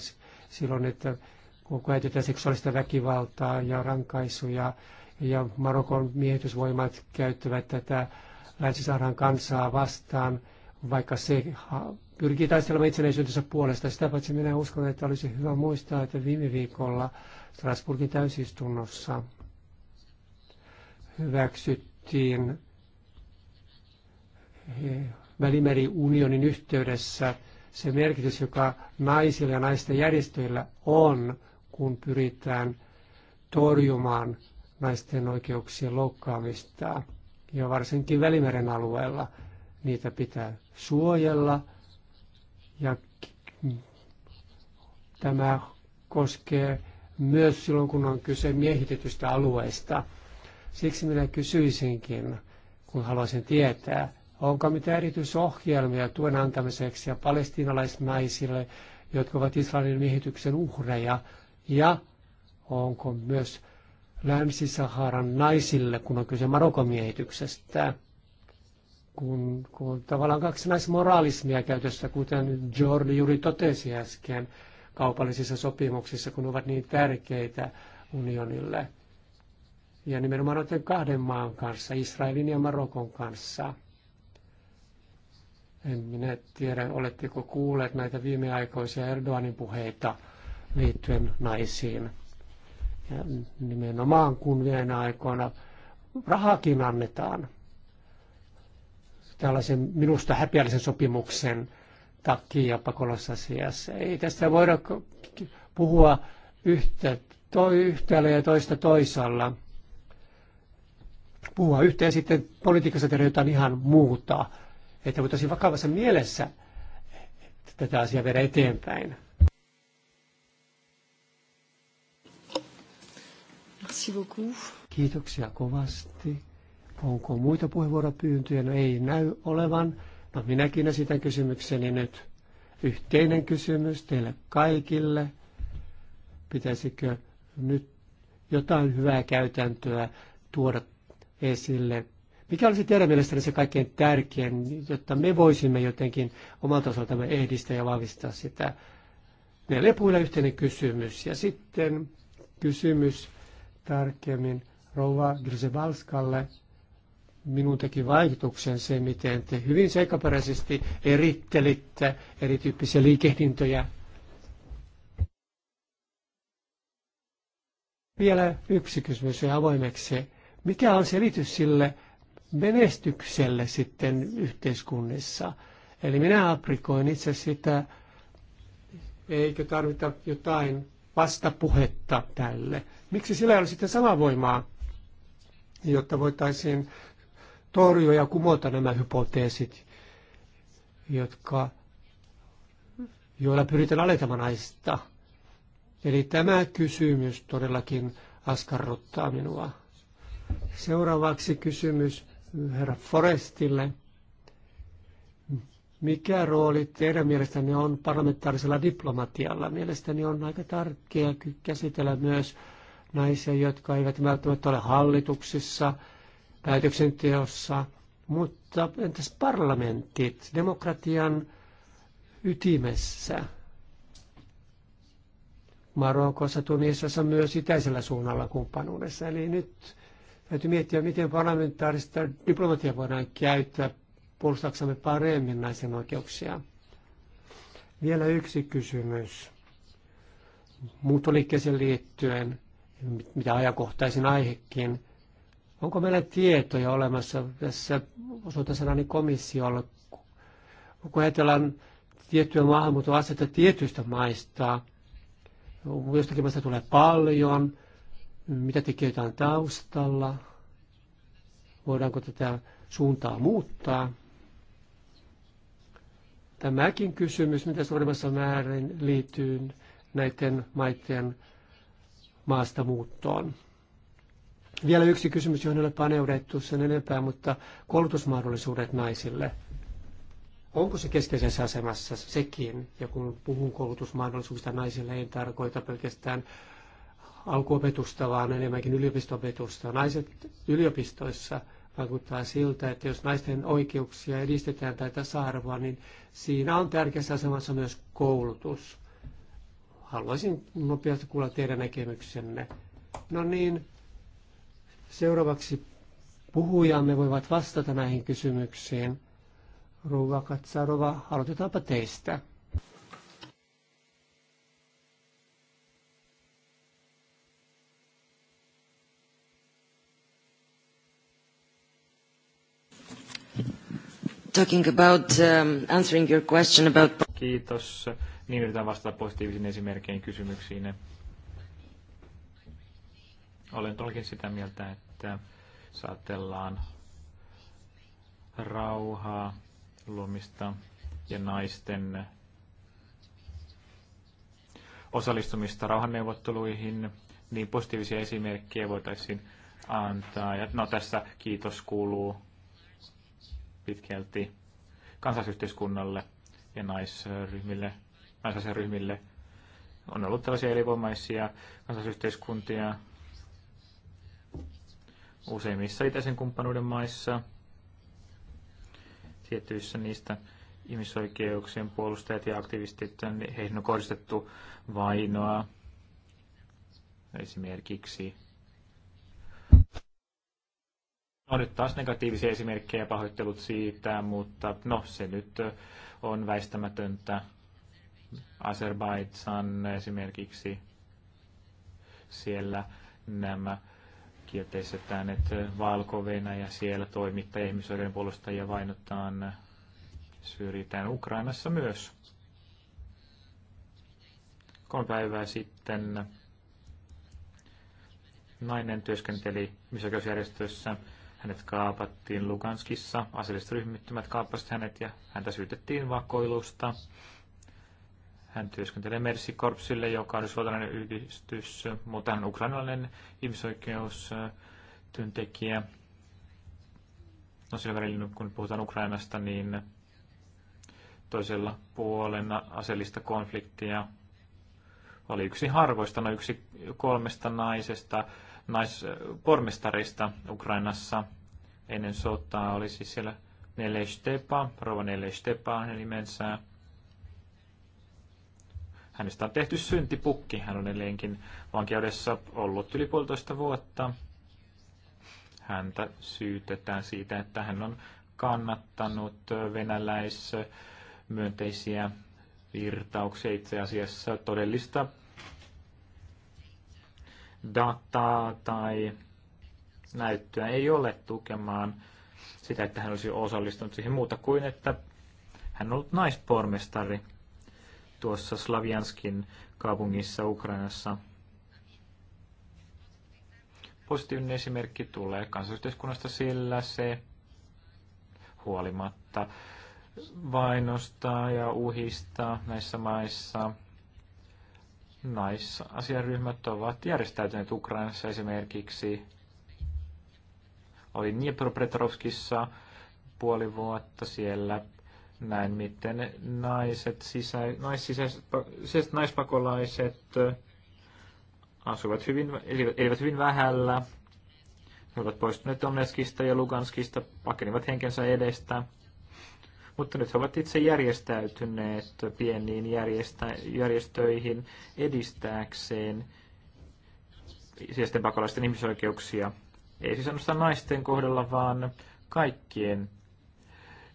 silloin, että kun käytetään seksuaalista väkivaltaa ja rankaisuja ja Marokon miehitysvoimat käyttävät tätä Länsi-Saharan kansaa vastaan, vaikka se pyrkii taistelemaan itsenäisyytensä puolesta. Sitä paitsi minä uskon, että olisi hyvä muistaa, että viime viikolla Strasbourgin täysistunnossa hyväksyttiin Välimeriunionin yhteydessä se merkitys, joka naisilla ja naisten järjestöillä on, kun pyritään torjumaan naisten oikeuksien loukkaamista ja varsinkin Välimeren alueella niitä pitää suojella ja tämä koskee myös silloin, kun on kyse miehitetystä alueista. Siksi minä kysyisinkin, kun haluaisin tietää, onko mitä erityisohjelmia tuen antamiseksi ja palestiinalaisnaisille, jotka ovat Israelin miehityksen uhreja, ja onko myös Länsi-Saharan naisille, kun on kyse Marokon miehityksestä, kun, kun tavallaan kaksi naismoraalismia käytössä, kuten Jordi juuri totesi äsken kaupallisissa sopimuksissa, kun ovat niin tärkeitä unionille. Ja nimenomaan noiden kahden maan kanssa, Israelin ja Marokon kanssa. En minä tiedä, oletteko kuulleet näitä viimeaikoisia Erdoganin puheita liittyen naisiin. Ja nimenomaan kun vielä aikoina rahakin annetaan tällaisen minusta häpeällisen sopimuksen takia pakolaisasiassa. Ei tästä voida puhua yhtä, toi yhtäällä ja toista toisalla. Puhua yhteen sitten politiikassa tehdä jotain ihan muuta, että voitaisiin vakavassa mielessä tätä asiaa viedä eteenpäin. Merci beaucoup. Kiitoksia kovasti. Onko muita puheenvuoropyyntöjä? No ei näy olevan. No minäkin esitän kysymykseni nyt. Yhteinen kysymys teille kaikille. Pitäisikö nyt jotain hyvää käytäntöä tuoda esille? Mikä olisi teidän mielestänne se kaikkein tärkein, jotta me voisimme jotenkin omalta osaltamme edistää ja vahvistaa sitä? Neljä puhuilla yhteinen kysymys. Ja sitten kysymys tarkemmin rouva Grzebalskalle. Minun teki vaikutuksen se, miten te hyvin seikkaperäisesti erittelitte erityyppisiä liikehdintöjä. Vielä yksi kysymys ja avoimeksi. Mikä on selitys sille menestykselle sitten yhteiskunnissa? Eli minä aprikoin itse sitä, eikö tarvita jotain vastapuhetta tälle. Miksi sillä ei ole sitten samaa jotta voitaisiin torjua ja kumota nämä hypoteesit, jotka, joilla pyritään alentamaan naista. Eli tämä kysymys todellakin askarruttaa minua. Seuraavaksi kysymys herra Forestille. Mikä rooli teidän mielestänne on parlamentaarisella diplomatialla? Mielestäni on aika tärkeää käsitellä myös naisia, jotka eivät välttämättä ole hallituksissa, päätöksenteossa, mutta entäs parlamentit, demokratian ytimessä? Marokossa, Tunisassa myös itäisellä suunnalla kumppanuudessa. Eli nyt täytyy miettiä, miten parlamentaarista diplomatiaa voidaan käyttää puolustaksamme paremmin naisen oikeuksia. Vielä yksi kysymys muuttoliikkeeseen liittyen, mitä ajankohtaisin aihekin. Onko meillä tietoja olemassa tässä osoitteessa komissiolla, kun ajatellaan tiettyä maahanmuuton asetta tietyistä maista, jostakin maista tulee paljon, mitä tekijöitä on taustalla, voidaanko tätä suuntaa muuttaa. Tämäkin kysymys, mitä suurimmassa määrin liittyy näiden maiden maastamuuttoon. Vielä yksi kysymys, johon ei ole paneudettu sen enempää, mutta koulutusmahdollisuudet naisille. Onko se keskeisessä asemassa sekin? Ja kun puhun koulutusmahdollisuuksista naisille, en tarkoita pelkästään alkuopetusta, vaan enemmänkin yliopistopetusta. Naiset yliopistoissa – vaikuttaa siltä, että jos naisten oikeuksia edistetään tai tasa-arvoa, niin siinä on tärkeässä asemassa myös koulutus. Haluaisin nopeasti kuulla teidän näkemyksenne. No niin, seuraavaksi puhujamme voivat vastata näihin kysymyksiin. Ruva Katsarova, aloitetaanpa teistä. talking about um, answering your question about... Kiitos. Niin yritän vastata positiivisiin esimerkkein kysymyksiin. Olen tolkin sitä mieltä, että saatellaan rauhaa, luomista ja naisten osallistumista rauhanneuvotteluihin, niin positiivisia esimerkkejä voitaisiin antaa. Ja no tässä kiitos kuuluu pitkälti kansalaisyhteiskunnalle ja naisryhmille, naisasiaryhmille. On ollut tällaisia elinvoimaisia kansalaisyhteiskuntia useimmissa itäisen kumppanuuden maissa. Tietyissä niistä ihmisoikeuksien puolustajat ja aktivistit, niin heihin on kohdistettu vainoa esimerkiksi on nyt taas negatiivisia esimerkkejä ja pahoittelut siitä, mutta no se nyt on väistämätöntä. Azerbaidsan esimerkiksi siellä nämä kielteiset äänet valko ja siellä toimittajia ihmisoikeuden puolustajia vainotaan syrjitään Ukrainassa myös. Kolme päivää sitten nainen työskenteli ihmisoikeusjärjestössä hänet kaapattiin Luganskissa, aseelliset ryhmittymät kaappasivat hänet ja häntä syytettiin vakoilusta. Hän työskentelee Mersikorpsille, joka on suotalainen yhdistys, mutta hän on ukrainalainen ihmisoikeustyöntekijä. No sillä välillä, kun puhutaan Ukrainasta, niin toisella puolella aseellista konfliktia oli yksi harvoista, no yksi kolmesta naisesta naispormestarista Ukrainassa. Ennen sotaa oli siis siellä Nele Stepa, Rova Nele Stepa hänen nimensä. Hänestä on tehty syntipukki. Hän on edelleenkin vankeudessa ollut yli puolitoista vuotta. Häntä syytetään siitä, että hän on kannattanut venäläismyönteisiä virtauksia, itse asiassa todellista dataa tai näyttöä ei ole tukemaan sitä, että hän olisi osallistunut siihen muuta kuin, että hän on ollut naispormestari tuossa Slavianskin kaupungissa Ukrainassa. Positiivinen esimerkki tulee kansallisyhteiskunnasta, sillä se huolimatta vainosta ja uhista näissä maissa naisasiaryhmät ovat järjestäytyneet Ukrainassa esimerkiksi. Olin Dniepropetrovskissa puoli vuotta siellä näin, miten naiset, sisä, naissisäiset, sisä naispakolaiset asuvat hyvin, elivät, elivät hyvin vähällä. He ovat poistuneet Donetskista ja Luganskista, pakenivat henkensä edestä mutta nyt he ovat itse järjestäytyneet pieniin järjestä, järjestöihin edistääkseen sijaisten pakolaisten ihmisoikeuksia. Ei siis ainoastaan naisten kohdalla, vaan kaikkien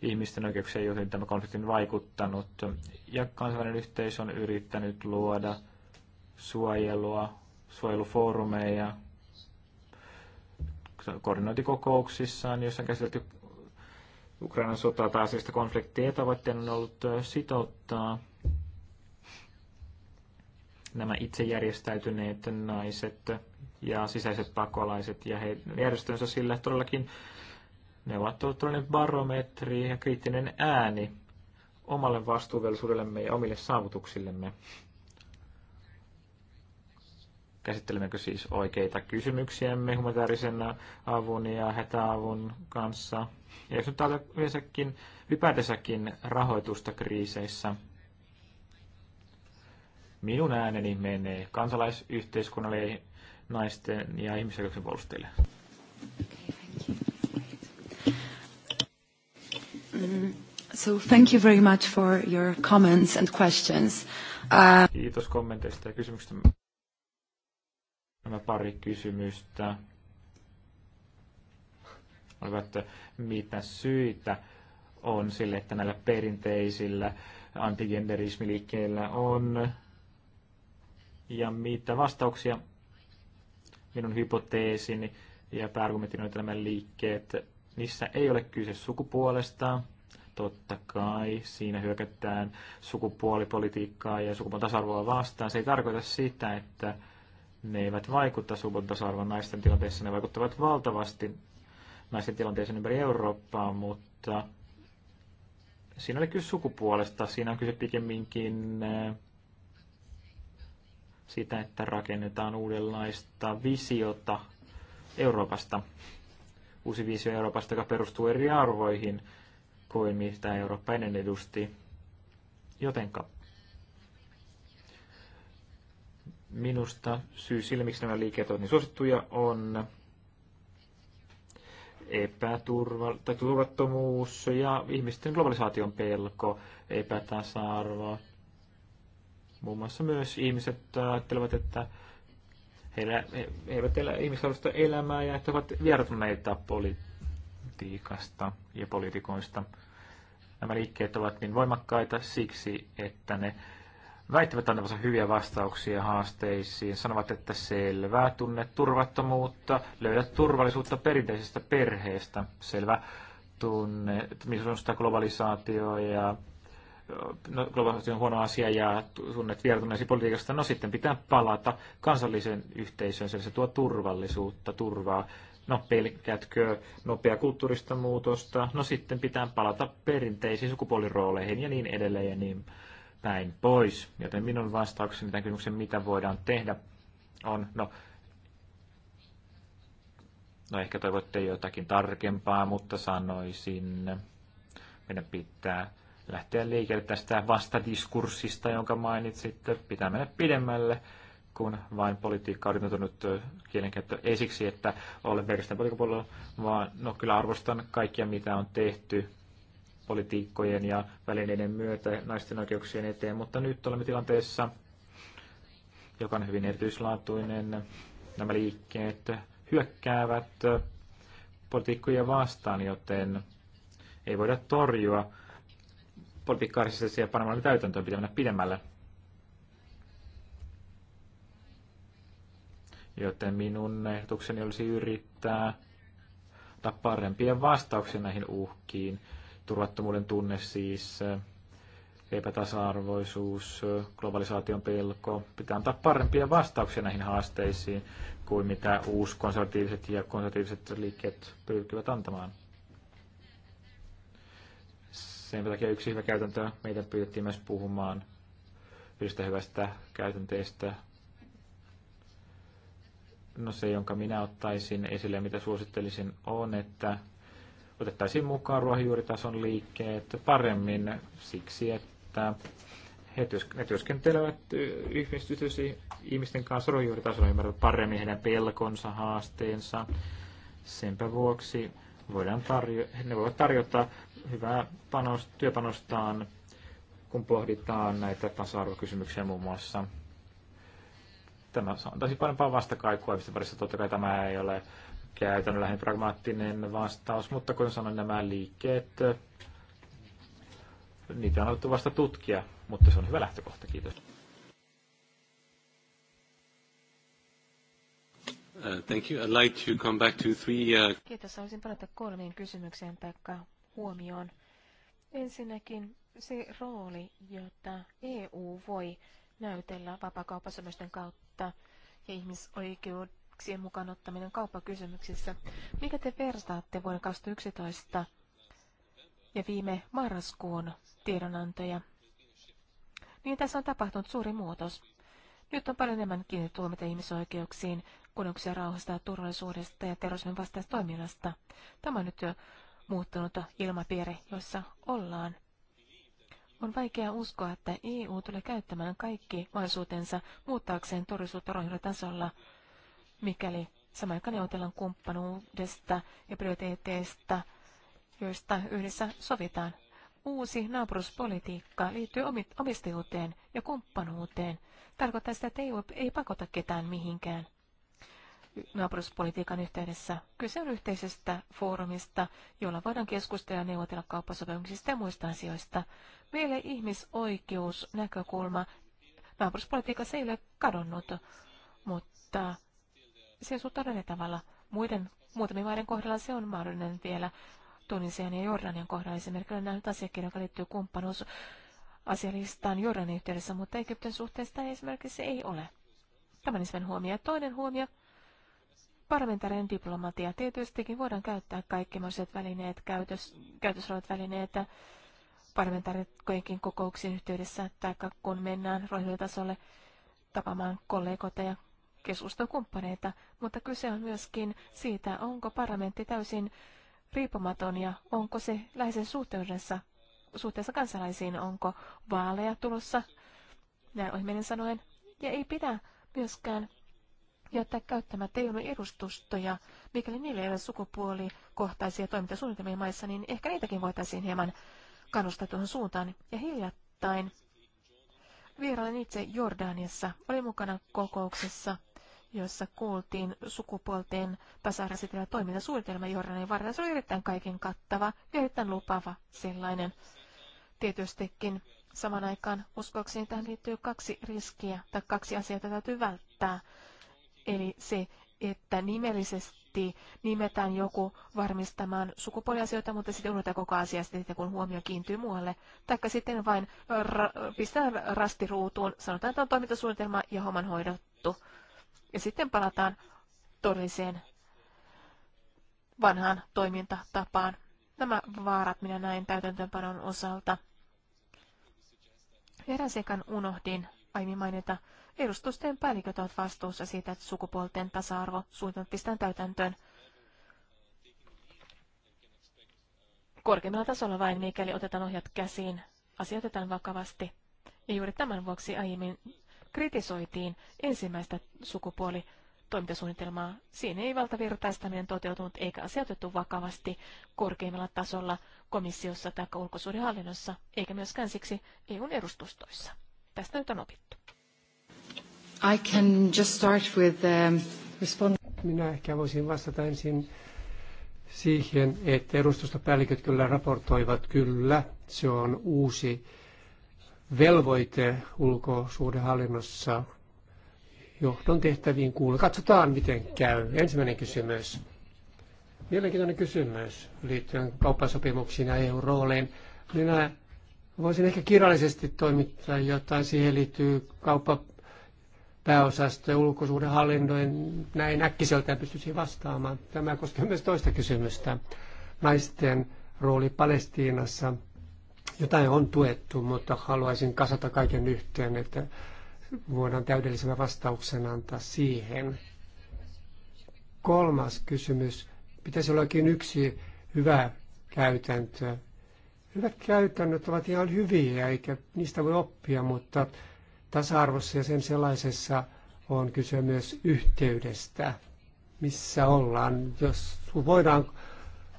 ihmisten oikeuksia, joihin tämä konflikti on vaikuttanut. Ja kansainvälinen yhteisö on yrittänyt luoda suojelua, suojelufoorumeja koordinointikokouksissaan, joissa on käsitelty Ukrainan sotaa tai asiasta konfliktia. Tavoitteena on ollut sitouttaa nämä itse järjestäytyneet naiset ja sisäiset pakolaiset ja heidän järjestönsä sillä todellakin ne ovat todellinen barometri ja kriittinen ääni omalle vastuuvelisuudellemme ja omille saavutuksillemme. Käsittelemmekö siis oikeita kysymyksiä humanitaarisen avun ja hätäavun kanssa? Ja jos nyt yleensäkin, ylipäätänsäkin rahoitusta kriiseissä, minun ääneni menee kansalaisyhteiskunnalle, naisten ja ihmisoikeuksien puolustajille. So thank you very much for your comments and questions. Uh... Kiitos kommenteista ja kysymyksistä nämä pari kysymystä olivat, mitä syitä on sille, että näillä perinteisillä antigenderismiliikkeillä on ja mitä vastauksia minun hypoteesini ja pääargumentin on nämä liikkeet. Niissä ei ole kyse sukupuolesta. Totta kai siinä hyökätään sukupuolipolitiikkaa ja sukupuolten arvoa vastaan. Se ei tarkoita sitä, että ne eivät vaikuta sukupuolitasa-arvon naisten tilanteessa, ne vaikuttavat valtavasti naisten tilanteeseen ympäri Eurooppaa, mutta siinä oli kyse sukupuolesta, siinä on kyse pikemminkin eh, sitä, että rakennetaan uudenlaista visiota Euroopasta. Uusi visio Euroopasta, joka perustuu eri arvoihin kuin mitä Eurooppa ennen edusti. Jotenka Minusta syy sille, miksi nämä liikkeet ovat niin suosittuja, on epäturva, turvattomuus ja ihmisten globalisaation pelko, epätasa-arvo. Muun muassa myös ihmiset ajattelevat, että heillä, he, he eivät elä ihmisarvoista elämää ja että ovat viertuneita politiikasta ja poliitikoista. Nämä liikkeet ovat niin voimakkaita siksi, että ne väittävät antavansa hyviä vastauksia haasteisiin, sanovat, että selvä, tunne turvattomuutta, löydä turvallisuutta perinteisestä perheestä, selvä, tunne, missä globalisaatio ja no, globalisaatio on huono asia ja tunnet vieratuneesi politiikasta, no sitten pitää palata kansalliseen yhteisöön, se tuo turvallisuutta, turvaa. No pelkätkö nopea kulttuurista muutosta, no sitten pitää palata perinteisiin sukupuolirooleihin ja niin edelleen ja niin päin pois. Joten minun vastaukseni tämän kysymyksen, mitä voidaan tehdä, on, no, no ehkä toivotte jotakin tarkempaa, mutta sanoisin, meidän pitää lähteä liikkeelle tästä vastadiskurssista, jonka mainitsitte. Pitää mennä pidemmälle kuin vain politiikka tuntunut kielenkäyttö. esiksi, että olen pelkästään politiikan puolella, vaan no, kyllä arvostan kaikkia, mitä on tehty politiikkojen ja välineiden myötä naisten oikeuksien eteen, mutta nyt olemme tilanteessa, joka on hyvin erityislaatuinen. Nämä liikkeet hyökkäävät politiikkoja vastaan, joten ei voida torjua politiikkaarisesti ja panemalla täytäntöön pitää mennä pidemmälle. Joten minun ehdotukseni olisi yrittää antaa parempia vastauksia näihin uhkiin turvattomuuden tunne siis, eh, epätasa-arvoisuus, eh, globalisaation pelko. Pitää antaa parempia vastauksia näihin haasteisiin kuin mitä uuskonservatiiviset ja konservatiiviset liikkeet pyrkivät antamaan. Sen takia yksi hyvä käytäntö, meitä pyydettiin myös puhumaan yhdestä hyvästä käytänteestä. No se, jonka minä ottaisin esille, mitä suosittelisin, on, että otettaisiin mukaan ruohonjuuritason liikkeet paremmin siksi, että he työskentelevät ihmisten kanssa ruohonjuuritasolla ymmärtävät paremmin heidän pelkonsa, haasteensa. Senpä vuoksi voidaan tarjo- ne voivat tarjota hyvää panos- työpanostaan, kun pohditaan näitä tasa-arvokysymyksiä muun muassa. Tämä antaisi parempaa vastakaikua mistä parissa. Totta kai tämä ei ole käytännönläheinen pragmaattinen vastaus, mutta kuten sanoin, nämä liikkeet, niitä on otettu vasta tutkia, mutta se on hyvä lähtökohta. Kiitos. Uh, thank you. I'd like to come back to three, uh... Kiitos. Haluaisin palata kolmiin kysymykseen tai huomioon. Ensinnäkin se rooli, jota EU voi näytellä vapakauppasopimusten kautta ja ihmisoikeudet maksien mukaan ottaminen kauppakysymyksissä. Mikä te vertaatte vuonna 2011 ja viime marraskuun tiedonantoja? Niin tässä on tapahtunut suuri muutos. Nyt on paljon enemmän kiinnitetty huomiota ihmisoikeuksiin, kunnuksia rauhasta, turvallisuudesta ja terrorismin vastaista toiminnasta. Tämä on nyt jo muuttunut ilmapiiri, jossa ollaan. On vaikea uskoa, että EU tulee käyttämään kaikki mahdollisuutensa muuttaakseen turvallisuutta tasolla mikäli samaan aikaan neuvotellaan kumppanuudesta ja prioriteeteista, joista yhdessä sovitaan. Uusi naapuruspolitiikka liittyy omistajuuteen ja kumppanuuteen. Tarkoittaa sitä, että EU ei pakota ketään mihinkään naapuruspolitiikan yhteydessä. Kyse on yhteisestä foorumista, jolla voidaan keskustella ja neuvotella kauppasopimuksista ja muista asioista. Meille ihmisoikeusnäkökulma naapuruspolitiikassa ei ole kadonnut, mutta se suhtaudutaan tavalla. Muiden, muutamien maiden kohdalla se on mahdollinen vielä. Tunisian ja Jordanian kohdalla esimerkiksi on nähnyt asiakirja, joka liittyy kumppanuus asialistaan Jordanin yhteydessä, mutta Egyptin suhteesta esimerkiksi ei ole. Tämä on ensimmäinen huomio. Toinen huomio, parlamentaarinen diplomatia. Tietystikin voidaan käyttää kaikki mahdolliset välineet, käytös, käytössä välineet, parlamentaarikkojenkin kokouksien yhteydessä, tai kun mennään rohjelutasolle tapaamaan kollegoita ja keskustakumppaneita, mutta kyse on myöskin siitä, onko parlamentti täysin riippumaton ja onko se läheisen suhteessa, suhteessa kansalaisiin, onko vaaleja tulossa, näin ohimennen sanoen, ja ei pidä myöskään jättää käyttämättä ilman edustustoja, mikäli niillä ei ole sukupuolikohtaisia toimintasuunnitelmia maissa, niin ehkä niitäkin voitaisiin hieman kannustaa tuohon suuntaan. Ja hiljattain vierailin itse Jordaniassa, olin mukana kokouksessa, joissa kuultiin sukupuolten tasa-arvoisitellä toimintasuunnitelma Jordanin varrella. Se oli erittäin kaiken kattava ja erittäin lupava sellainen. Tietystikin saman aikaan uskoakseni tähän liittyy kaksi riskiä tai kaksi asiaa, jota täytyy välttää. Eli se, että nimellisesti nimetään joku varmistamaan sukupuoliasioita, mutta sitten unohtaa koko asia sitten, kun huomio kiintyy muualle. Taikka sitten vain ra- pistää rastiruutuun, sanotaan, että on toimintasuunnitelma ja homman hoidottu. Ja sitten palataan todelliseen vanhaan toimintatapaan. Nämä vaarat minä näin täytäntöönpanon osalta. Erään sekan unohdin aiemmin mainita, edustusten päälliköt ovat vastuussa siitä, että sukupuolten tasa-arvo suunnitelmat pistetään täytäntöön. Korkeimmalla tasolla vain, mikäli otetaan ohjat käsiin, asia otetaan vakavasti. Ja juuri tämän vuoksi aiemmin kritisoitiin ensimmäistä sukupuoli toimintasuunnitelmaa. Siinä ei valtavirtaistaminen toteutunut eikä asia vakavasti korkeimmalla tasolla komissiossa tai ulkosuudenhallinnossa, eikä myöskään siksi EUn edustustoissa. Tästä nyt on opittu. I can just start with, um, respond. Minä ehkä voisin vastata ensin siihen, että edustustopäälliköt kyllä raportoivat kyllä. Se on uusi velvoite ulkosuhdehallinnossa johdon tehtäviin kuuluu. Katsotaan, miten käy. Ensimmäinen kysymys. Mielenkiintoinen kysymys liittyen kauppasopimuksiin ja EU-rooliin. Minä voisin ehkä kirjallisesti toimittaa jotain. Siihen liittyy kauppapääosasto ja ulkosuhdehallinnoin. Näin äkkiseltään pystyisi vastaamaan. Tämä koskee myös toista kysymystä. Naisten rooli Palestiinassa – jotain on tuettu, mutta haluaisin kasata kaiken yhteen, että voidaan täydellisenä vastauksen antaa siihen. Kolmas kysymys. Pitäisi ollakin yksi hyvä käytäntö. Hyvät käytännöt ovat ihan hyviä, eikä niistä voi oppia, mutta tasa-arvossa ja sen sellaisessa on kyse myös yhteydestä, missä ollaan. Jos voidaan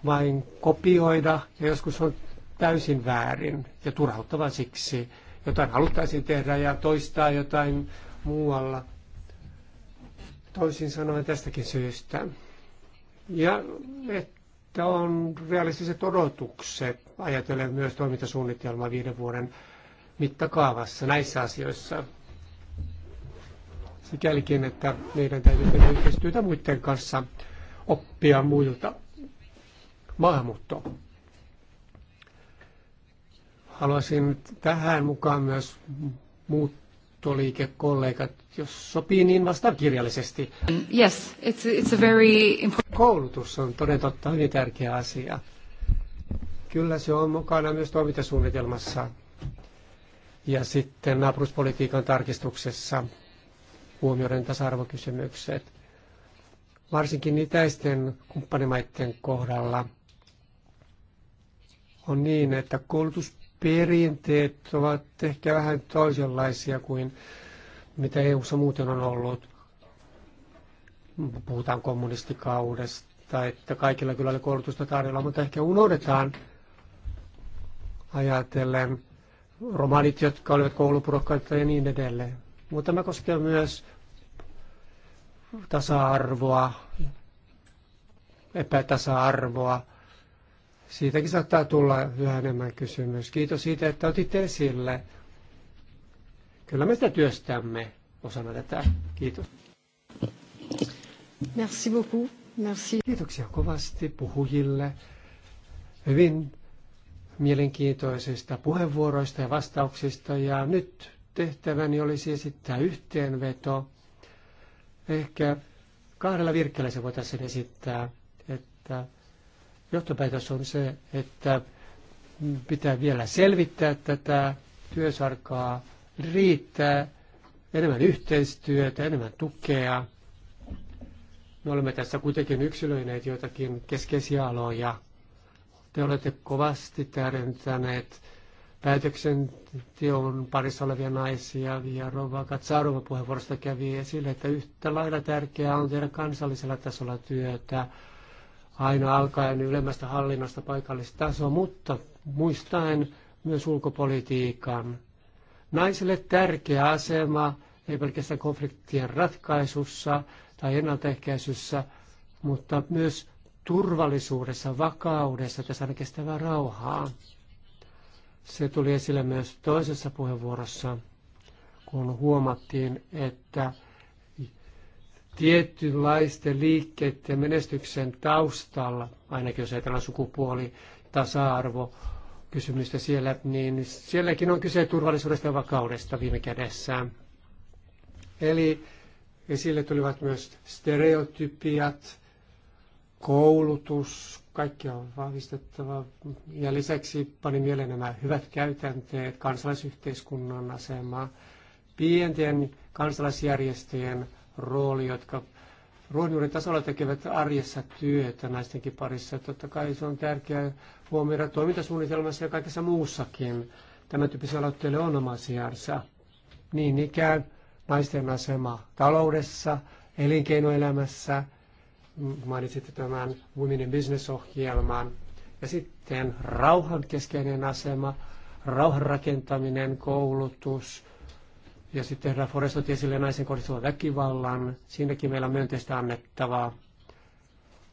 vain kopioida ja joskus on täysin väärin ja turhauttava siksi. Jotain haluttaisiin tehdä ja toistaa jotain muualla. Toisin sanoen tästäkin syystä. Ja että on realistiset odotukset ajatellen myös toimintasuunnitelmaa viiden vuoden mittakaavassa näissä asioissa. Sikälikin, että meidän täytyy tehdä yhteistyötä muiden kanssa oppia muilta. maahanmuuttoa. Haluaisin tähän mukaan myös muuttoliikekollegat, jos sopii, niin vastaan kirjallisesti. Yes, it's, it's a very important... Koulutus on toden totta hyvin tärkeä asia. Kyllä se on mukana myös toimintasuunnitelmassa ja sitten naapuruspolitiikan tarkistuksessa huomioiden tasa-arvokysymykset. Varsinkin itäisten kumppanimaiden kohdalla on niin, että koulutus perinteet ovat ehkä vähän toisenlaisia kuin mitä EU-ssa muuten on ollut. Puhutaan kommunistikaudesta, että kaikilla kyllä oli koulutusta tarjolla, mutta ehkä unohdetaan ajatellen romanit, jotka olivat koulupurokkaita ja niin edelleen. Mutta tämä koskee myös tasa-arvoa, epätasa-arvoa, Siitäkin saattaa tulla yhä enemmän kysymys. Kiitos siitä, että otitte esille. Kyllä me sitä työstämme osana tätä. Kiitos. Merci beaucoup. Merci. Kiitoksia kovasti puhujille. Hyvin mielenkiintoisista puheenvuoroista ja vastauksista. Ja nyt tehtäväni olisi esittää yhteenveto. Ehkä kahdella virkkeellä se voitaisiin esittää, että johtopäätös on se, että pitää vielä selvittää tätä työsarkaa, riittää enemmän yhteistyötä, enemmän tukea. Me olemme tässä kuitenkin yksilöineet joitakin keskeisiä aloja. Te olette kovasti tärjentäneet päätöksenteon parissa olevia naisia ja Rova Katsarova puheenvuorosta kävi esille, että yhtä lailla tärkeää on tehdä kansallisella tasolla työtä aina alkaen ylemmästä hallinnosta tasoa, mutta muistaen myös ulkopolitiikan. Naisille tärkeä asema, ei pelkästään konfliktien ratkaisussa tai ennaltaehkäisyssä, mutta myös turvallisuudessa, vakaudessa, tässä aina kestävää rauhaa. Se tuli esille myös toisessa puheenvuorossa, kun huomattiin, että tietynlaisten liikkeiden menestyksen taustalla, ainakin jos ajatellaan sukupuoli, tasa-arvo, kysymystä siellä, niin sielläkin on kyse turvallisuudesta ja vakaudesta viime kädessä. Eli esille tulivat myös stereotypiat, koulutus, kaikki on vahvistettava. Ja lisäksi pani mieleen nämä hyvät käytänteet, kansalaisyhteiskunnan asema, pienten kansalaisjärjestöjen rooli, jotka ruohonjuuritasolla tekevät arjessa työtä naistenkin parissa. Totta kai se on tärkeää huomioida toimintasuunnitelmassa ja kaikessa muussakin. Tämän tyyppisellä aloitteelle on oma sijansa. Niin ikään naisten asema taloudessa, elinkeinoelämässä, mainitsitte tämän Women in Business-ohjelman, ja sitten rauhan keskeinen asema, rauhan rakentaminen, koulutus, ja sitten herra Forest otti esille naisen kohdistuvan väkivallan. Siinäkin meillä on myönteistä annettavaa.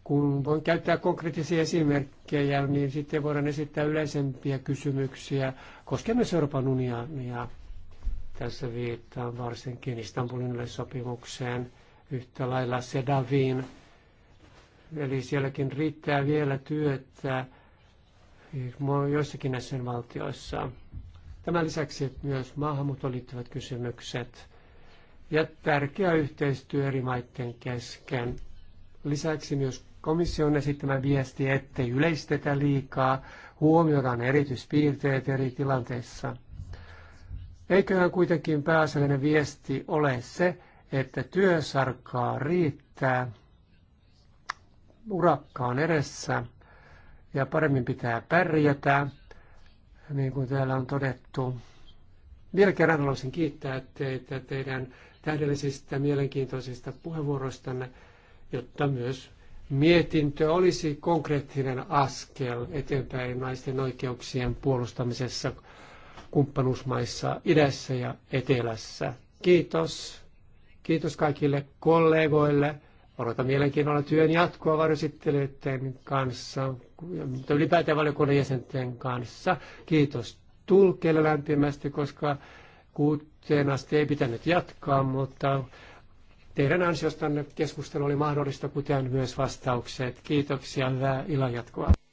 Kun voin käyttää konkreettisia esimerkkejä, niin sitten voidaan esittää yleisempiä kysymyksiä koskien myös Euroopan unionia. Tässä viittaan varsinkin Istanbulin sopimukseen, yhtä lailla Sedaviin. Eli sielläkin riittää vielä työtä joissakin näissä valtioissa. Tämän lisäksi myös maahanmuuttoon liittyvät kysymykset ja tärkeä yhteistyö eri maiden kesken. Lisäksi myös komission esittämä viesti, ettei yleistetä liikaa, huomioidaan erityispiirteet eri tilanteissa. Eiköhän kuitenkin pääasiallinen viesti ole se, että työsarkaa riittää, urakka on edessä ja paremmin pitää pärjätä niin kuin täällä on todettu. Vielä kerran haluaisin kiittää teitä teidän täydellisistä mielenkiintoisista puheenvuoroistanne, jotta myös mietintö olisi konkreettinen askel eteenpäin naisten oikeuksien puolustamisessa kumppanuusmaissa idässä ja etelässä. Kiitos. Kiitos kaikille kollegoille. Odotan mielenkiinnolla työn jatkoa varjosittelijöiden kanssa mutta ylipäätään valiokunnan jäsenten kanssa. Kiitos tulkeille lämpimästi, koska kuuteen asti ei pitänyt jatkaa, mutta teidän ansiostanne keskustelu oli mahdollista, kuten myös vastaukset. Kiitoksia, hyvää illanjatkoa.